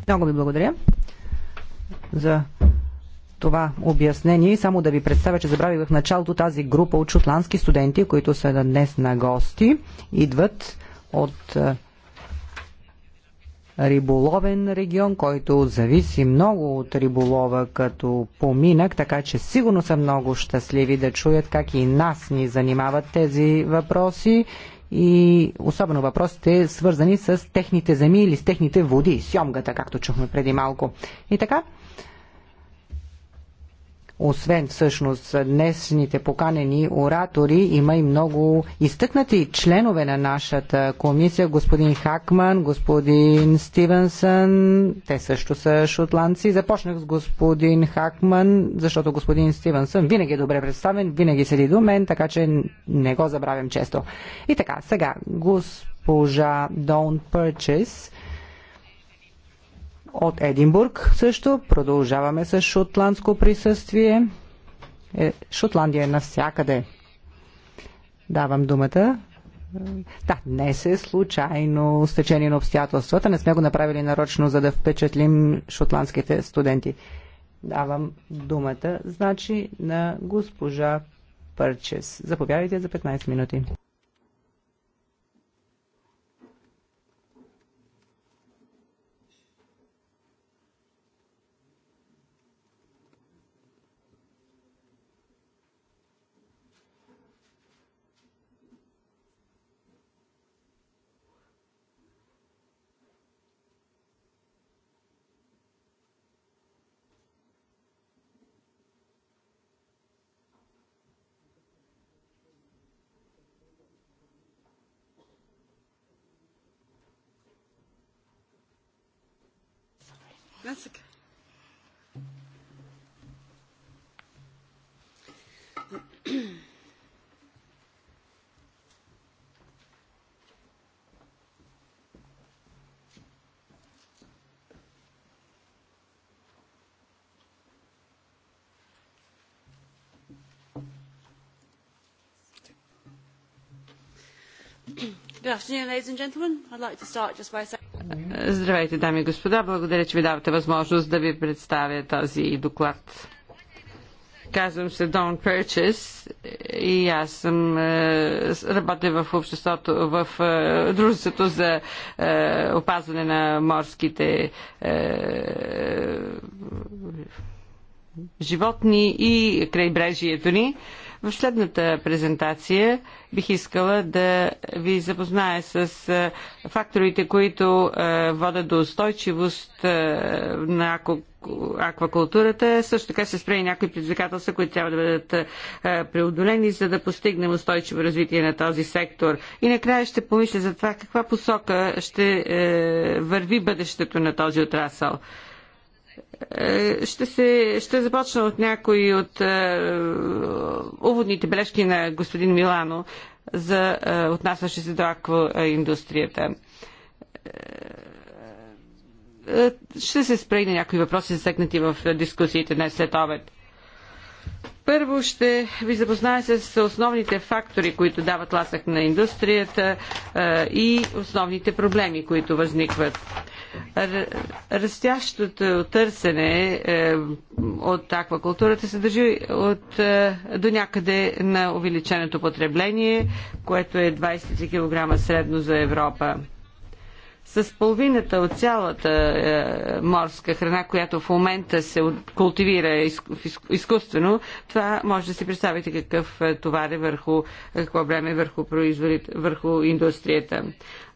Много ви благодаря за това обяснение и само да ви представя, че забравих в началото тази група от шотландски студенти, които са днес на гости, идват от е, риболовен регион, който зависи много от риболова като поминък, така че сигурно са много щастливи да чуят как и нас ни занимават тези въпроси и особено въпросите свързани с техните земи или с техните води, сьомгата, както чухме преди малко. И така, освен всъщност днесните поканени оратори, има и много изтъкнати членове на нашата комисия. Господин Хакман, господин Стивенсън, те също са шотландци. Започнах с господин Хакман, защото господин Стивенсън винаги е добре представен, винаги седи до мен, така че не го забравям често. И така, сега, госпожа Дон Пърчес – от Единбург също продължаваме с шотландско присъствие. Е, Шотландия е навсякъде. Давам думата. Е, да, днес е случайно стечение на обстоятелствата. Не сме го направили нарочно, за да впечатлим шотландските студенти. Давам думата, значи, на госпожа Пърчес. Заповядайте за 15 минути. Здравейте, дами и господа. Благодаря, че ми давате възможност да ви представя този доклад. Казвам се Дон Пърчес и аз съм е, работя в обществото, в е, дружеството за е, опазване на морските животни и крайбрежието ни. В следната презентация бих искала да ви запозная с факторите, които водят до устойчивост на аквакултурата. Също така се спрея и някои предизвикателства, които трябва да бъдат преодолени, за да постигнем устойчиво развитие на този сектор. И накрая ще помисля за това каква посока ще е, върви бъдещето на този отрасъл. Е, ще, се, ще започна от някои от е, уводните бележки на господин Милано за е, отнасящи се до акваиндустрията. ще се спре на някои въпроси, засегнати в дискусиите днес след обед. Първо ще ви запозная с основните фактори, които дават ласък на индустрията и основните проблеми, които възникват Растящото търсене е, от аквакултурата се държи от, е, до някъде на увеличеното потребление, което е 20 кг средно за Европа. С половината от цялата е, морска храна, която в момента се култивира изкуствено, това може да си представите какъв товар е върху, какво време е върху, върху индустрията.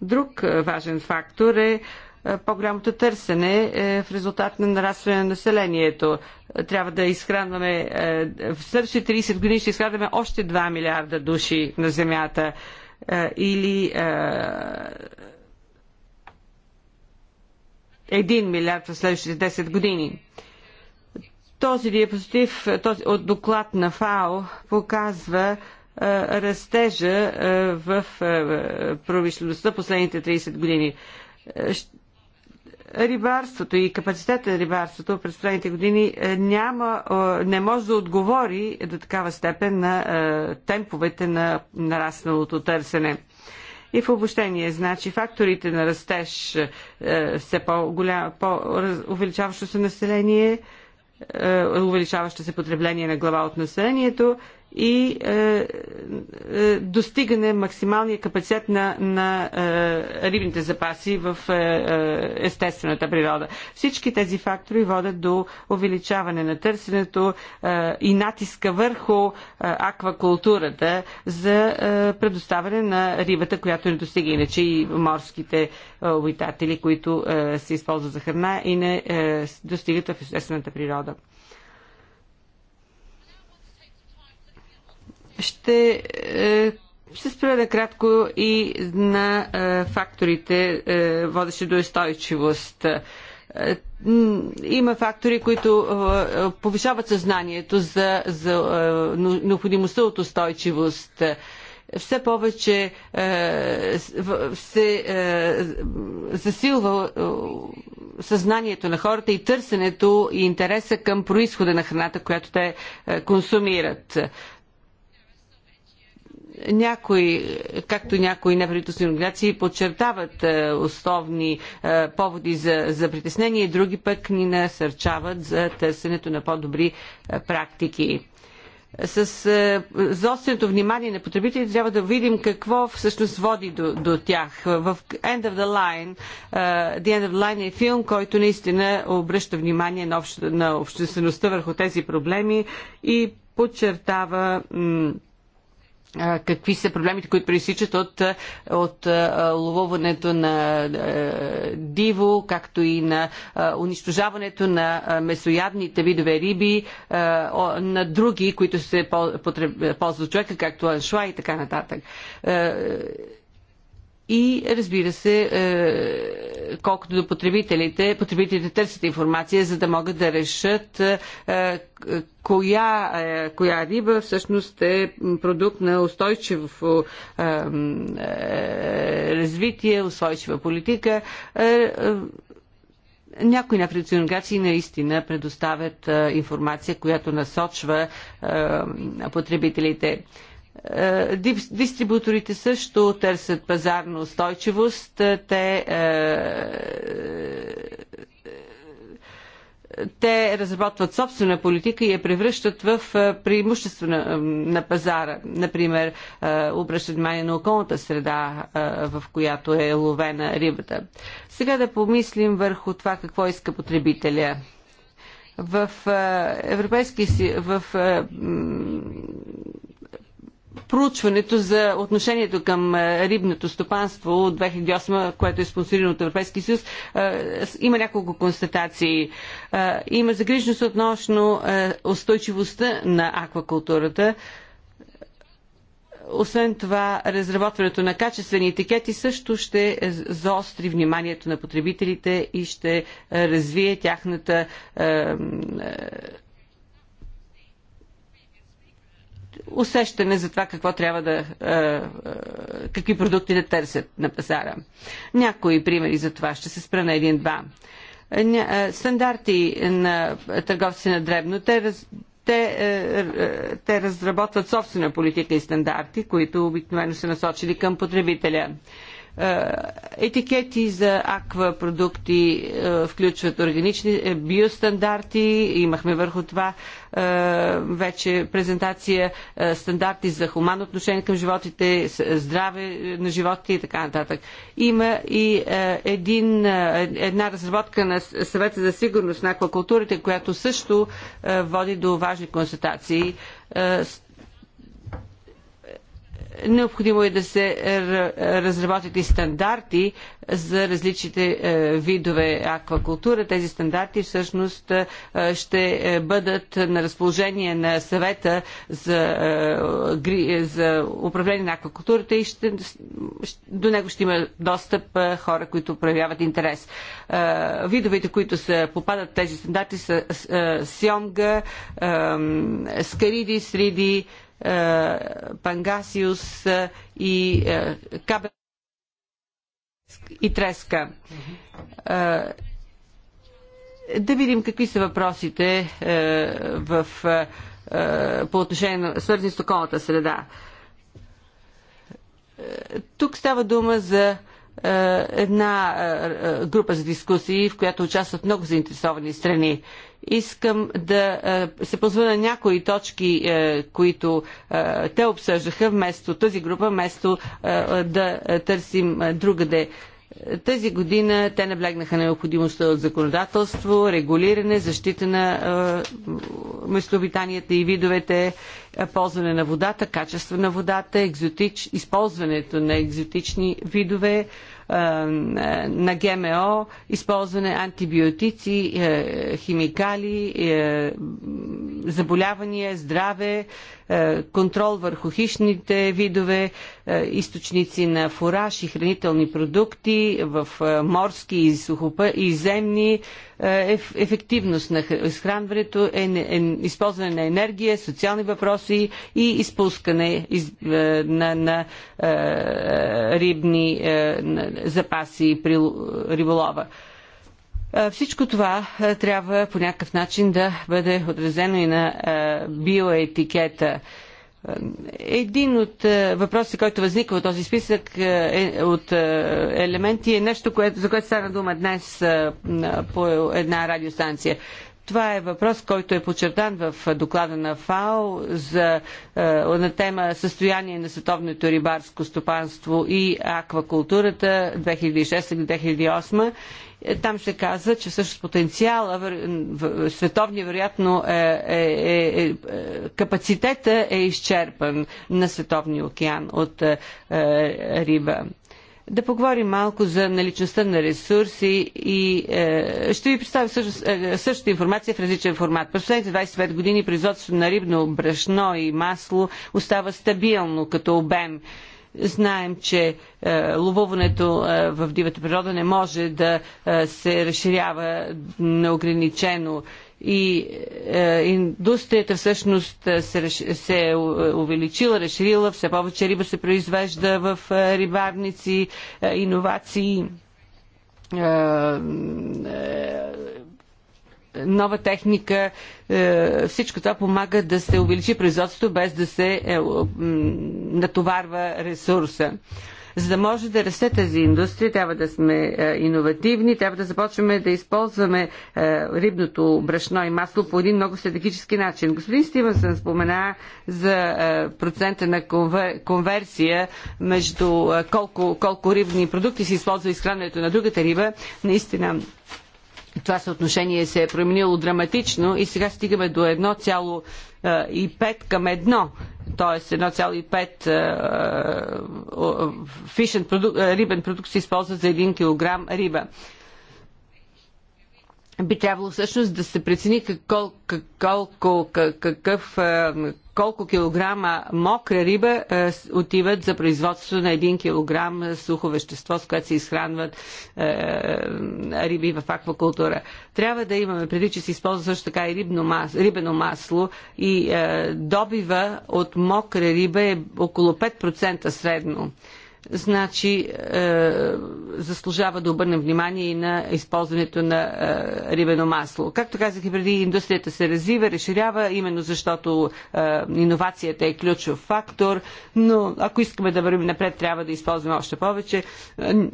Друг важен фактор е по-голямото търсене е, в резултат на нарастване на населението. Трябва да изхранваме, е, в следващите 30 години ще изхранваме още 2 милиарда души на Земята е, или 1 милиард в следващите 10 години. Този диапозитив този, от доклад на ФАО показва а, растежа а, в а, промишлеността последните 30 години рибарството и капацитета на рибарството през последните години е, няма, е, не може да отговори до такава степен на е, темповете на нарасналото търсене. И в обобщение, значи факторите на растеж все по-голямо, по-увеличаващо се население, увеличаващо се потребление на глава от населението, и е, е, достигане максималния капацитет на, на е, рибните запаси в е, е, естествената природа. Всички тези фактори водят до увеличаване на търсенето е, и натиска върху е, аквакултурата за е, предоставяне на рибата, която не достига иначе и морските е, обитатели, които е, се използват за храна и не е, достигат в естествената природа. Ще се спра кратко и на е, факторите, е, водещи до устойчивост е, има фактори, които повишават съзнанието за, за необходимостта от устойчивост. Все повече се засилва съзнанието на хората и търсенето и интереса към происхода на храната, която те консумират. Някои, както някои неправителствени организации, подчертават е, основни е, поводи за, за притеснение, други пък ни насърчават за търсенето на по-добри е, практики с заостреното внимание на потребителите трябва да видим какво всъщност води до, до тях. В End of the Line, uh, The End of the Line е филм, който наистина обръща внимание на, общ, на обществеността върху тези проблеми и подчертава какви са проблемите, които пресичат от, от ловуването на диво, както и на унищожаването на месоядните видове риби, на други, които се ползват човека, както аншла и така нататък и разбира се, е, колкото до потребителите, потребителите търсят информация, за да могат да решат е, коя, е, коя риба всъщност е продукт на устойчиво развитие, устойчива политика. Някои на организации наистина предоставят информация, която насочва потребителите. Е, дистрибуторите също търсят пазарна устойчивост. Е, те, е, те разработват собствена политика и я превръщат в преимущество на, на пазара. Например, обръщат внимание на околната среда, в която е ловена рибата. Сега да помислим върху това какво иска потребителя в Европейския си, в проучването за отношението към е, рибното стопанство от 2008, което е спонсорирано от Европейския съюз, е, има няколко констатации. Е, има загриженост относно устойчивостта на аквакултурата. Освен това, разработването на качествени етикети също ще заостри вниманието на потребителите и ще развие тяхната усещане за това какво трябва да. Е, е, какви продукти да търсят на пазара. Някои примери за това ще се спра на един-два. Е, стандарти на търговци на дребно, те те, те разработват собствена политика и стандарти, които обикновено са насочили към потребителя. Е, етикети за аквапродукти е, включват органични е, биостандарти, имахме върху това вече презентация, стандарти за хуманно отношение към животите, здраве на животите и така нататък. Има и един, една разработка на съвета за сигурност на аквакултурите, която също води до важни констатации. Необходимо е да се разработят и стандарти за различните е, видове аквакултура. Тези стандарти всъщност е, ще е, бъдат на разположение на съвета за, за управление на аквакултурата и ще, до него ще има достъп хора, които проявяват интерес. Видовете, които са, попадат в тези стандарти са сьомга, скариди, сриди, е, пангасиус е, и е, Кабел и Треска. Да видим какви са въпросите в, по отношение на свързани с околната среда. Тук става дума за е, една е, е, група за дискусии, в която участват много заинтересовани страни. Искам да се позва на някои точки, които те обсъждаха вместо тази група, вместо да търсим другаде. Тази година те наблегнаха на необходимостта от законодателство, регулиране, защита на местообитанията и видовете, е, ползване на водата, качество на водата, екзотич, използването на екзотични видове, е, е, на ГМО, използване антибиотици, химикали, заболявания, здраве, е, контрол върху хищните видове, е, източници на фураж и хранителни продукти в е, морски и, сухопа и земни, ефективност на изхранването, използване на енергия, социални въпроси и изпускане на, на рибни запаси при риболова. Е, всичко това е, трябва по някакъв начин да бъде отразено и на е, биоетикета. Един от въпросите, който възниква от този списък е, от елементи е нещо, което, за което стана дума днес по една радиостанция. Това е въпрос, който е подчертан в доклада на ФАО за, на тема Състояние на световното рибарско стопанство и аквакултурата 2006-2008 е, там се каза, че всъщност потенциала световния вероятно е, е, е, е, капацитета е изчерпан на световния океан от е, е, риба да поговорим малко за наличността на ресурси и е, ще ви представя също, е, същата информация в различен формат. През последните 25 години производството на рибно брашно и масло остава стабилно като обем Знаем, че е, ловуването е, в дивата природа не може да е, се разширява неограничено и е, индустрията всъщност се, се е увеличила, разширила, все повече риба се произвежда в рибарници, иновации нова техника, е, всичко това помага да се увеличи производството без да се е, натоварва ресурса. За да може да расте тази индустрия, трябва да сме е, иновативни, трябва да започваме да използваме рибното брашно и масло по един много стратегически начин. Господин Стивенсън спомена за процента на конверсия между колко, колко рибни продукти се използва изхранването на другата риба. Наистина, това съотношение се е променило драматично и сега стигаме до 1,5 е, към 1, т.е. 1,5 фишен продукт, рибен продукт се използва за 1 кг риба би трябвало всъщност да се прецени колко, колко какъв, е, колко килограма мокра риба е, отиват за производство на 1 килограм е, сухо вещество, с което се изхранват е, риби в аквакултура. Трябва да имаме преди, че се използва също така и рибно мас, рибено масло и добива от мокра риба е около 5% средно значи е, заслужава да обърнем внимание и на използването на е, рибено масло. Както казах и преди, индустрията се развива, разширява, именно защото е, иновацията е ключов фактор, но ако искаме да вървим напред, трябва да използваме още повече. Е,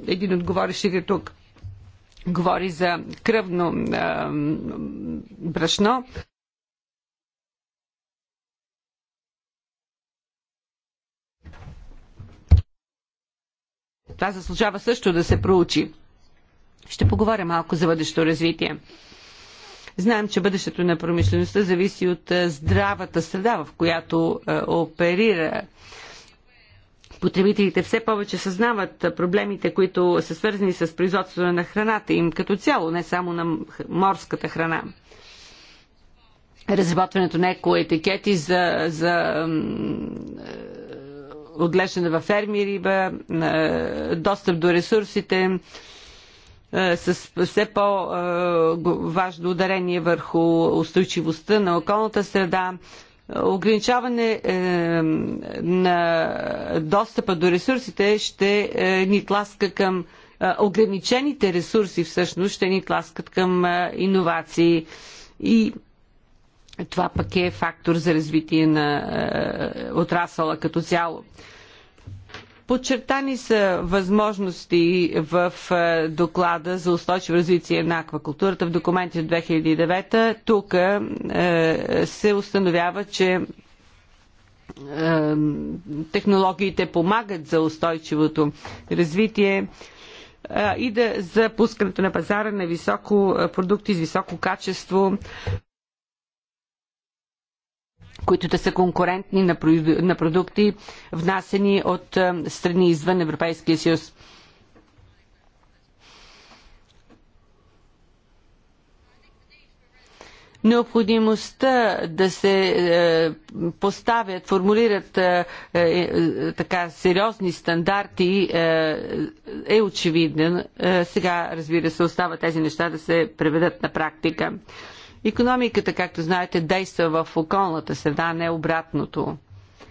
един от говорещите тук говори за кръвно е, брашно. Това заслужава също да се проучи. Ще поговоря малко за бъдещето развитие. Знаем, че бъдещето на промишлеността зависи от е, здравата среда, в която е, оперира. Потребителите все повече съзнават е, проблемите, които са свързани с производството на храната им като цяло, не само на морската храна разработването на екоетикети за, за отглеждане във ферми риба, достъп до ресурсите, е, с все по-важно ударение върху устойчивостта на околната среда, е, ограничаване е, на достъпа до ресурсите ще ни тласка към ограничените ресурси всъщност ще ни тласкат към иновации и това пък е фактор за развитие на е, отрасъла като цяло. Подчертани са възможности в е, доклада за устойчиво развитие на аквакултурата в документите от 2009. Тук е, се установява, че е, технологиите помагат за устойчивото развитие е, и да, за пускането на пазара на високо, продукти с високо качество които да са конкурентни на, на продукти, внасени от е, страни извън Европейския съюз. необходимостта да се е, поставят, формулират е, така сериозни стандарти е очевидна. сега, разбира се, остава тези неща да се преведат на практика. Економиката, както знаете, действа в околната среда, не обратното.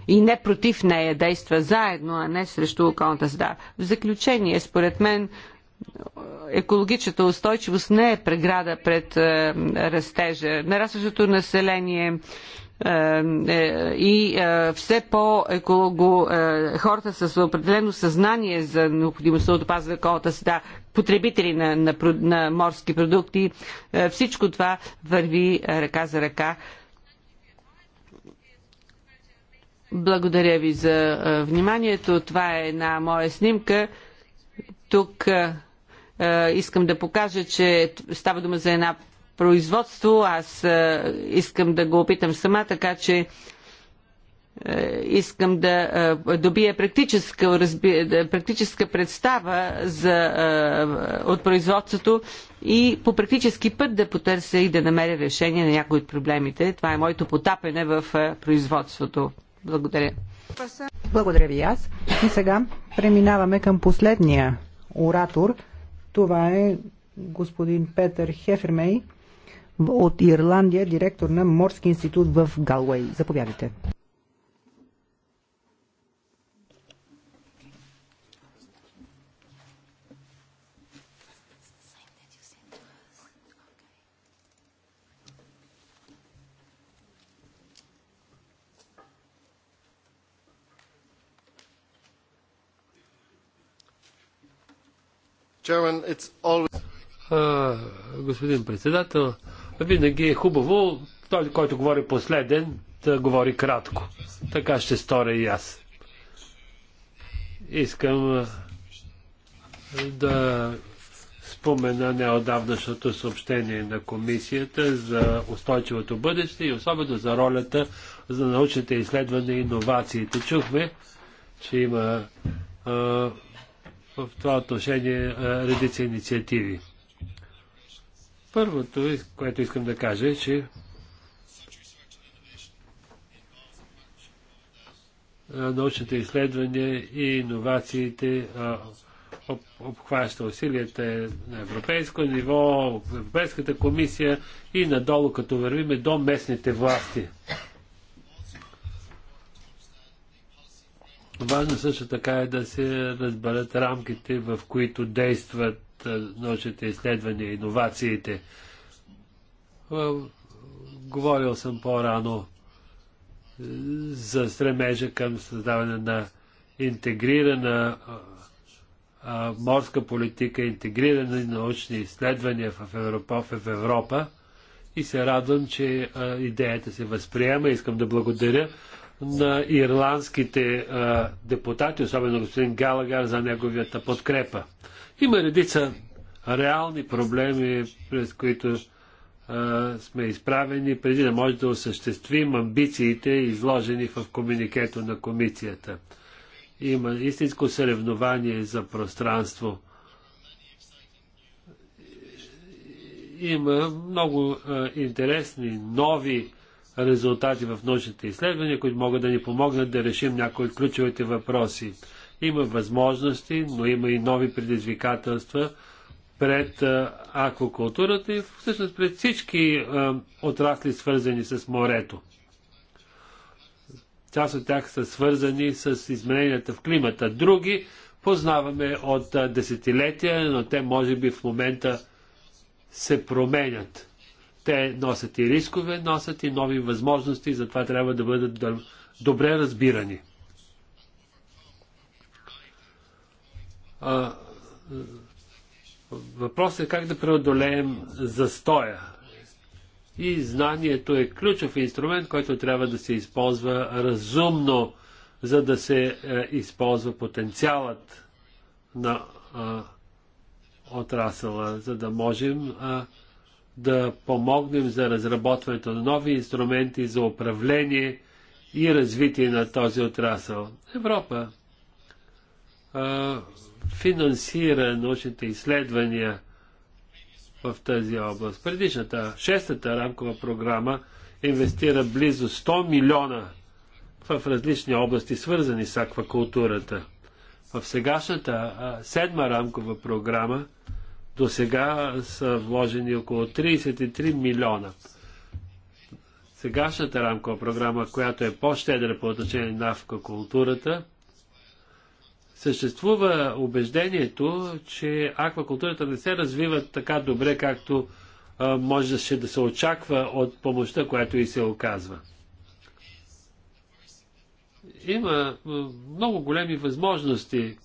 И не против нея действа заедно, а не срещу околната среда. В заключение, според мен, екологичната устойчивост не е преграда пред е, растежа. Нарастващото население е, е, и е, все по-еколого е, хората с определено съзнание за необходимостта от опазване на околната среда потребители на, на, на морски продукти. Е, всичко това върви ръка за ръка. Благодаря ви за е, вниманието. Това е една моя снимка. Тук е, искам да покажа, че става дума за една производство. Аз искам да го опитам сама, така че е, искам да е, добия практическа, практическа представа за, е, от производството и по практически път да потърся и да намеря решение на някои от проблемите. Това е моето потапене в производството. Благодаря. Благодаря ви аз. И сега преминаваме към последния оратор. Това е господин Петър Хефермей от Ирландия, директор на Морски институт в Галуей. Заповядайте. господин председател, винаги е хубаво той, който говори последен, да говори кратко. Така ще сторя и аз. Искам да спомена неодавнашното съобщение на комисията за устойчивото бъдеще и особено за ролята за научните изследвания и иновациите. Чухме, че има в това отношение редица инициативи. Първото, което искам да кажа е, че научните изследвания и иновациите обхваща усилията на европейско ниво, Европейската комисия и надолу, като вървиме до местните власти. Важно също така е да се разберат рамките, в които действат научните изследвания, иновациите. Говорил съм по-рано за стремежа към създаване на интегрирана морска политика, интегрирани научни изследвания в Европа, в Европа и се радвам, че идеята се възприема. Искам да благодаря на ирландските а, депутати, особено господин Галагар, за неговията подкрепа. Има редица реални проблеми, през които а, сме изправени, преди да може да осъществим амбициите, изложени в комуникето на комисията. Има истинско съревнование за пространство. Има много а, интересни, нови резултати в научните изследвания, които могат да ни помогнат да решим някои от ключовите въпроси. Има възможности, но има и нови предизвикателства пред аквакултурата и всъщност пред всички отрасли, свързани с морето. Част от тях са свързани с измененията в климата. Други познаваме от десетилетия, но те може би в момента се променят. Те носят и рискове, носят и нови възможности, затова трябва да бъдат добре разбирани. А, въпросът е как да преодолеем застоя. И знанието е ключов инструмент, който трябва да се използва разумно, за да се е, използва потенциалът на а, отрасъла, за да можем а, да помогнем за разработването на нови инструменти за управление и развитие на този отрасъл. Европа а, финансира научните изследвания в тази област. Предишната, шестата рамкова програма инвестира близо 100 милиона в различни области, свързани с аквакултурата. В сегашната а, седма рамкова програма до сега са вложени около 33 милиона. Сегашната рамкова програма, която е по-щедра по отношение на аквакултурата, съществува убеждението, че аквакултурата не се развива така добре, както можеше да се очаква от помощта, която и се оказва. Има много големи възможности,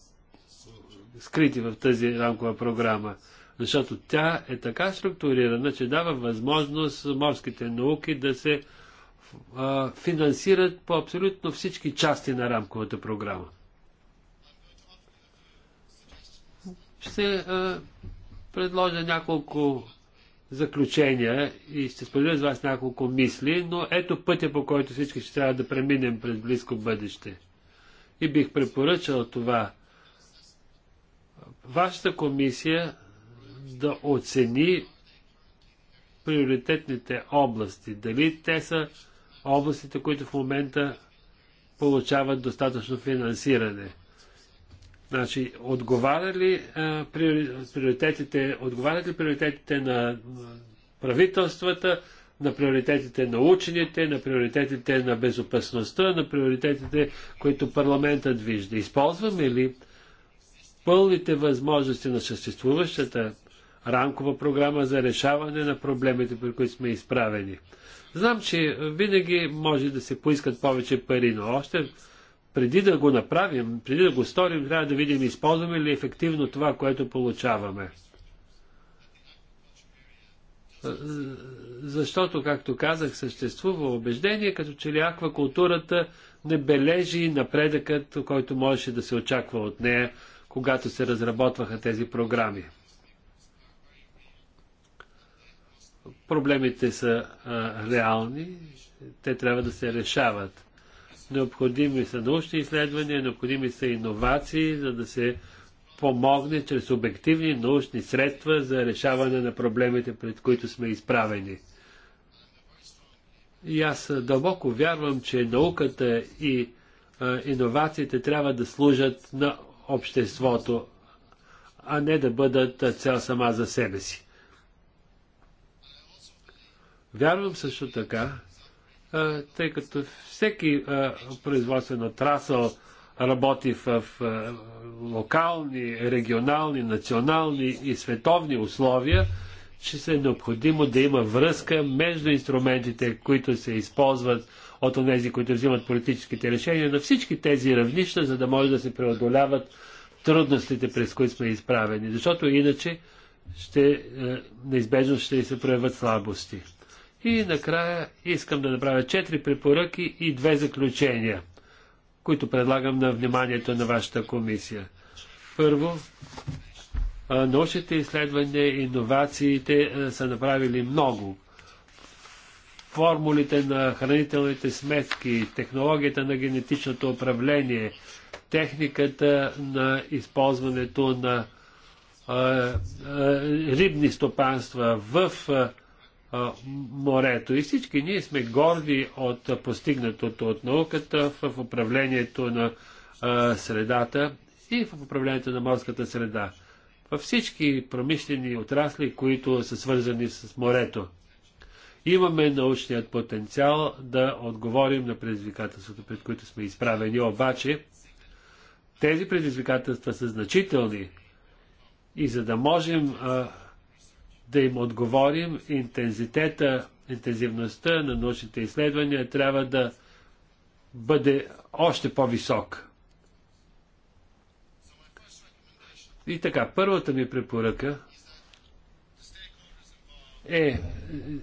скрити в тази рамкова програма защото тя е така структурирана, че дава възможност морските науки да се финансират по абсолютно всички части на рамковата програма. Ще предложа няколко заключения и ще споделя с вас няколко мисли, но ето пътя по който всички ще трябва да преминем през близко бъдеще. И бих препоръчал това. Вашата комисия да оцени приоритетните области. Дали те са областите, които в момента получават достатъчно финансиране. Значи, отговарят ли, е, приоритетите, отговарят ли приоритетите на правителствата, на приоритетите на учените, на приоритетите на безопасността, на приоритетите, които парламентът вижда. Използваме ли пълните възможности на съществуващата рамкова програма за решаване на проблемите, при които сме изправени. Знам, че винаги може да се поискат повече пари, но още преди да го направим, преди да го сторим, трябва да видим използваме ли ефективно това, което получаваме. Защото, както казах, съществува убеждение, като че ли аквакултурата не бележи напредъкът, който можеше да се очаква от нея, когато се разработваха тези програми. Проблемите са а, реални, те трябва да се решават. Необходими са научни изследвания, необходими са иновации, за да се помогне чрез обективни научни средства за решаване на проблемите, пред които сме изправени. И аз дълбоко вярвам, че науката и а, иновациите трябва да служат на обществото, а не да бъдат цел сама за себе си. Вярвам също така, тъй като всеки производствен отрасъл работи в локални, регионални, национални и световни условия, че се е необходимо да има връзка между инструментите, които се използват от тези, които взимат политическите решения на всички тези равнища, за да може да се преодоляват трудностите, през които сме изправени. Защото иначе ще, е, неизбежно ще се проявят слабости. И накрая искам да направя четири препоръки и две заключения, които предлагам на вниманието на вашата комисия. Първо, научните изследвания и иновациите са направили много. Формулите на хранителните сметки, технологията на генетичното управление, техниката на използването на а, а, рибни стопанства в а, морето. И всички ние сме горди от постигнатото от науката в управлението на средата и в управлението на морската среда. Във всички промишлени отрасли, които са свързани с морето. Имаме научният потенциал да отговорим на предизвикателството, пред които сме изправени, обаче тези предизвикателства са значителни и за да можем а, да им отговорим. Интензитета, интензивността на научните изследвания трябва да бъде още по-висок. И така, първата ми препоръка е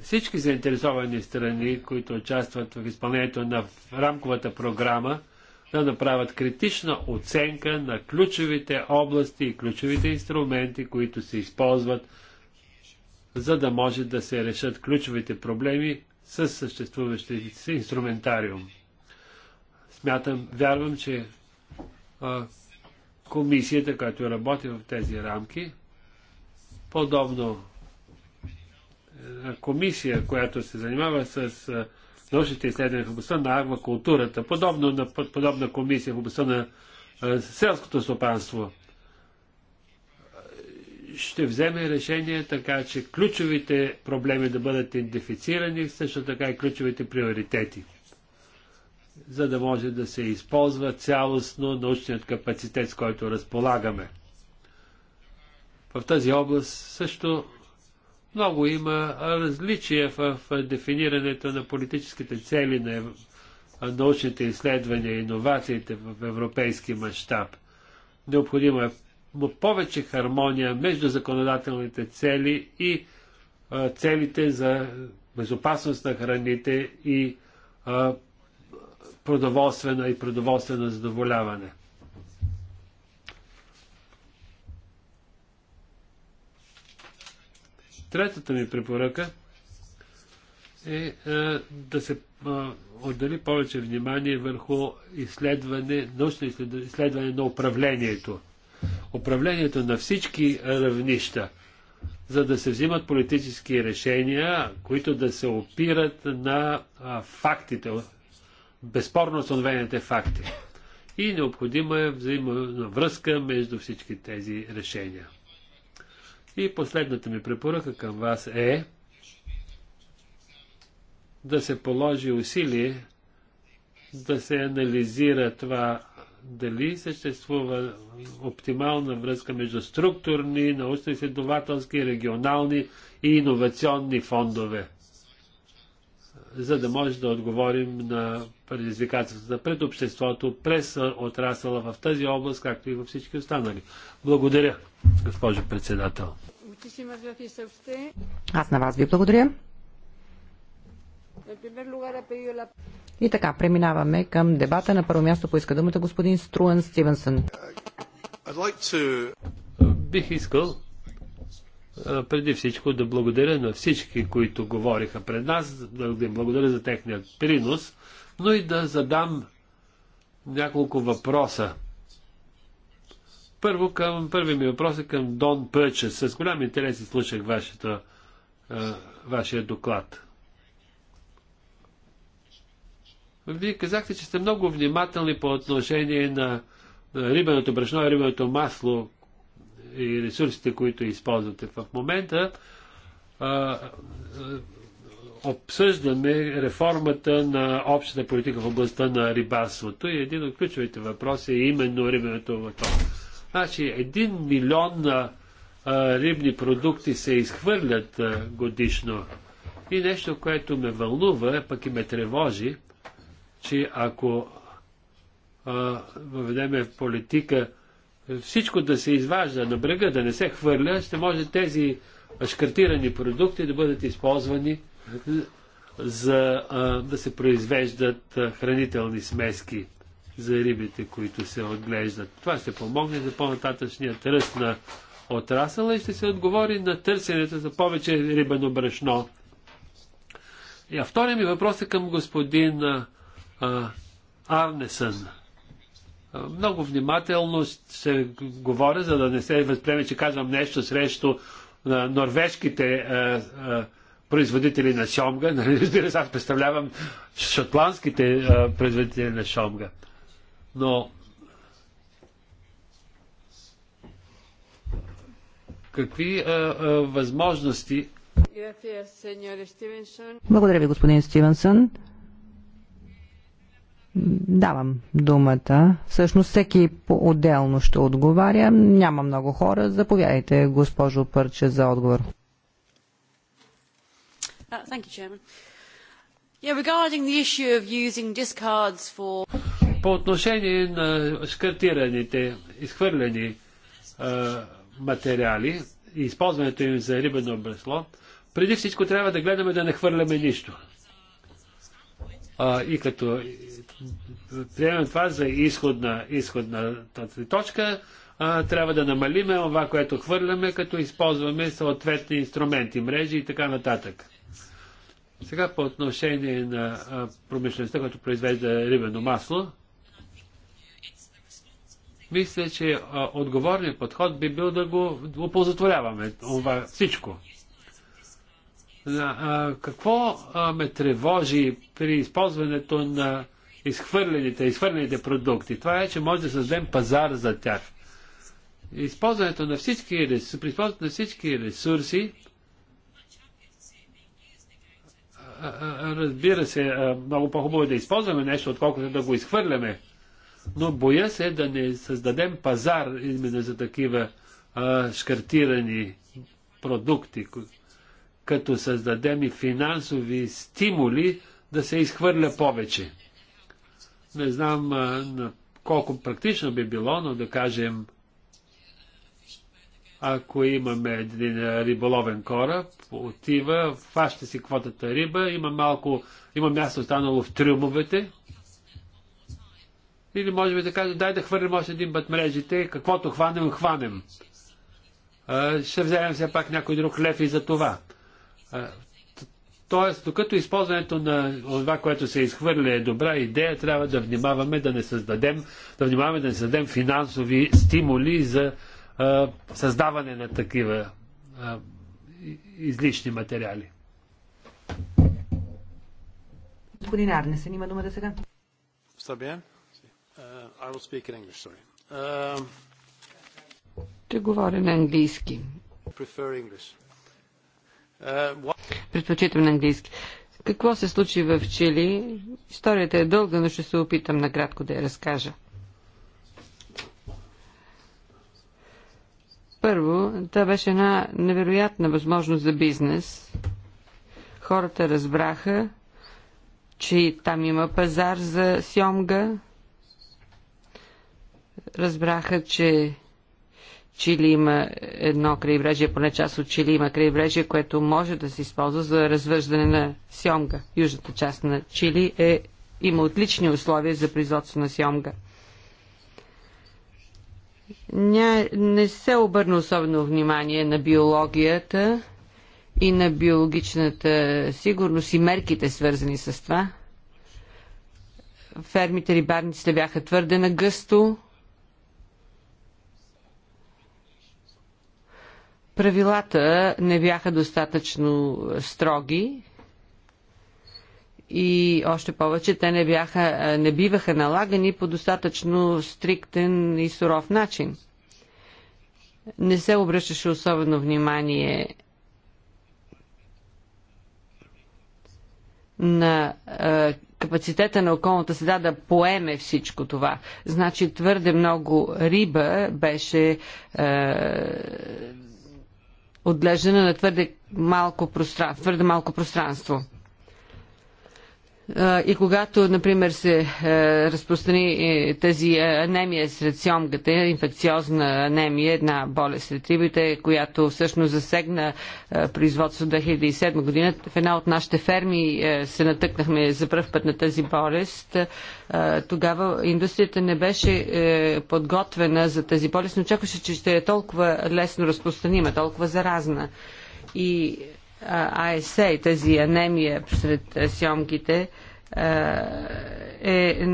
всички заинтересовани страни, които участват в изпълнението на рамковата програма, да направят критична оценка на ключовите области и ключовите инструменти, които се използват за да може да се решат ключовите проблеми с съществуващите си инструментариум. Смятам, вярвам, че а, комисията, която работи в тези рамки, подобно а, комисия, която се занимава с а, научните изследвания в областта на аквакултурата, подобно на подобна комисия в областта на а, селското стопанство, ще вземе решение така, че ключовите проблеми да бъдат идентифицирани, също така и ключовите приоритети, за да може да се използва цялостно научният капацитет, с който разполагаме. В тази област също много има различия в дефинирането на политическите цели на научните изследвания и иновациите в европейски мащаб. Необходимо е но повече хармония между законодателните цели и целите за безопасност на храните и продоволствено продоволствена и продоволствено задоволяване. Третата ми препоръка е да се отдели повече внимание върху изследване, научно изследване на управлението управлението на всички равнища, за да се взимат политически решения, които да се опират на фактите, безспорно установените факти. И необходима е взаимна връзка между всички тези решения. И последната ми препоръка към вас е да се положи усилие да се анализира това дали съществува оптимална връзка между структурни, научно-изследователски, регионални и иновационни фондове, за да може да отговорим на предизвикателствата пред обществото, през отрасъла в тази област, както и във всички останали. Благодаря, госпожо председател. Аз на вас ви благодаря. И така, преминаваме към дебата. На първо място поиска думата господин Струен Стивенсън. Бих искал преди всичко да благодаря на всички, които говориха пред нас, да им благодаря за техния принос, но и да задам няколко въпроса. Първо към, първи ми въпрос е към Дон Пърчес. С голям интерес слушах вашето, вашия доклад. Вие казахте, че сте много внимателни по отношение на рибеното брашно и рибеното масло и ресурсите, които използвате в момента. обсъждаме реформата на общата политика в областта на рибарството и един от ключовите въпроси е именно рибеното лото. Значи, един милион рибни продукти се изхвърлят годишно. И нещо, което ме вълнува, пък и ме тревожи, че ако въведеме в политика всичко да се изважда на брега, да не се хвърля, ще може тези шкартирани продукти да бъдат използвани за а, да се произвеждат а, хранителни смески за рибите, които се отглеждат. Това ще помогне за по-нататъчният ръст на отрасъла и ще се отговори на търсенето за повече рибено брашно. И, а втория ми въпрос е към господин а, Арнесън. Много внимателно се говоря, за да не се възприеме, че казвам нещо срещу а, норвежките а, а, производители на шомга. Нали, разбира се, аз представлявам шотландските а, производители на шомга. Но какви а, а, възможности. Благодаря ви, господин Стивенсън. Давам думата. Всъщност всеки отделно ще отговаря. Няма много хора. Заповядайте, госпожо Пърче, за отговор. Uh, По отношение на скартираните, изхвърлени материали и използването им за рибено бресло, преди всичко трябва да гледаме да не хвърляме нищо. А, и като приемем това за изходна, изходна точка, а, трябва да намалиме това, което хвърляме, като използваме съответни инструменти, мрежи и така нататък. Сега по отношение на промишлеността, която произвежда рибено масло, мисля, че отговорният подход би бил да го оползотворяваме това всичко. А, какво а, ме тревожи при използването на изхвърлените, изхвърлените продукти. Това е, че може да създадем пазар за тях. Използването на всички, при използването на всички ресурси, разбира се, много по-хубаво е да използваме нещо, отколкото да го изхвърляме. Но боя се да не създадем пазар именно за такива а, шкартирани продукти, като създадем и финансови стимули да се изхвърля повече. Не знам а, колко практично би било, но да кажем, ако имаме един риболовен кораб, отива, фаща си квотата риба, има малко, има място останало в трюмовете. Или може би да кажа, дай да хвърлим още един път мрежите, каквото хванем, хванем. ще вземем все пак някой друг лев и за това. Тоест, докато използването на това, което се е изхвърля е добра идея, трябва да внимаваме да не създадем, да внимаваме да не създадем финансови стимули за а, създаване на такива а, излишни материали. Господин Арнесен има да сега. Сабиен? Uh, I will speak in English, sorry. Uh, Ще говоря на английски. Prefer English. Предпочитам на английски. Какво се случи в Чили? Историята е дълга, но ще се опитам накратко да я разкажа. Първо, това беше една невероятна възможност за бизнес. Хората разбраха, че там има пазар за сьомга. Разбраха, че Чили има едно крайбрежие, поне част от Чили има крайбрежие, което може да се използва за развъждане на сьомга. Южната част на Чили е, има отлични условия за производство на сьомга. Ня, не се обърна особено внимание на биологията и на биологичната сигурност и мерките свързани с това. Фермите рибарниците бяха твърде нагъсто Правилата не бяха достатъчно строги и още повече те не, бяха, не биваха налагани по достатъчно стриктен и суров начин. Не се обръщаше особено внимание на е, капацитета на околната среда да поеме всичко това. Значи твърде много риба беше е, отглеждане на твърде малко, пространство, твърде малко пространство. И когато, например, се е, разпространи е, тази е, анемия сред сьомгата, инфекциозна анемия, една болест сред рибите, която всъщност засегна производство 2007 година, в една от нашите ферми се натъкнахме за първ път на тази болест. Тогава индустрията не беше подготвена за тази болест, но очакваше, че ще е толкова лесно разпространима, толкова заразна. И АСА тази анемия сред сьомките е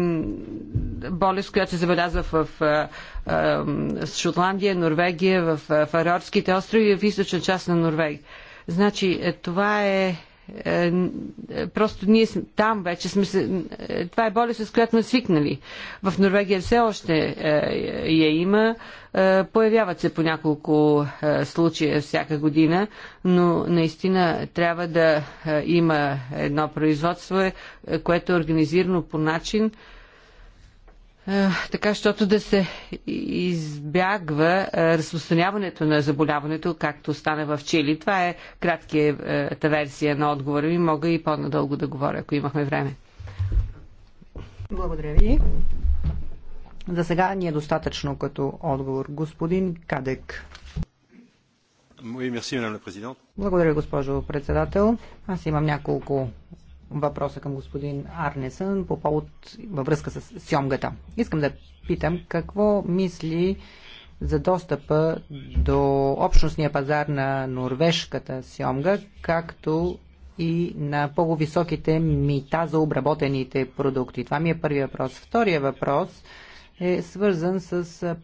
болест, която се забелязва в Шотландия, Норвегия, в Фарорските острови и в източна част на Норвегия. Значи, е, това е е, е, просто ние там вече сме се... Е, това е болест, с която сме свикнали. В Норвегия все още я има. Появяват се по няколко случая всяка година, но наистина трябва да има едно производство, което е организирано по начин, така, защото да се избягва разпространяването на заболяването, както стана в Чили. Това е краткият е, версия на отговора ми. Мога и по-надълго да говоря, ако имахме време. Благодаря ви. За сега ни е достатъчно като отговор. Господин Кадек. Благодаря, госпожо председател. Аз имам няколко въпроса към господин Арнесън по повод във връзка с сьомгата. Искам да питам какво мисли за достъпа до общностния пазар на норвежката сьомга, както и на по-високите мита за обработените продукти. Това ми е първият въпрос. Втория въпрос е свързан с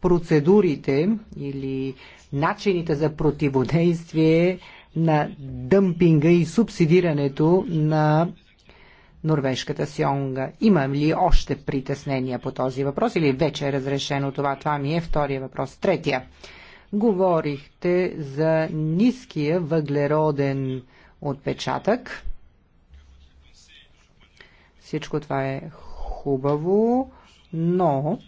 процедурите или начините за противодействие на дъмпинга и субсидирането на норвежката сьонга. Имам ли още притеснения по този въпрос или вече е разрешено това? Това ми е втория въпрос. Третия. Говорихте за ниския въглероден отпечатък. Всичко това е хубаво, но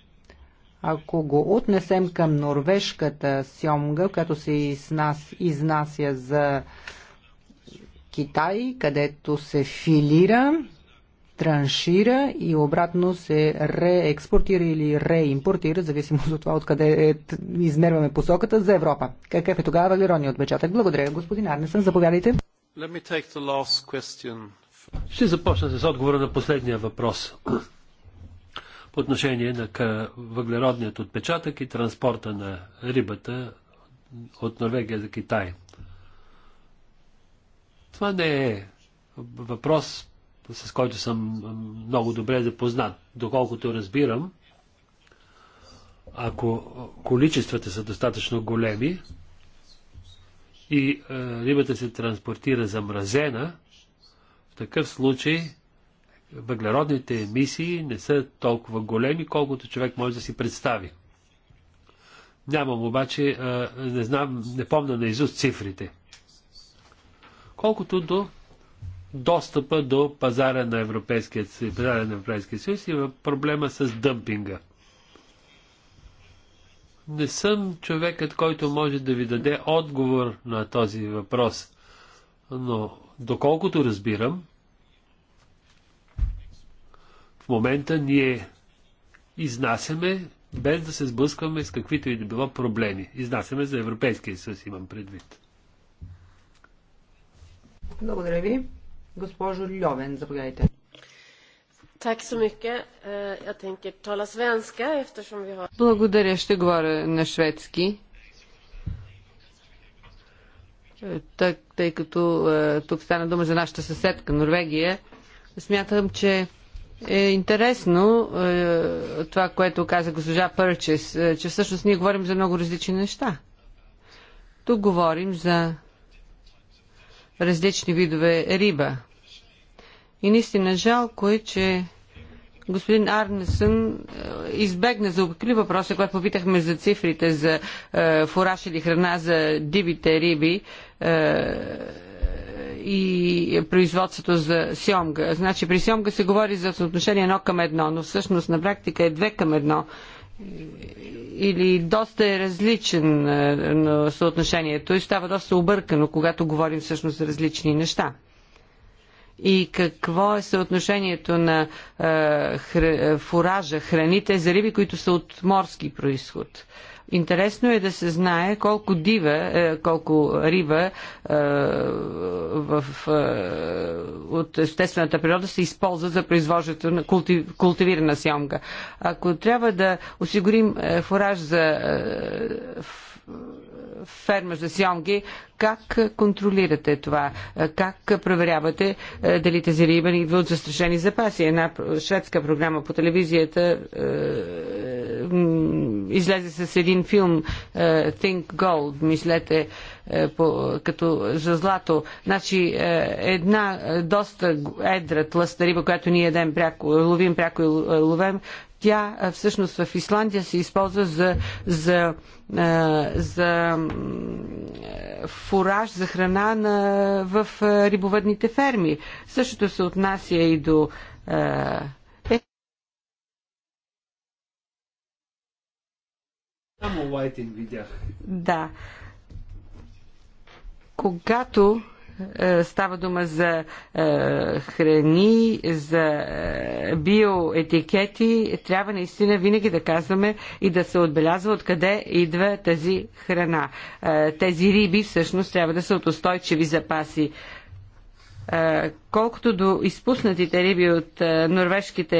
ако го отнесем към норвежката сьомга, която се изнася за Китай, където се филира, траншира и обратно се реекспортира или реимпортира, зависимо от това откъде е, измерваме посоката за Европа. Какъв е тогава валероният отпечатък? Благодаря, господин Арнесън. Заповядайте. Ще започна с отговора на последния въпрос по отношение на въглеродният отпечатък и транспорта на рибата от Норвегия за Китай. Това не е въпрос, с който съм много добре запознат. Доколкото разбирам, ако количествата са достатъчно големи и е, рибата се транспортира замразена, в такъв случай въглеродните емисии не са толкова големи, колкото човек може да си представи. Нямам обаче, не знам, не помня на изуст цифрите. Колкото до достъпа до пазара на Европейския пазара на Европейския съюз и проблема с дъмпинга. Не съм човекът, който може да ви даде отговор на този въпрос, но доколкото разбирам, в момента ние изнасяме, без да се сблъскваме с каквито и да било проблеми. Изнасяме за Европейския съюз, имам предвид. Благодаря ви. Госпожо Льовен, заповядайте. Eh, Благодаря, ще говоря на шведски. Е, так, тъй като е, тук стана дума за нашата съседка Норвегия, смятам, че е интересно е, това, което каза госпожа Пърчес, е, че всъщност ние говорим за много различни неща. Тук говорим за различни видове риба. И наистина жалко е, че господин Арнесън е, избегна за обикли въпроса, когато попитахме за цифрите за е, фураж или храна за дивите риби. Е, и производството за сьомга. Значи при сьомга се говори за съотношение едно към едно, но всъщност на практика е две към едно. Или доста е различен е, съотношението и става доста объркано, когато говорим всъщност за различни неща и какво е съотношението на е, хр... фуража, храните за риби, които са от морски происход. Интересно е да се знае колко дива, е, колко риба е, в, е, от естествената природа се използва за производството на култивирана сьомга. Ако трябва да осигурим фураж за ферма за сьонги. как контролирате това? Как проверявате е, дали тези риба не идват от застрашени запаси? Една шведска програма по телевизията е, излезе с един филм е, Think Gold, мислете по, като за злато. Значи една доста едра тласта риба, която ние пряко, ловим пряко и ловем, тя всъщност в Исландия се използва за, за, за фураж, за храна на, в рибовъдните ферми. Същото се отнася и до е- Само Лайтин видях. Да. Когато е, става дума за е, храни, за е, биоетикети. Трябва наистина винаги да казваме и да се отбелязва откъде идва тази храна. Тези риби всъщност трябва да са от устойчиви запаси Колкото до изпуснатите риби от норвежките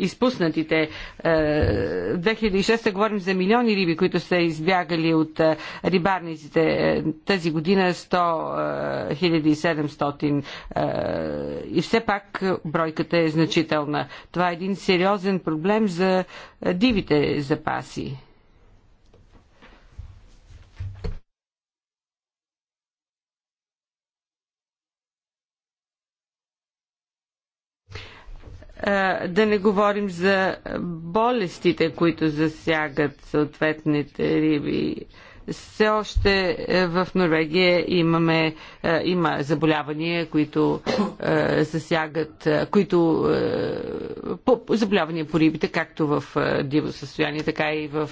изпуснатите 2006 говорим за милиони риби, които са избягали от рибарниците. Е, тази година 100 1700 и все пак бройката е значителна. Това е един сериозен проблем за дивите запаси. Да не говорим за болестите, които засягат съответните риби. Все още е, в Норвегия имаме, е, има заболявания, които е, засягат, които заболявания по рибите, както в диво състояние, така и в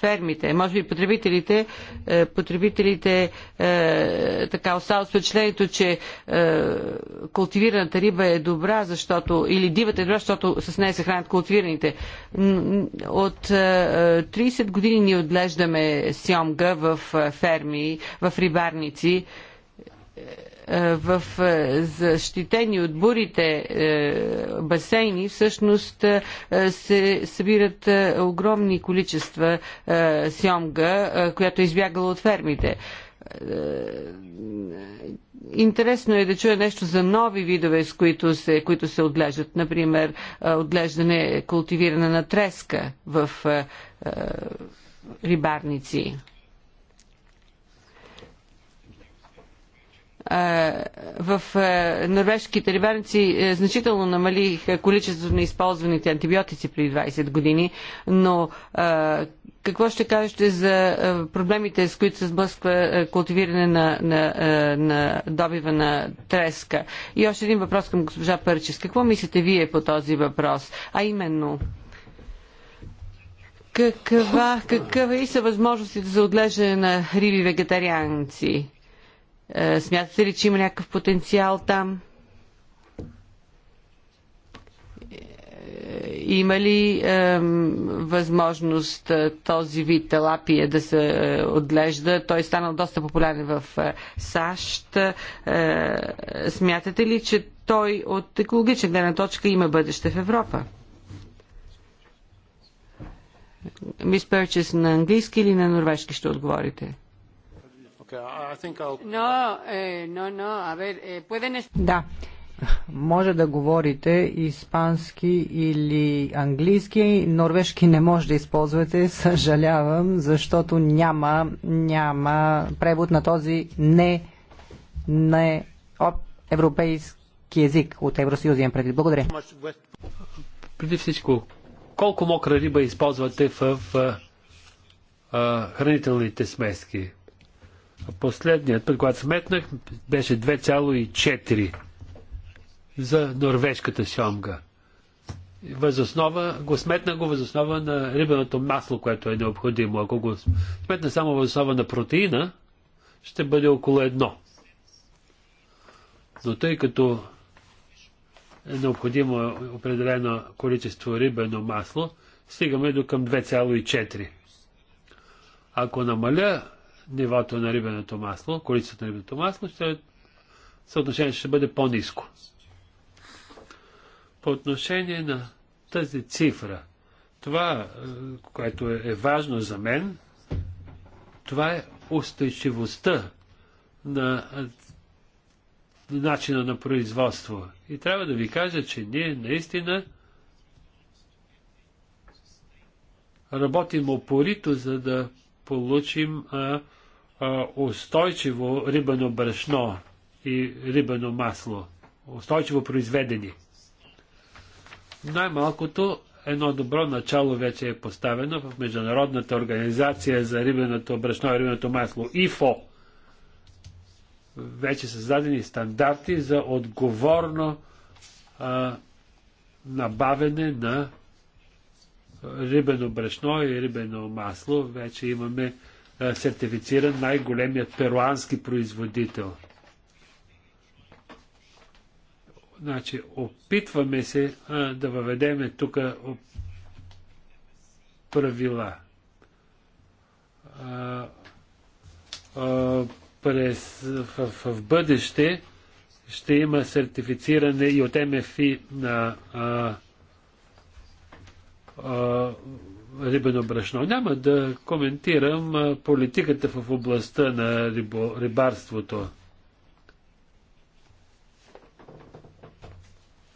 фермите. Може би потребителите, е, потребителите е, така остават впечатлението, че е, култивираната риба е добра, защото или дивата е добра, защото с нея се хранят култивираните. От 30 години ни отглеждаме сьомга в ферми, в рибарници е, в е, защитени от бурите е, басейни всъщност се събират огромни количества сьомга, която е избягала от фермите. Интересно е да чуя нещо за нови видове, с които се, които се отглеждат. Например, отглеждане, култивиране на треска в рибарници. в норвежските рибарници е, значително намалих количеството на използваните антибиотици при 20 години, но какво ще кажете за проблемите, с които се сблъсква култивиране на, на, на добива на треска? И още един въпрос към госпожа Пърчес. Какво мислите вие по този въпрос? А именно, каква, каква и са възможностите за отглеждане на риби вегетарианци? Е, смятате ли, че има някакъв потенциал там? Е, има ли е, възможност този вид телапия да се е, отглежда? Той е станал доста популярен в е, САЩ. Е, смятате ли, че той от екологична гледна точка има бъдеще в Европа? Мис Перчес, на английски или на норвежки ще отговорите? Eh, eh, да, може да говорите испански или английски, норвежки не може да използвате, съжалявам, защото няма, няма превод на този не, не европейски език от Евросъюзия преди. Благодаря. Преди всичко, колко мокра риба използвате в, в, в хранителните смески? Последният път, когато сметнах, беше 2,4 за норвежката сьомга. Възоснова, го сметна го възоснова на рибеното масло, което е необходимо. Ако го сметна само възоснова на протеина, ще бъде около едно. Но тъй като е необходимо определено количество рибено масло, стигаме до към 2,4. Ако намаля нивото на рибеното масло, количеството на рибеното масло, ще, съотношението ще бъде по-низко. По отношение на тази цифра, това, е, което е, е важно за мен, това е устойчивостта на е, начина на производство. И трябва да ви кажа, че ние наистина работим опорито, за да получим а, устойчиво рибано брашно и рибано масло, устойчиво произведени. Най-малкото едно добро начало вече е поставено в Международната организация за рибеното брашно и рибеното масло, ИФО. Вече са създадени стандарти за отговорно а, набавене на рибено брашно и рибено масло. Вече имаме сертифициран най-големият перуански производител. Значи, опитваме се а, да въведеме тук правила. А, а, през, в, в бъдеще ще има сертифициране и от МФИ на а, а, рибено брашно. Няма да коментирам политиката в областта на рибо, рибарството.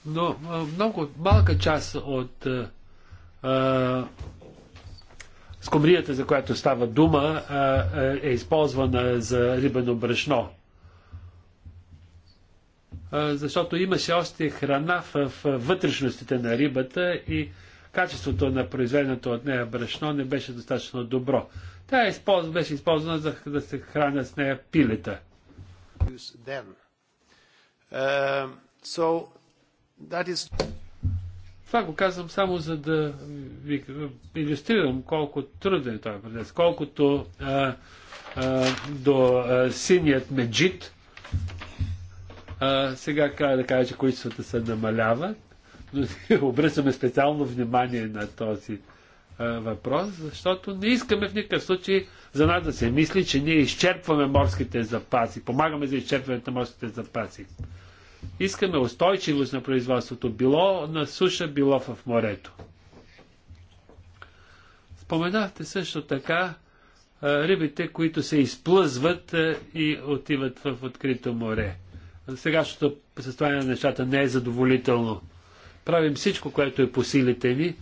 Но много малка част от а, скумрията, за която става дума, а, е използвана за рибено брашно. А, защото имаше още храна в, в вътрешностите на рибата и а, качеството на произведеното от нея брашно не беше достатъчно добро. Тя е използ... беше използвана за да се храня с нея пилета. Uh, so is... Това го казвам само за да ви иллюстрирам колко труден е този процес. Колкото а, е, а, до а, синият меджит, а, сега трябва да кажа, че количествата се намаляват обръщаме специално внимание на този а, въпрос, защото не искаме в никакъв случай за нас да се мисли, че ние изчерпваме морските запаси, помагаме за изчерпването на морските запаси. Искаме устойчивост на производството, било на суша, било в морето. Споменахте също така а, рибите, които се изплъзват а, и отиват в открито море. Сегашното състояние на нещата не е задоволително правим всичко, което е по силите ни, е,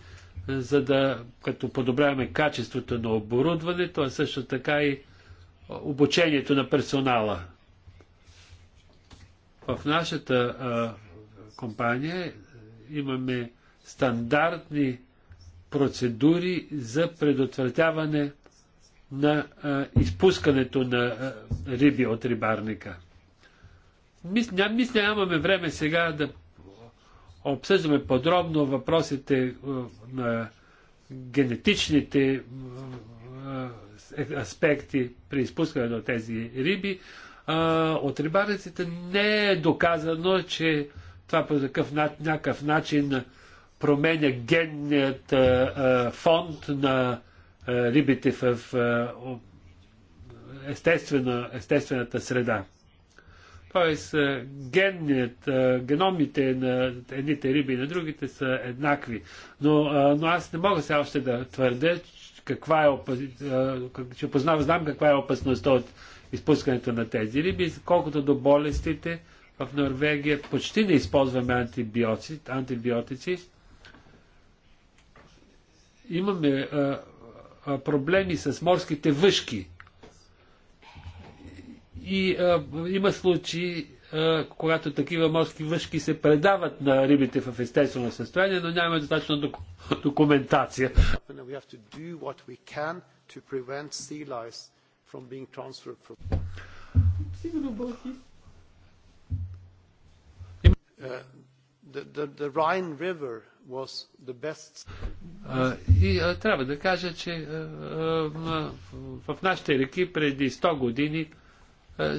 за да, като подобряваме качеството на оборудването, а е също така и е, обучението на персонала. В нашата а, компания имаме стандартни процедури за предотвратяване на а, изпускането на а, риби от рибарника. Мисля, мисля, нямаме време сега да обсъждаме подробно въпросите е, на генетичните е, е, аспекти при изпускане на тези риби, от рибариците не е доказано, че това по такъв, някакъв начин променя генният фонд на рибите в естествена, естествената среда. Тоест, генният, геномите на едните риби и на другите са еднакви. Но, но аз не мога сега още да твърдя, каква е опас... че познав, знам каква е опасността от изпускането на тези риби. Колкото до болестите, в Норвегия почти не използваме антибиотици. антибиотици. Имаме а, а, проблеми с морските въшки. И а, има случаи, а, когато такива морски въшки се предават на рибите в естествено състояние, но няма достатъчно док... документация. Uh, и трябва да кажа, че в нашите реки преди 100 години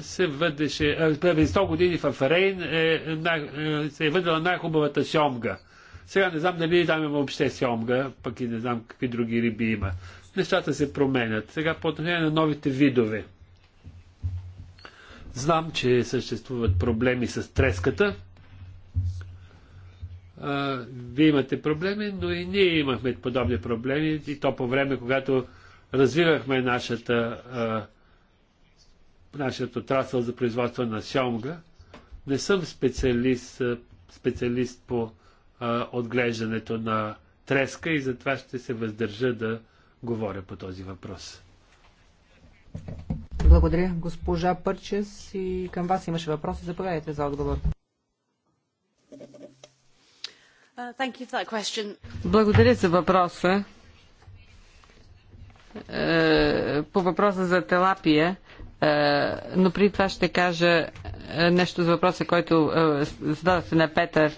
се въдеше, преди 100 години в Рейн е, е, се е въдела най-хубавата сьомга. Сега не знам дали там има въобще сьомга, пък и не знам какви други риби има. Нещата се променят. Сега по отношение на новите видове. Знам, че съществуват проблеми с треската. А, вие имате проблеми, но и ние имахме подобни проблеми и то по време, когато развивахме нашата а, нашият отрасъл за производство на сьомга. Не съм специалист, специалист по а, отглеждането на треска и затова ще се въздържа да говоря по този въпрос. Благодаря. Госпожа Пърчес и към вас имаше въпроси. Заповядайте за отговор. Uh, Благодаря за въпроса. Е, по въпроса за телапия е, но при това ще кажа е, нещо за въпроса, който е, зададохте на Петър.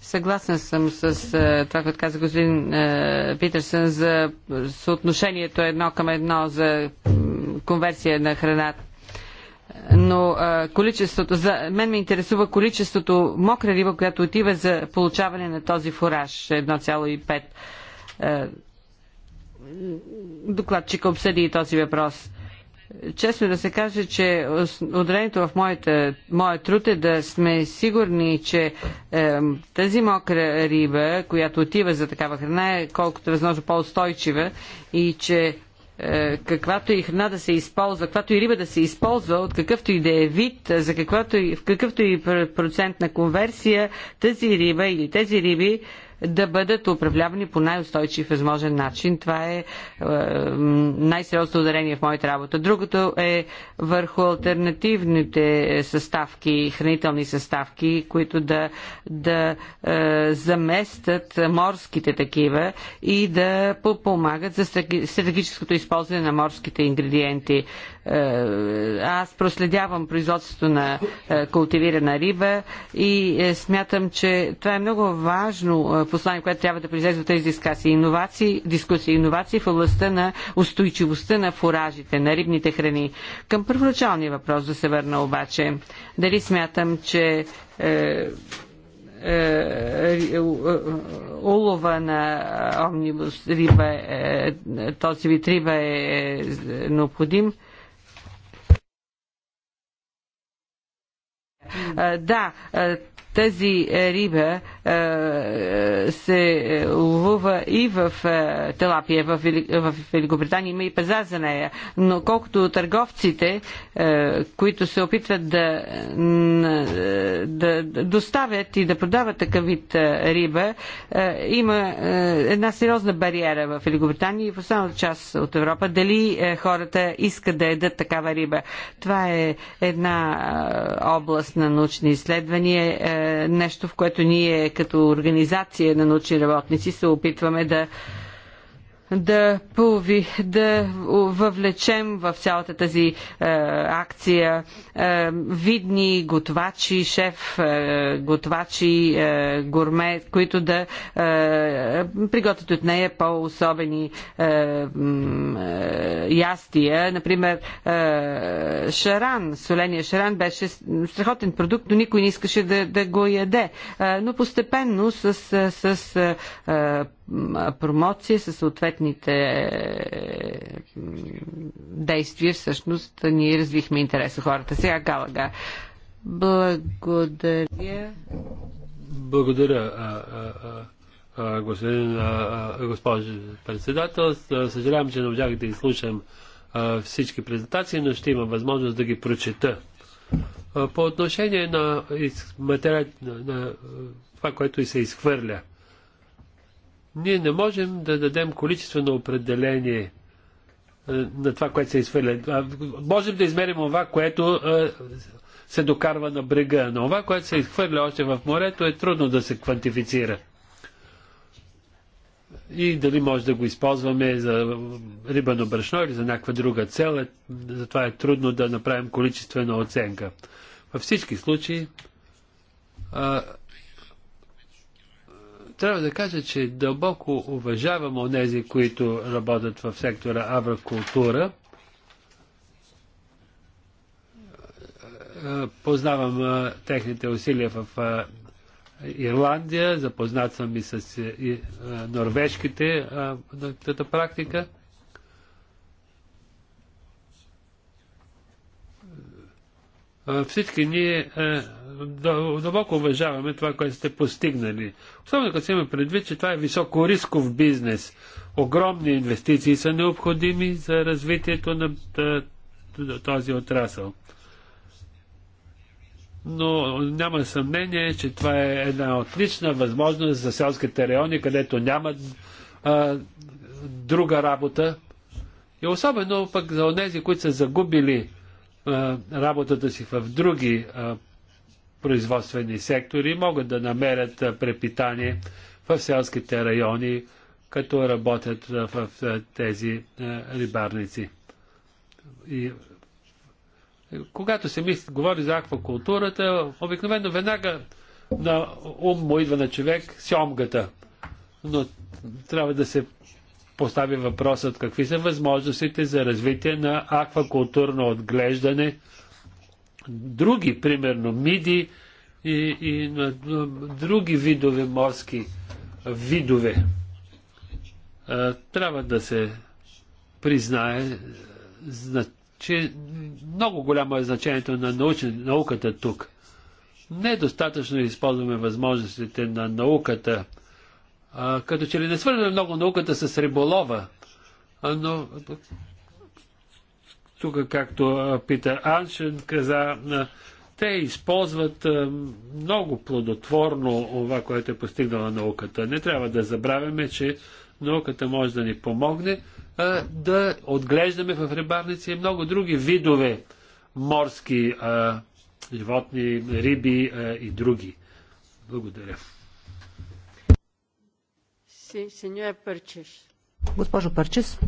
Съгласен съм с това, което каза господин Питерсън за съотношението едно към едно за конверсия на храната. Но количеството, за мен ме интересува количеството мокра риба, която отива за получаване на този фураж 1,5. Докладчика обсъди и този въпрос честно да се каже, че ударението в моята, моя труд е да сме сигурни, че е, тази мокра риба, която отива за такава храна, е колкото е възможно по-устойчива и че е, каквато и храна да се използва, каквато и риба да се използва, от какъвто и да е вид, за каквато и, в какъвто и процент на конверсия, тази риба или тези риби е, да бъдат управлявани по най-устойчив възможен начин. Това е, е най-сериозното ударение в моята работа. Другото е върху альтернативните съставки, хранителни съставки, които да, да е, заместят морските такива и да помагат за стратегическото използване на морските ингредиенти. Е, аз проследявам производството на е, култивирана риба и е, смятам, че това е много важно послание, което трябва да произлезе от тези дискусии. Иновации, дискусии, иновации в областта на устойчивостта на фуражите, на рибните храни. Към първоначалния въпрос да се върна обаче. Дали смятам, че е, улова на омнибус риба, този вид риба е необходим. Е, да, е, тази е, риба е, се е, ловува и в Телапия, в, в Великобритания. Има и пазар за нея. Но колкото търговците, които се опитват да, да доставят и да продават такъв вид риба, има една сериозна бариера в Великобритания и в останалата част от Европа. Дали хората искат да едат такава риба? Това е една област на научни изследвания е, нещо, в което ние като организация на научни работници се опитваме да да, пови, да въвлечем в цялата тази е, акция е, видни готвачи, шеф, е, готвачи, е, гурме, които да е, приготвят от нея по-особени е, е, ястия. Например, е, шаран, соления шаран беше страхотен продукт, но никой не искаше да, да го яде. Е, но постепенно с, с, е, промоция, със съответните действия, всъщност ние развихме интереса хората. Сега Галага. Благодаря. Благодаря, господин, госпожо председател. Съжалявам, че не можах да изслушам всички презентации, но ще имам възможност да ги прочета. По отношение на, материал, на това, което и се изхвърля – ние не можем да дадем количествено определение е, на това, което се изхвърля. Можем да измерим това, което е, се докарва на брега, но това, което се изхвърля още в морето, е трудно да се квантифицира. И дали може да го използваме за рибано брашно или за някаква друга цел, е, затова е трудно да направим количествена оценка. Във всички случаи трябва да кажа, че дълбоко уважавам онези, които работят в сектора Аврокултура. Е, познавам е, техните усилия в е, Ирландия, запознат съм и с норвежките практика. Всички ние дълбоко уважаваме това, което сте постигнали. Особено като има предвид, че това е високо рисков бизнес. Огромни инвестиции са необходими за развитието на този отрасъл. Но няма съмнение, че това е една отлична възможност за селските райони, където нямат а, друга работа. И особено пък за онези, които са загубили работата си в други производствени сектори, могат да намерят препитание в селските райони, като работят в тези рибарници. И когато се мисли, говори за аквакултурата, обикновено веднага на ум му идва на човек сьомгата. Но трябва да се постави въпросът какви са възможностите за развитие на аквакултурно отглеждане, други, примерно миди и, и на, на други видове морски видове. А, трябва да се признае, че значи, много голямо е значението на научен, науката тук. Недостатъчно използваме възможностите на науката – а, като че ли не свързваме много науката с риболова, а, но тук, както Питър Аншен каза, те използват много плодотворно това, което е постигнала науката. Не трябва да забравяме, че науката може да ни помогне а, да отглеждаме в рибарници и много други видове морски а, животни, риби а, и други. Благодаря. Госпожо Пърчес.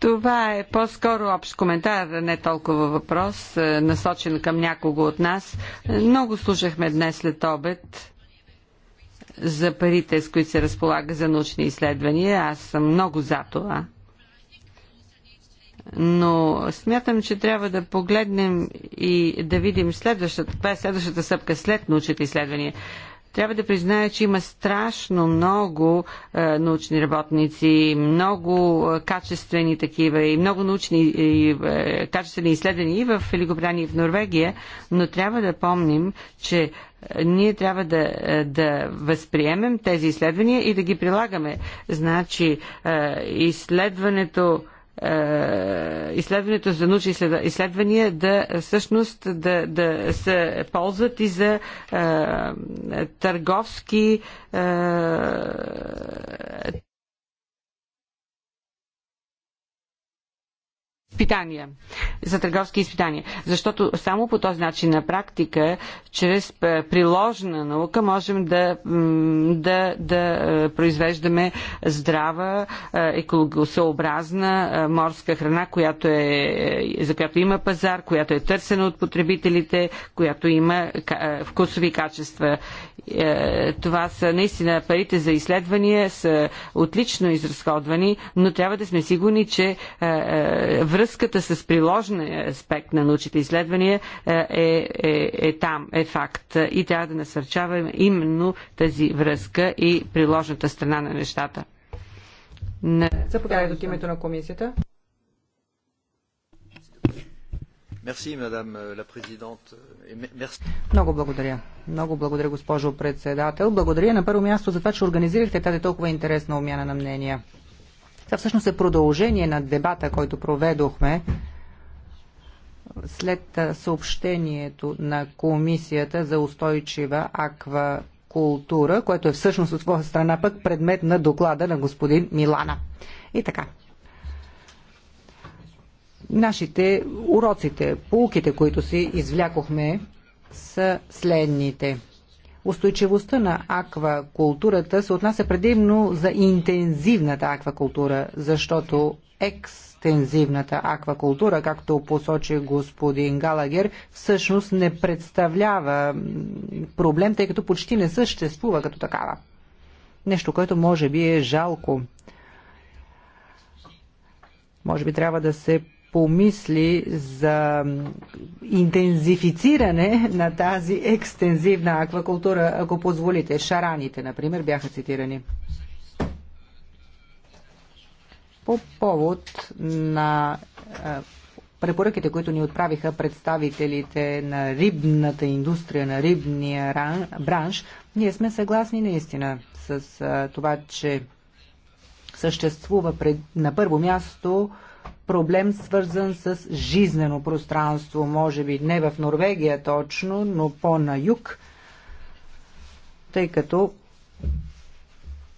Това е по-скоро общ коментар, не толкова въпрос, насочен към някого от нас. Много слушахме днес след обед за парите, с които се разполага за научни изследвания. Аз съм много за това но смятам, че трябва да погледнем и да видим следващата, това е следващата съпка след научните изследвания. Трябва да призная, че има страшно много е, научни работници, много е, качествени такива и много научни и, е, качествени изследвания и в Великобритания и в Норвегия, но трябва да помним, че е, ние трябва да, е, да възприемем тези изследвания и да ги прилагаме. Значи, е, изследването е, изследването за научни изследвания да всъщност да, да се ползват и за е, търговски е, изпитания, за търговски изпитания. Защото само по този начин на практика, чрез приложена наука, можем да, да, да произвеждаме здрава, екологосъобразна морска храна, която е, за която има пазар, която е търсена от потребителите, която има вкусови качества е, това са наистина парите за изследвания са отлично изразходвани, но трябва да сме сигурни, че е, е, връзката с приложния аспект на научните изследвания е, е, е там, е факт. И трябва да насърчаваме именно тази връзка и приложната страна на нещата. Не. Заповядайте от името на комисията. Много благодаря. Много благодаря, госпожо председател. Благодаря на първо място за това, че организирахте тази толкова интересна обмяна на мнения. Това всъщност е продължение на дебата, който проведохме след съобщението на Комисията за устойчива аквакултура, което е всъщност от своя страна пък предмет на доклада на господин Милана. И така, Нашите уроците, полуките, които си извлякохме, са следните. Устойчивостта на аквакултурата се отнася предимно за интензивната аквакултура, защото екстензивната аквакултура, както посочи господин Галагер, всъщност не представлява проблем, тъй като почти не съществува като такава. Нещо, което може би е жалко. Може би трябва да се помисли за интензифициране на тази екстензивна аквакултура, ако позволите. Шараните, например, бяха цитирани. По повод на препоръките, които ни отправиха представителите на рибната индустрия, на рибния бранш, ние сме съгласни наистина с това, че съществува пред, на първо място проблем свързан с жизнено пространство, може би не в Норвегия точно, но по-на юг, тъй като,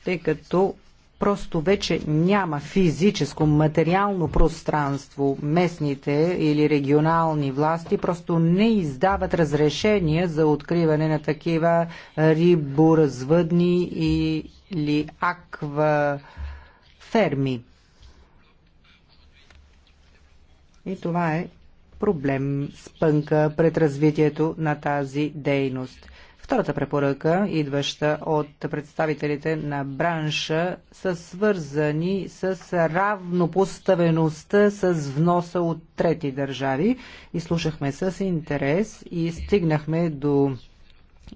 тъй като просто вече няма физическо, материално пространство. Местните или регионални власти просто не издават разрешения за откриване на такива риборазвъдни или аква ферми. И това е проблем с пънка пред развитието на тази дейност. Втората препоръка, идваща от представителите на бранша, са свързани с равнопоставеността с вноса от трети държави. И слушахме с интерес и стигнахме до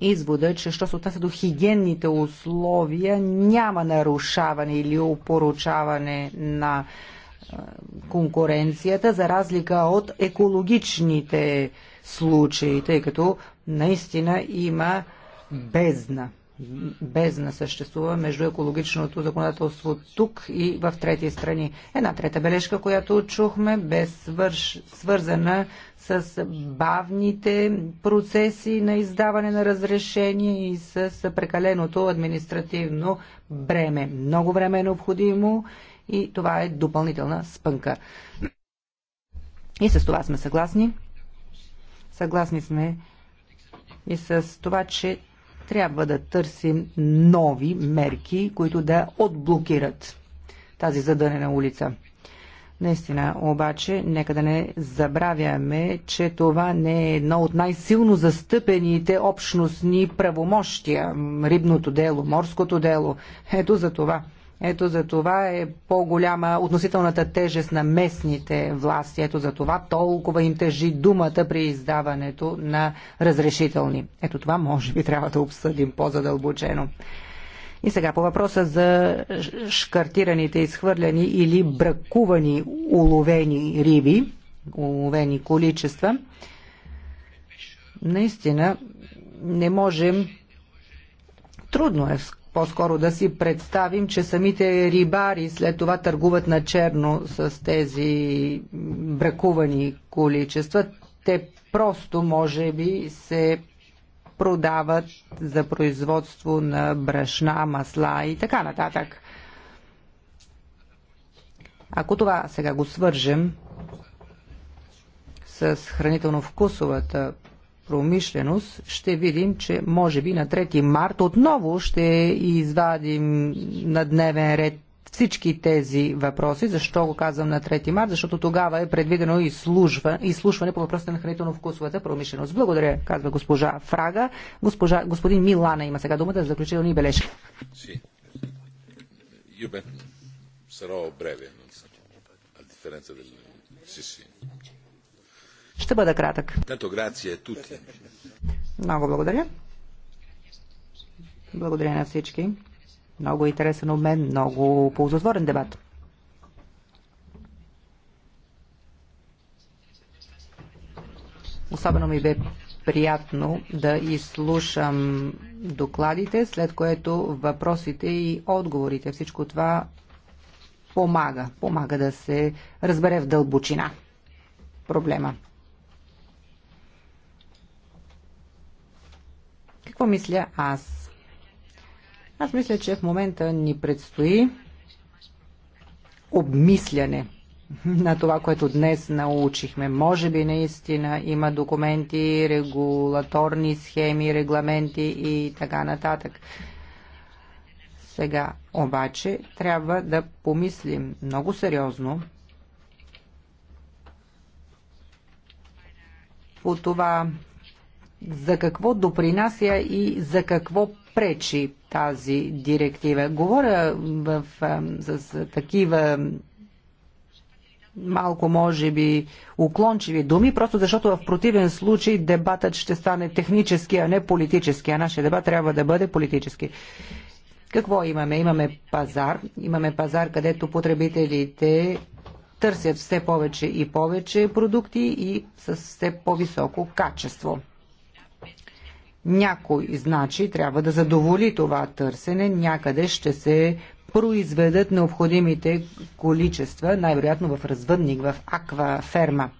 извода, че що се отнася до хигиенните условия, няма нарушаване или опоручаване на конкуренцията, за разлика от екологичните случаи, тъй като наистина има бездна. Бездна съществува между екологичното законодателство тук и в трети страни. Една трета бележка, която чухме, бе свърш, свързана с бавните процеси на издаване на разрешение и с прекаленото административно бреме. Много време е необходимо и това е допълнителна спънка. И с това сме съгласни. Съгласни сме и с това, че трябва да търсим нови мерки, които да отблокират тази задънена улица. Наистина, обаче, нека да не забравяме, че това не е едно от най-силно застъпените общностни правомощия. Рибното дело, морското дело. Ето за това ето за това е по-голяма относителната тежест на местните власти. Ето за това толкова им тежи думата при издаването на разрешителни. Ето това може би трябва да обсъдим по-задълбочено. И сега по въпроса за шкартираните, изхвърляни или бракувани уловени риби, уловени количества, наистина не можем. Трудно е, по-скоро да си представим, че самите рибари след това търгуват на черно с тези бракувани количества. Те просто, може би, се продават за производство на брашна, масла и така нататък. Ако това сега го свържем с хранително-вкусовата промишленост, ще видим, че може би на 3 март отново ще извадим на дневен ред всички тези въпроси. Защо го казвам на 3 март? Защото тогава е предвидено изслужва, изслушване по въпросите на хранително-вкусовата промишленост. Благодаря, казва госпожа Фрага. Госпожа, господин Милана има сега думата за заключителни бележки. sarò breve, a differenza del... Sì, sì. Ще бъда кратък. Е много благодаря. Благодаря на всички. Много интересен от мен, много ползотворен дебат. Особено ми бе приятно да изслушам докладите, след което въпросите и отговорите. Всичко това помага. Помага да се разбере в дълбочина проблема. помисля аз. Аз мисля, че в момента ни предстои обмисляне на това, което днес научихме. Може би наистина има документи, регулаторни схеми, регламенти и така нататък. Сега обаче трябва да помислим много сериозно по това за какво допринася и за какво пречи тази директива. Говоря в, с, с такива малко, може би, уклончиви думи, просто защото в противен случай дебатът ще стане технически, а не политически. А нашия дебат трябва да бъде политически. Какво имаме? Имаме пазар. Имаме пазар, където потребителите търсят все повече и повече продукти и с все по-високо качество. Някой, значи, трябва да задоволи това търсене, някъде ще се произведат необходимите количества, най-вероятно в развъдник, в акваферма.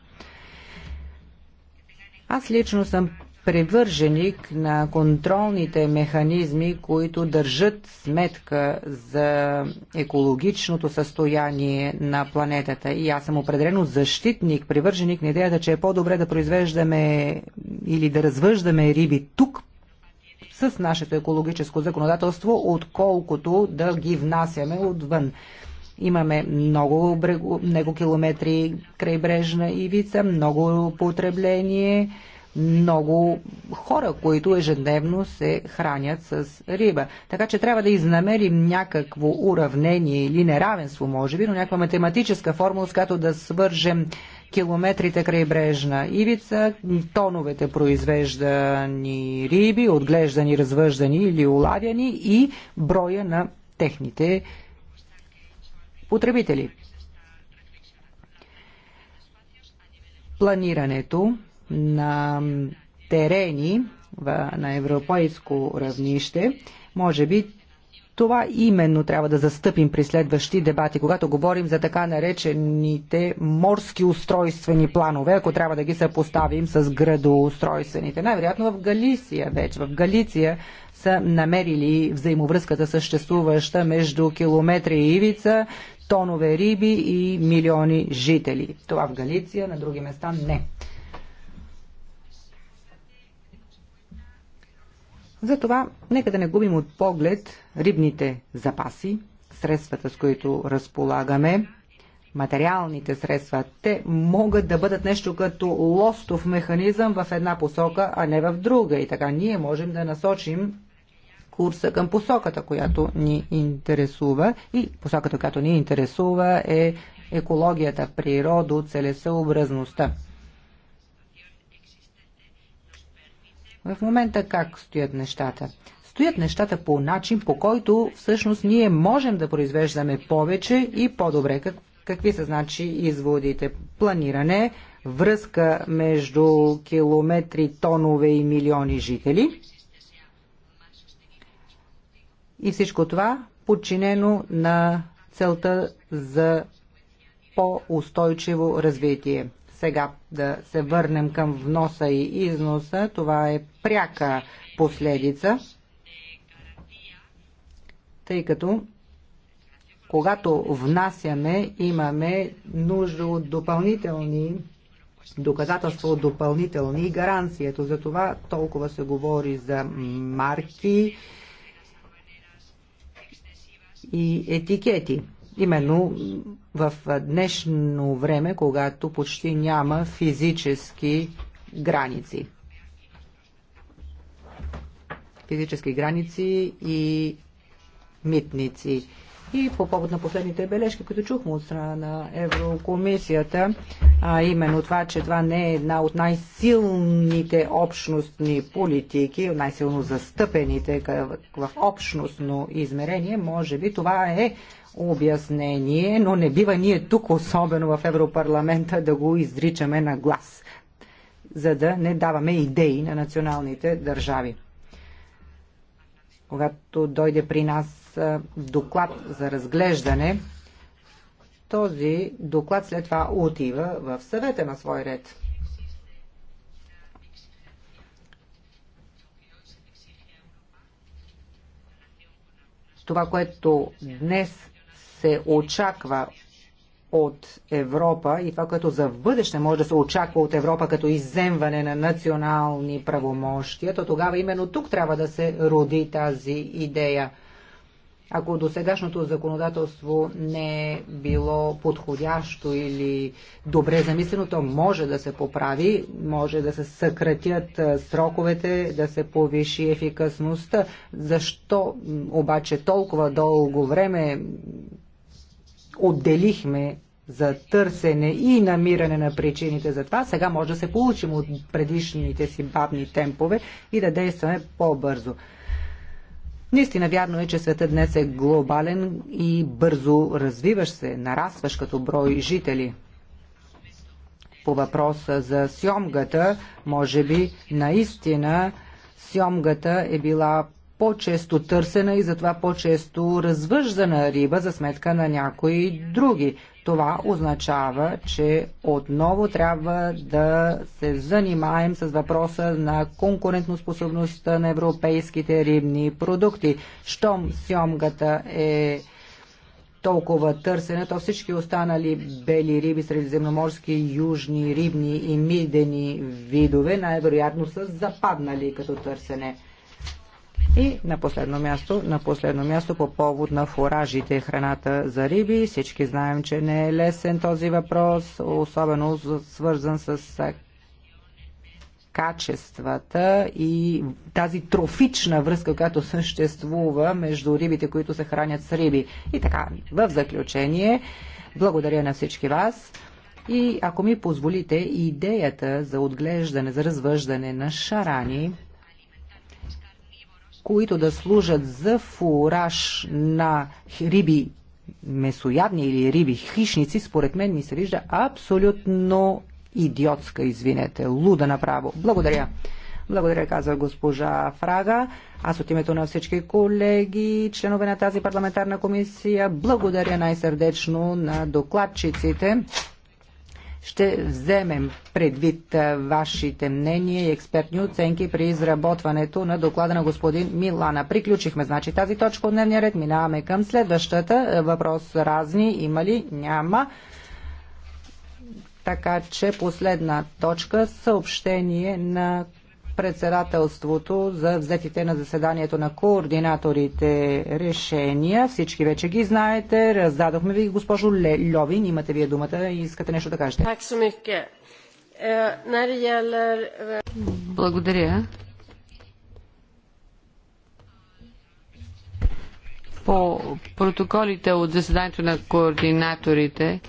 Аз лично съм привърженик на контролните механизми, които държат сметка за екологичното състояние на планетата. И аз съм определено защитник, привърженик на идеята, че е по-добре да произвеждаме или да развъждаме риби тук, с нашето екологическо законодателство, отколкото да ги внасяме отвън. Имаме много, брегу, много километри крайбрежна ивица, много потребление много хора, които ежедневно се хранят с риба. Така че трябва да изнамерим някакво уравнение или неравенство, може би, но някаква математическа формула, с която да свържем километрите крайбрежна ивица, тоновете произвеждани риби, отглеждани, развъждани или улавяни и броя на техните потребители. Планирането на терени на европейско равнище, може би това именно трябва да застъпим при следващи дебати, когато говорим за така наречените морски устройствени планове, ако трябва да ги съпоставим с градоустройствените. Най-вероятно в Галисия вече. В Галиция са намерили взаимовръзката съществуваща между километри и ивица, тонове риби и милиони жители. Това в Галиция, на други места не. Затова нека да не губим от поглед рибните запаси, средствата с които разполагаме, материалните средства. Те могат да бъдат нещо като лостов механизъм в една посока, а не в друга. И така ние можем да насочим курса към посоката, която ни интересува. И посоката, която ни интересува е екологията, природа целесъобразността. В момента как стоят нещата? Стоят нещата по начин, по който всъщност ние можем да произвеждаме повече и по-добре. Как, какви са значи изводите? Планиране, връзка между километри, тонове и милиони жители. И всичко това подчинено на целта за по-устойчиво развитие сега да се върнем към вноса и износа. Това е пряка последица, тъй като когато внасяме, имаме нужда от допълнителни доказателства, от допълнителни гаранции. Ето за това толкова се говори за марки и етикети именно в днешно време, когато почти няма физически граници. Физически граници и митници. И по повод на последните бележки, които чухме от страна на Еврокомисията, а именно това, че това не е една от най-силните общностни политики, най-силно застъпените в общностно измерение, може би това е обяснение, но не бива ние тук, особено в Европарламента, да го изричаме на глас, за да не даваме идеи на националните държави. Когато дойде при нас доклад за разглеждане, този доклад след това отива в съвета на свой ред. Това, което днес се очаква от Европа и това, което за в бъдеще може да се очаква от Европа като иземване на национални правомощия, то тогава именно тук трябва да се роди тази идея. Ако досегашното законодателство не е било подходящо или добре замислено, то може да се поправи, може да се съкратят сроковете, да се повиши ефикасността. Защо обаче толкова дълго време отделихме за търсене и намиране на причините за това, сега може да се получим от предишните си бавни темпове и да действаме по-бързо. Наистина вярно е, че светът днес е глобален и бързо развиващ се, нарастваш като брой жители. По въпроса за сьомгата, може би наистина сьомгата е била по-често търсена и затова по-често развъждана риба за сметка на някои други. Това означава, че отново трябва да се занимаем с въпроса на конкурентоспособността на европейските рибни продукти. Щом сьомгата е толкова търсена, то всички останали бели риби, средиземноморски, южни, рибни и мидени видове най-вероятно са западнали като търсене. И на последно място, на последно място по повод на фуражите и храната за риби. Всички знаем, че не е лесен този въпрос, особено свързан с качествата и тази трофична връзка, която съществува между рибите, които се хранят с риби. И така, в заключение, благодаря на всички вас. И ако ми позволите, идеята за отглеждане, за развъждане на шарани които да служат за фураж на риби месоядни или риби хищници, според мен ми се вижда абсолютно идиотска, извинете, луда направо. Благодаря. Благодаря, казва госпожа Фрага. Аз от името на всички колеги, членове на тази парламентарна комисия, благодаря най-сърдечно на докладчиците. Ще вземем предвид вашите мнения и експертни оценки при изработването на доклада на господин Милана. Приключихме, значи, тази точка от дневния ред. Минаваме към следващата. Въпрос разни има ли? Няма. Така че последна точка съобщение на председателството за взетите на заседанието на координаторите решения. Всички вече ги знаете. Раздадохме ви, госпожо Льовин. Имате вие думата и искате нещо да кажете. Eh, eh, Благодаря. По протоколите от заседанието на координаторите,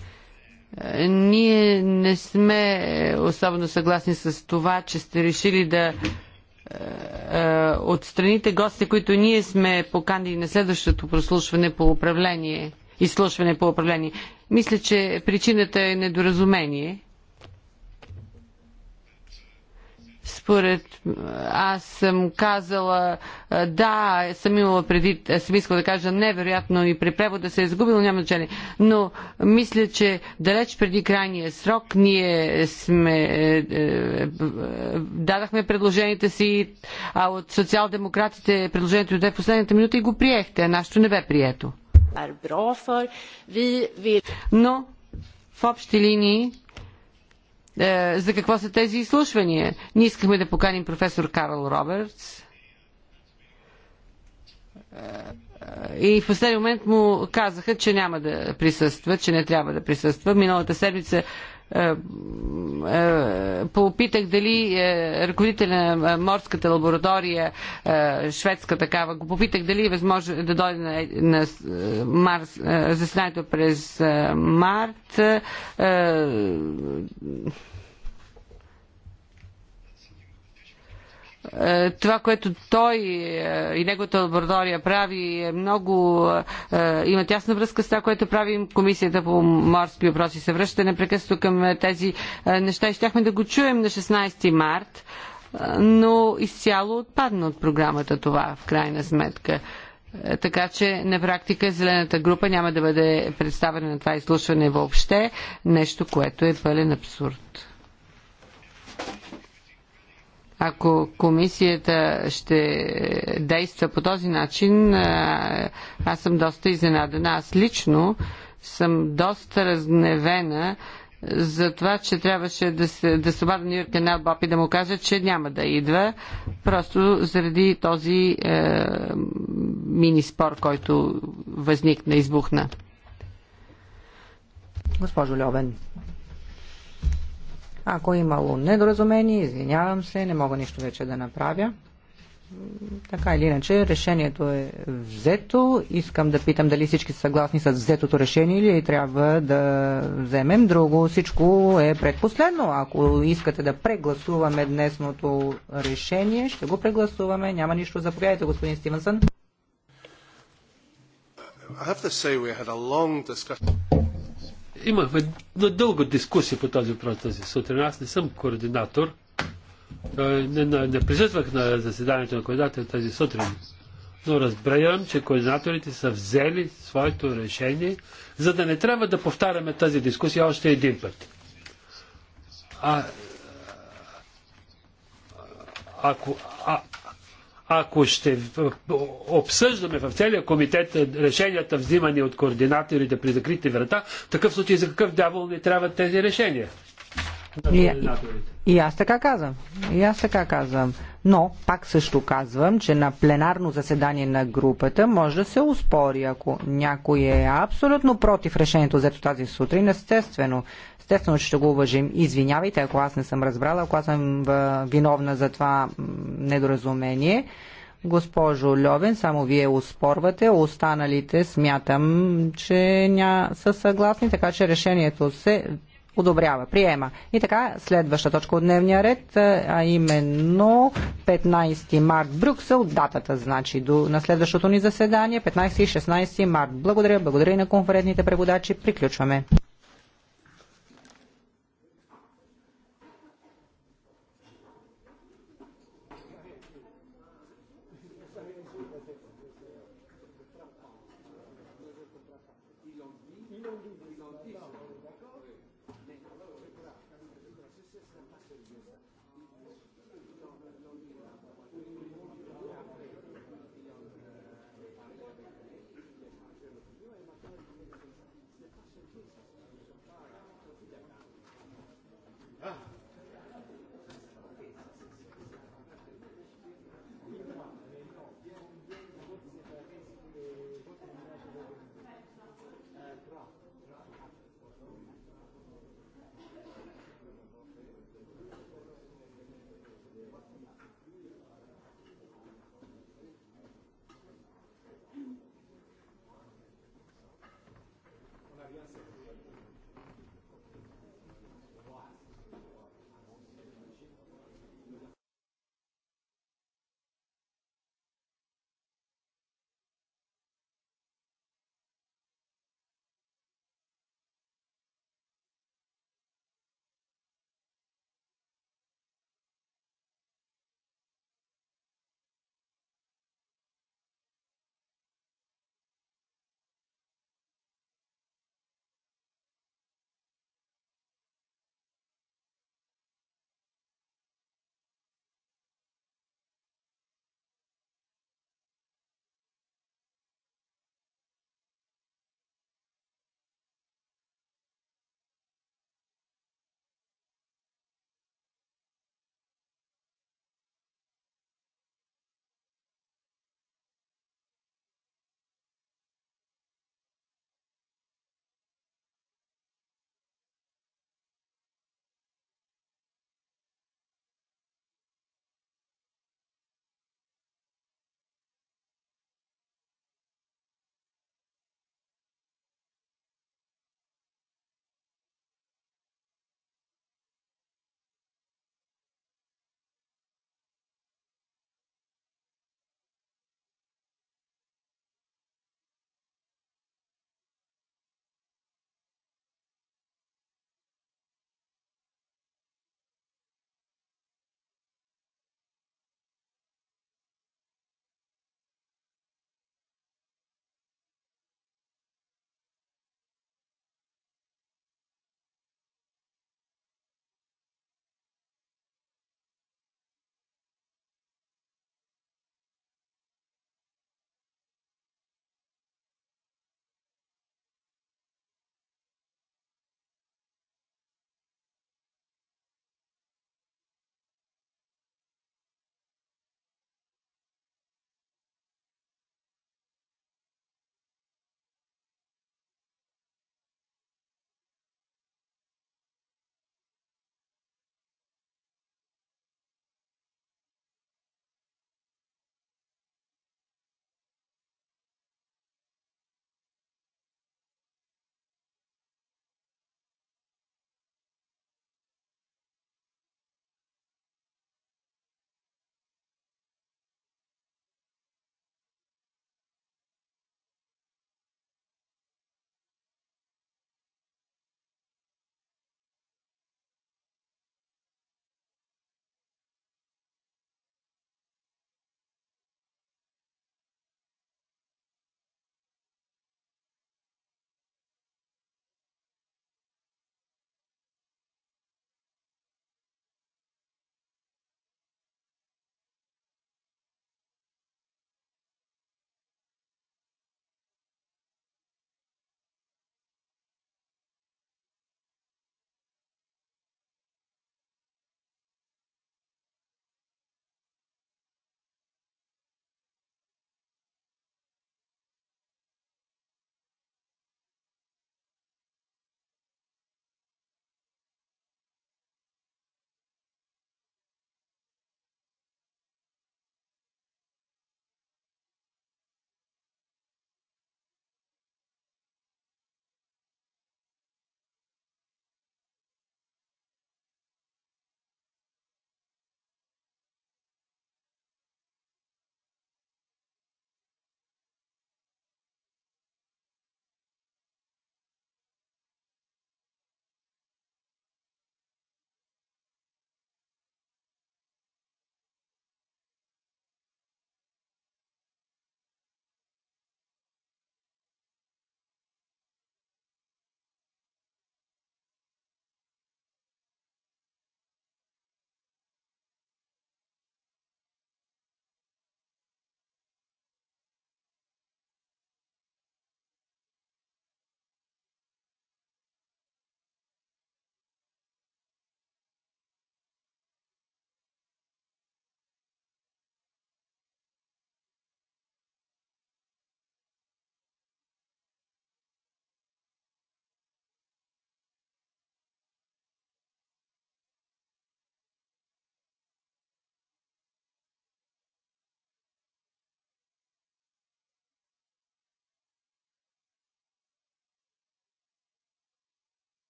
е, ние не сме особено съгласни с това, че сте решили да е, е, от страните гости, които ние сме поканили на следващото прослушване по управление, изслушване по управление. Мисля, че причината е недоразумение. Според аз съм казала да, съм имала преди, е, съм искала да кажа невероятно и при превода се е загубило, няма значение. Но мисля, че далеч преди крайния срок ние сме, е, е, дадахме предложенията си, а от социал-демократите предложението дойде в последната минута и го приехте, а нашето не бе прието. Но в общи линии е, за какво са тези изслушвания. Ние искахме да поканим професор Карл Робертс. Е, е, и в последния момент му казаха, че няма да присъства, че не трябва да присъства. Миналата седмица е, е, попитах дали е, ръководителя на морската лаборатория, шведска такава, го попитах дали е възможно да дойде на, на Марс, заседанието през март Е, това, което той е, и неговата лаборатория прави е много... Е, има тясна връзка с това, което правим Комисията по морски въпроси. Се връща непрекъснато към тези неща и щяхме да го чуем на 16 март, но изцяло отпадна от програмата това, в крайна сметка. Така че на практика зелената група няма да бъде представена на това изслушване въобще, нещо, което е пълен абсурд. Ако комисията ще действа по този начин, аз съм доста изненадана. Аз лично съм доста разгневена за това, че трябваше да се, да се обада Нью-Йорк една и да му каже, че няма да идва, просто заради този е, мини спор, който възникна, избухна. Госпожо Льовен, ако е имало недоразумение, извинявам се, не мога нищо вече да направя. Така или иначе, решението е взето. Искам да питам дали всички са съгласни с взетото решение или трябва да вземем друго. Всичко е предпоследно. Ако искате да прегласуваме днесното решение, ще го прегласуваме. Няма нищо. Заповядайте, господин Стивенсън. Имахме дълга дискусия по този въпрос тази сутрин. Аз не съм координатор. Не, не, не присъствах на заседанието на координатора тази сутрин. Но разбирам, че координаторите са взели своето решение, за да не трябва да повтаряме тази дискусия още един път. А ако ако ще обсъждаме в целия комитет е, решенията взимани от координаторите при закрити врата, такъв случай за какъв дявол ни трябват тези решения? И, и аз така казвам. И аз така казвам. Но пак също казвам, че на пленарно заседание на групата може да се успори, ако някой е абсолютно против решението за тази сутрин, естествено. Естествено, че ще го уважим. Извинявайте, ако аз не съм разбрала, ако аз съм виновна за това недоразумение. Госпожо Льовен, само вие успорвате, останалите смятам, че ня... са съгласни, така че решението се одобрява, приема. И така, следваща точка от дневния ред, а именно 15 март Брюксел, датата значи до, на следващото ни заседание, 15 и 16 март. Благодаря, благодаря и на конферентните преводачи. Приключваме.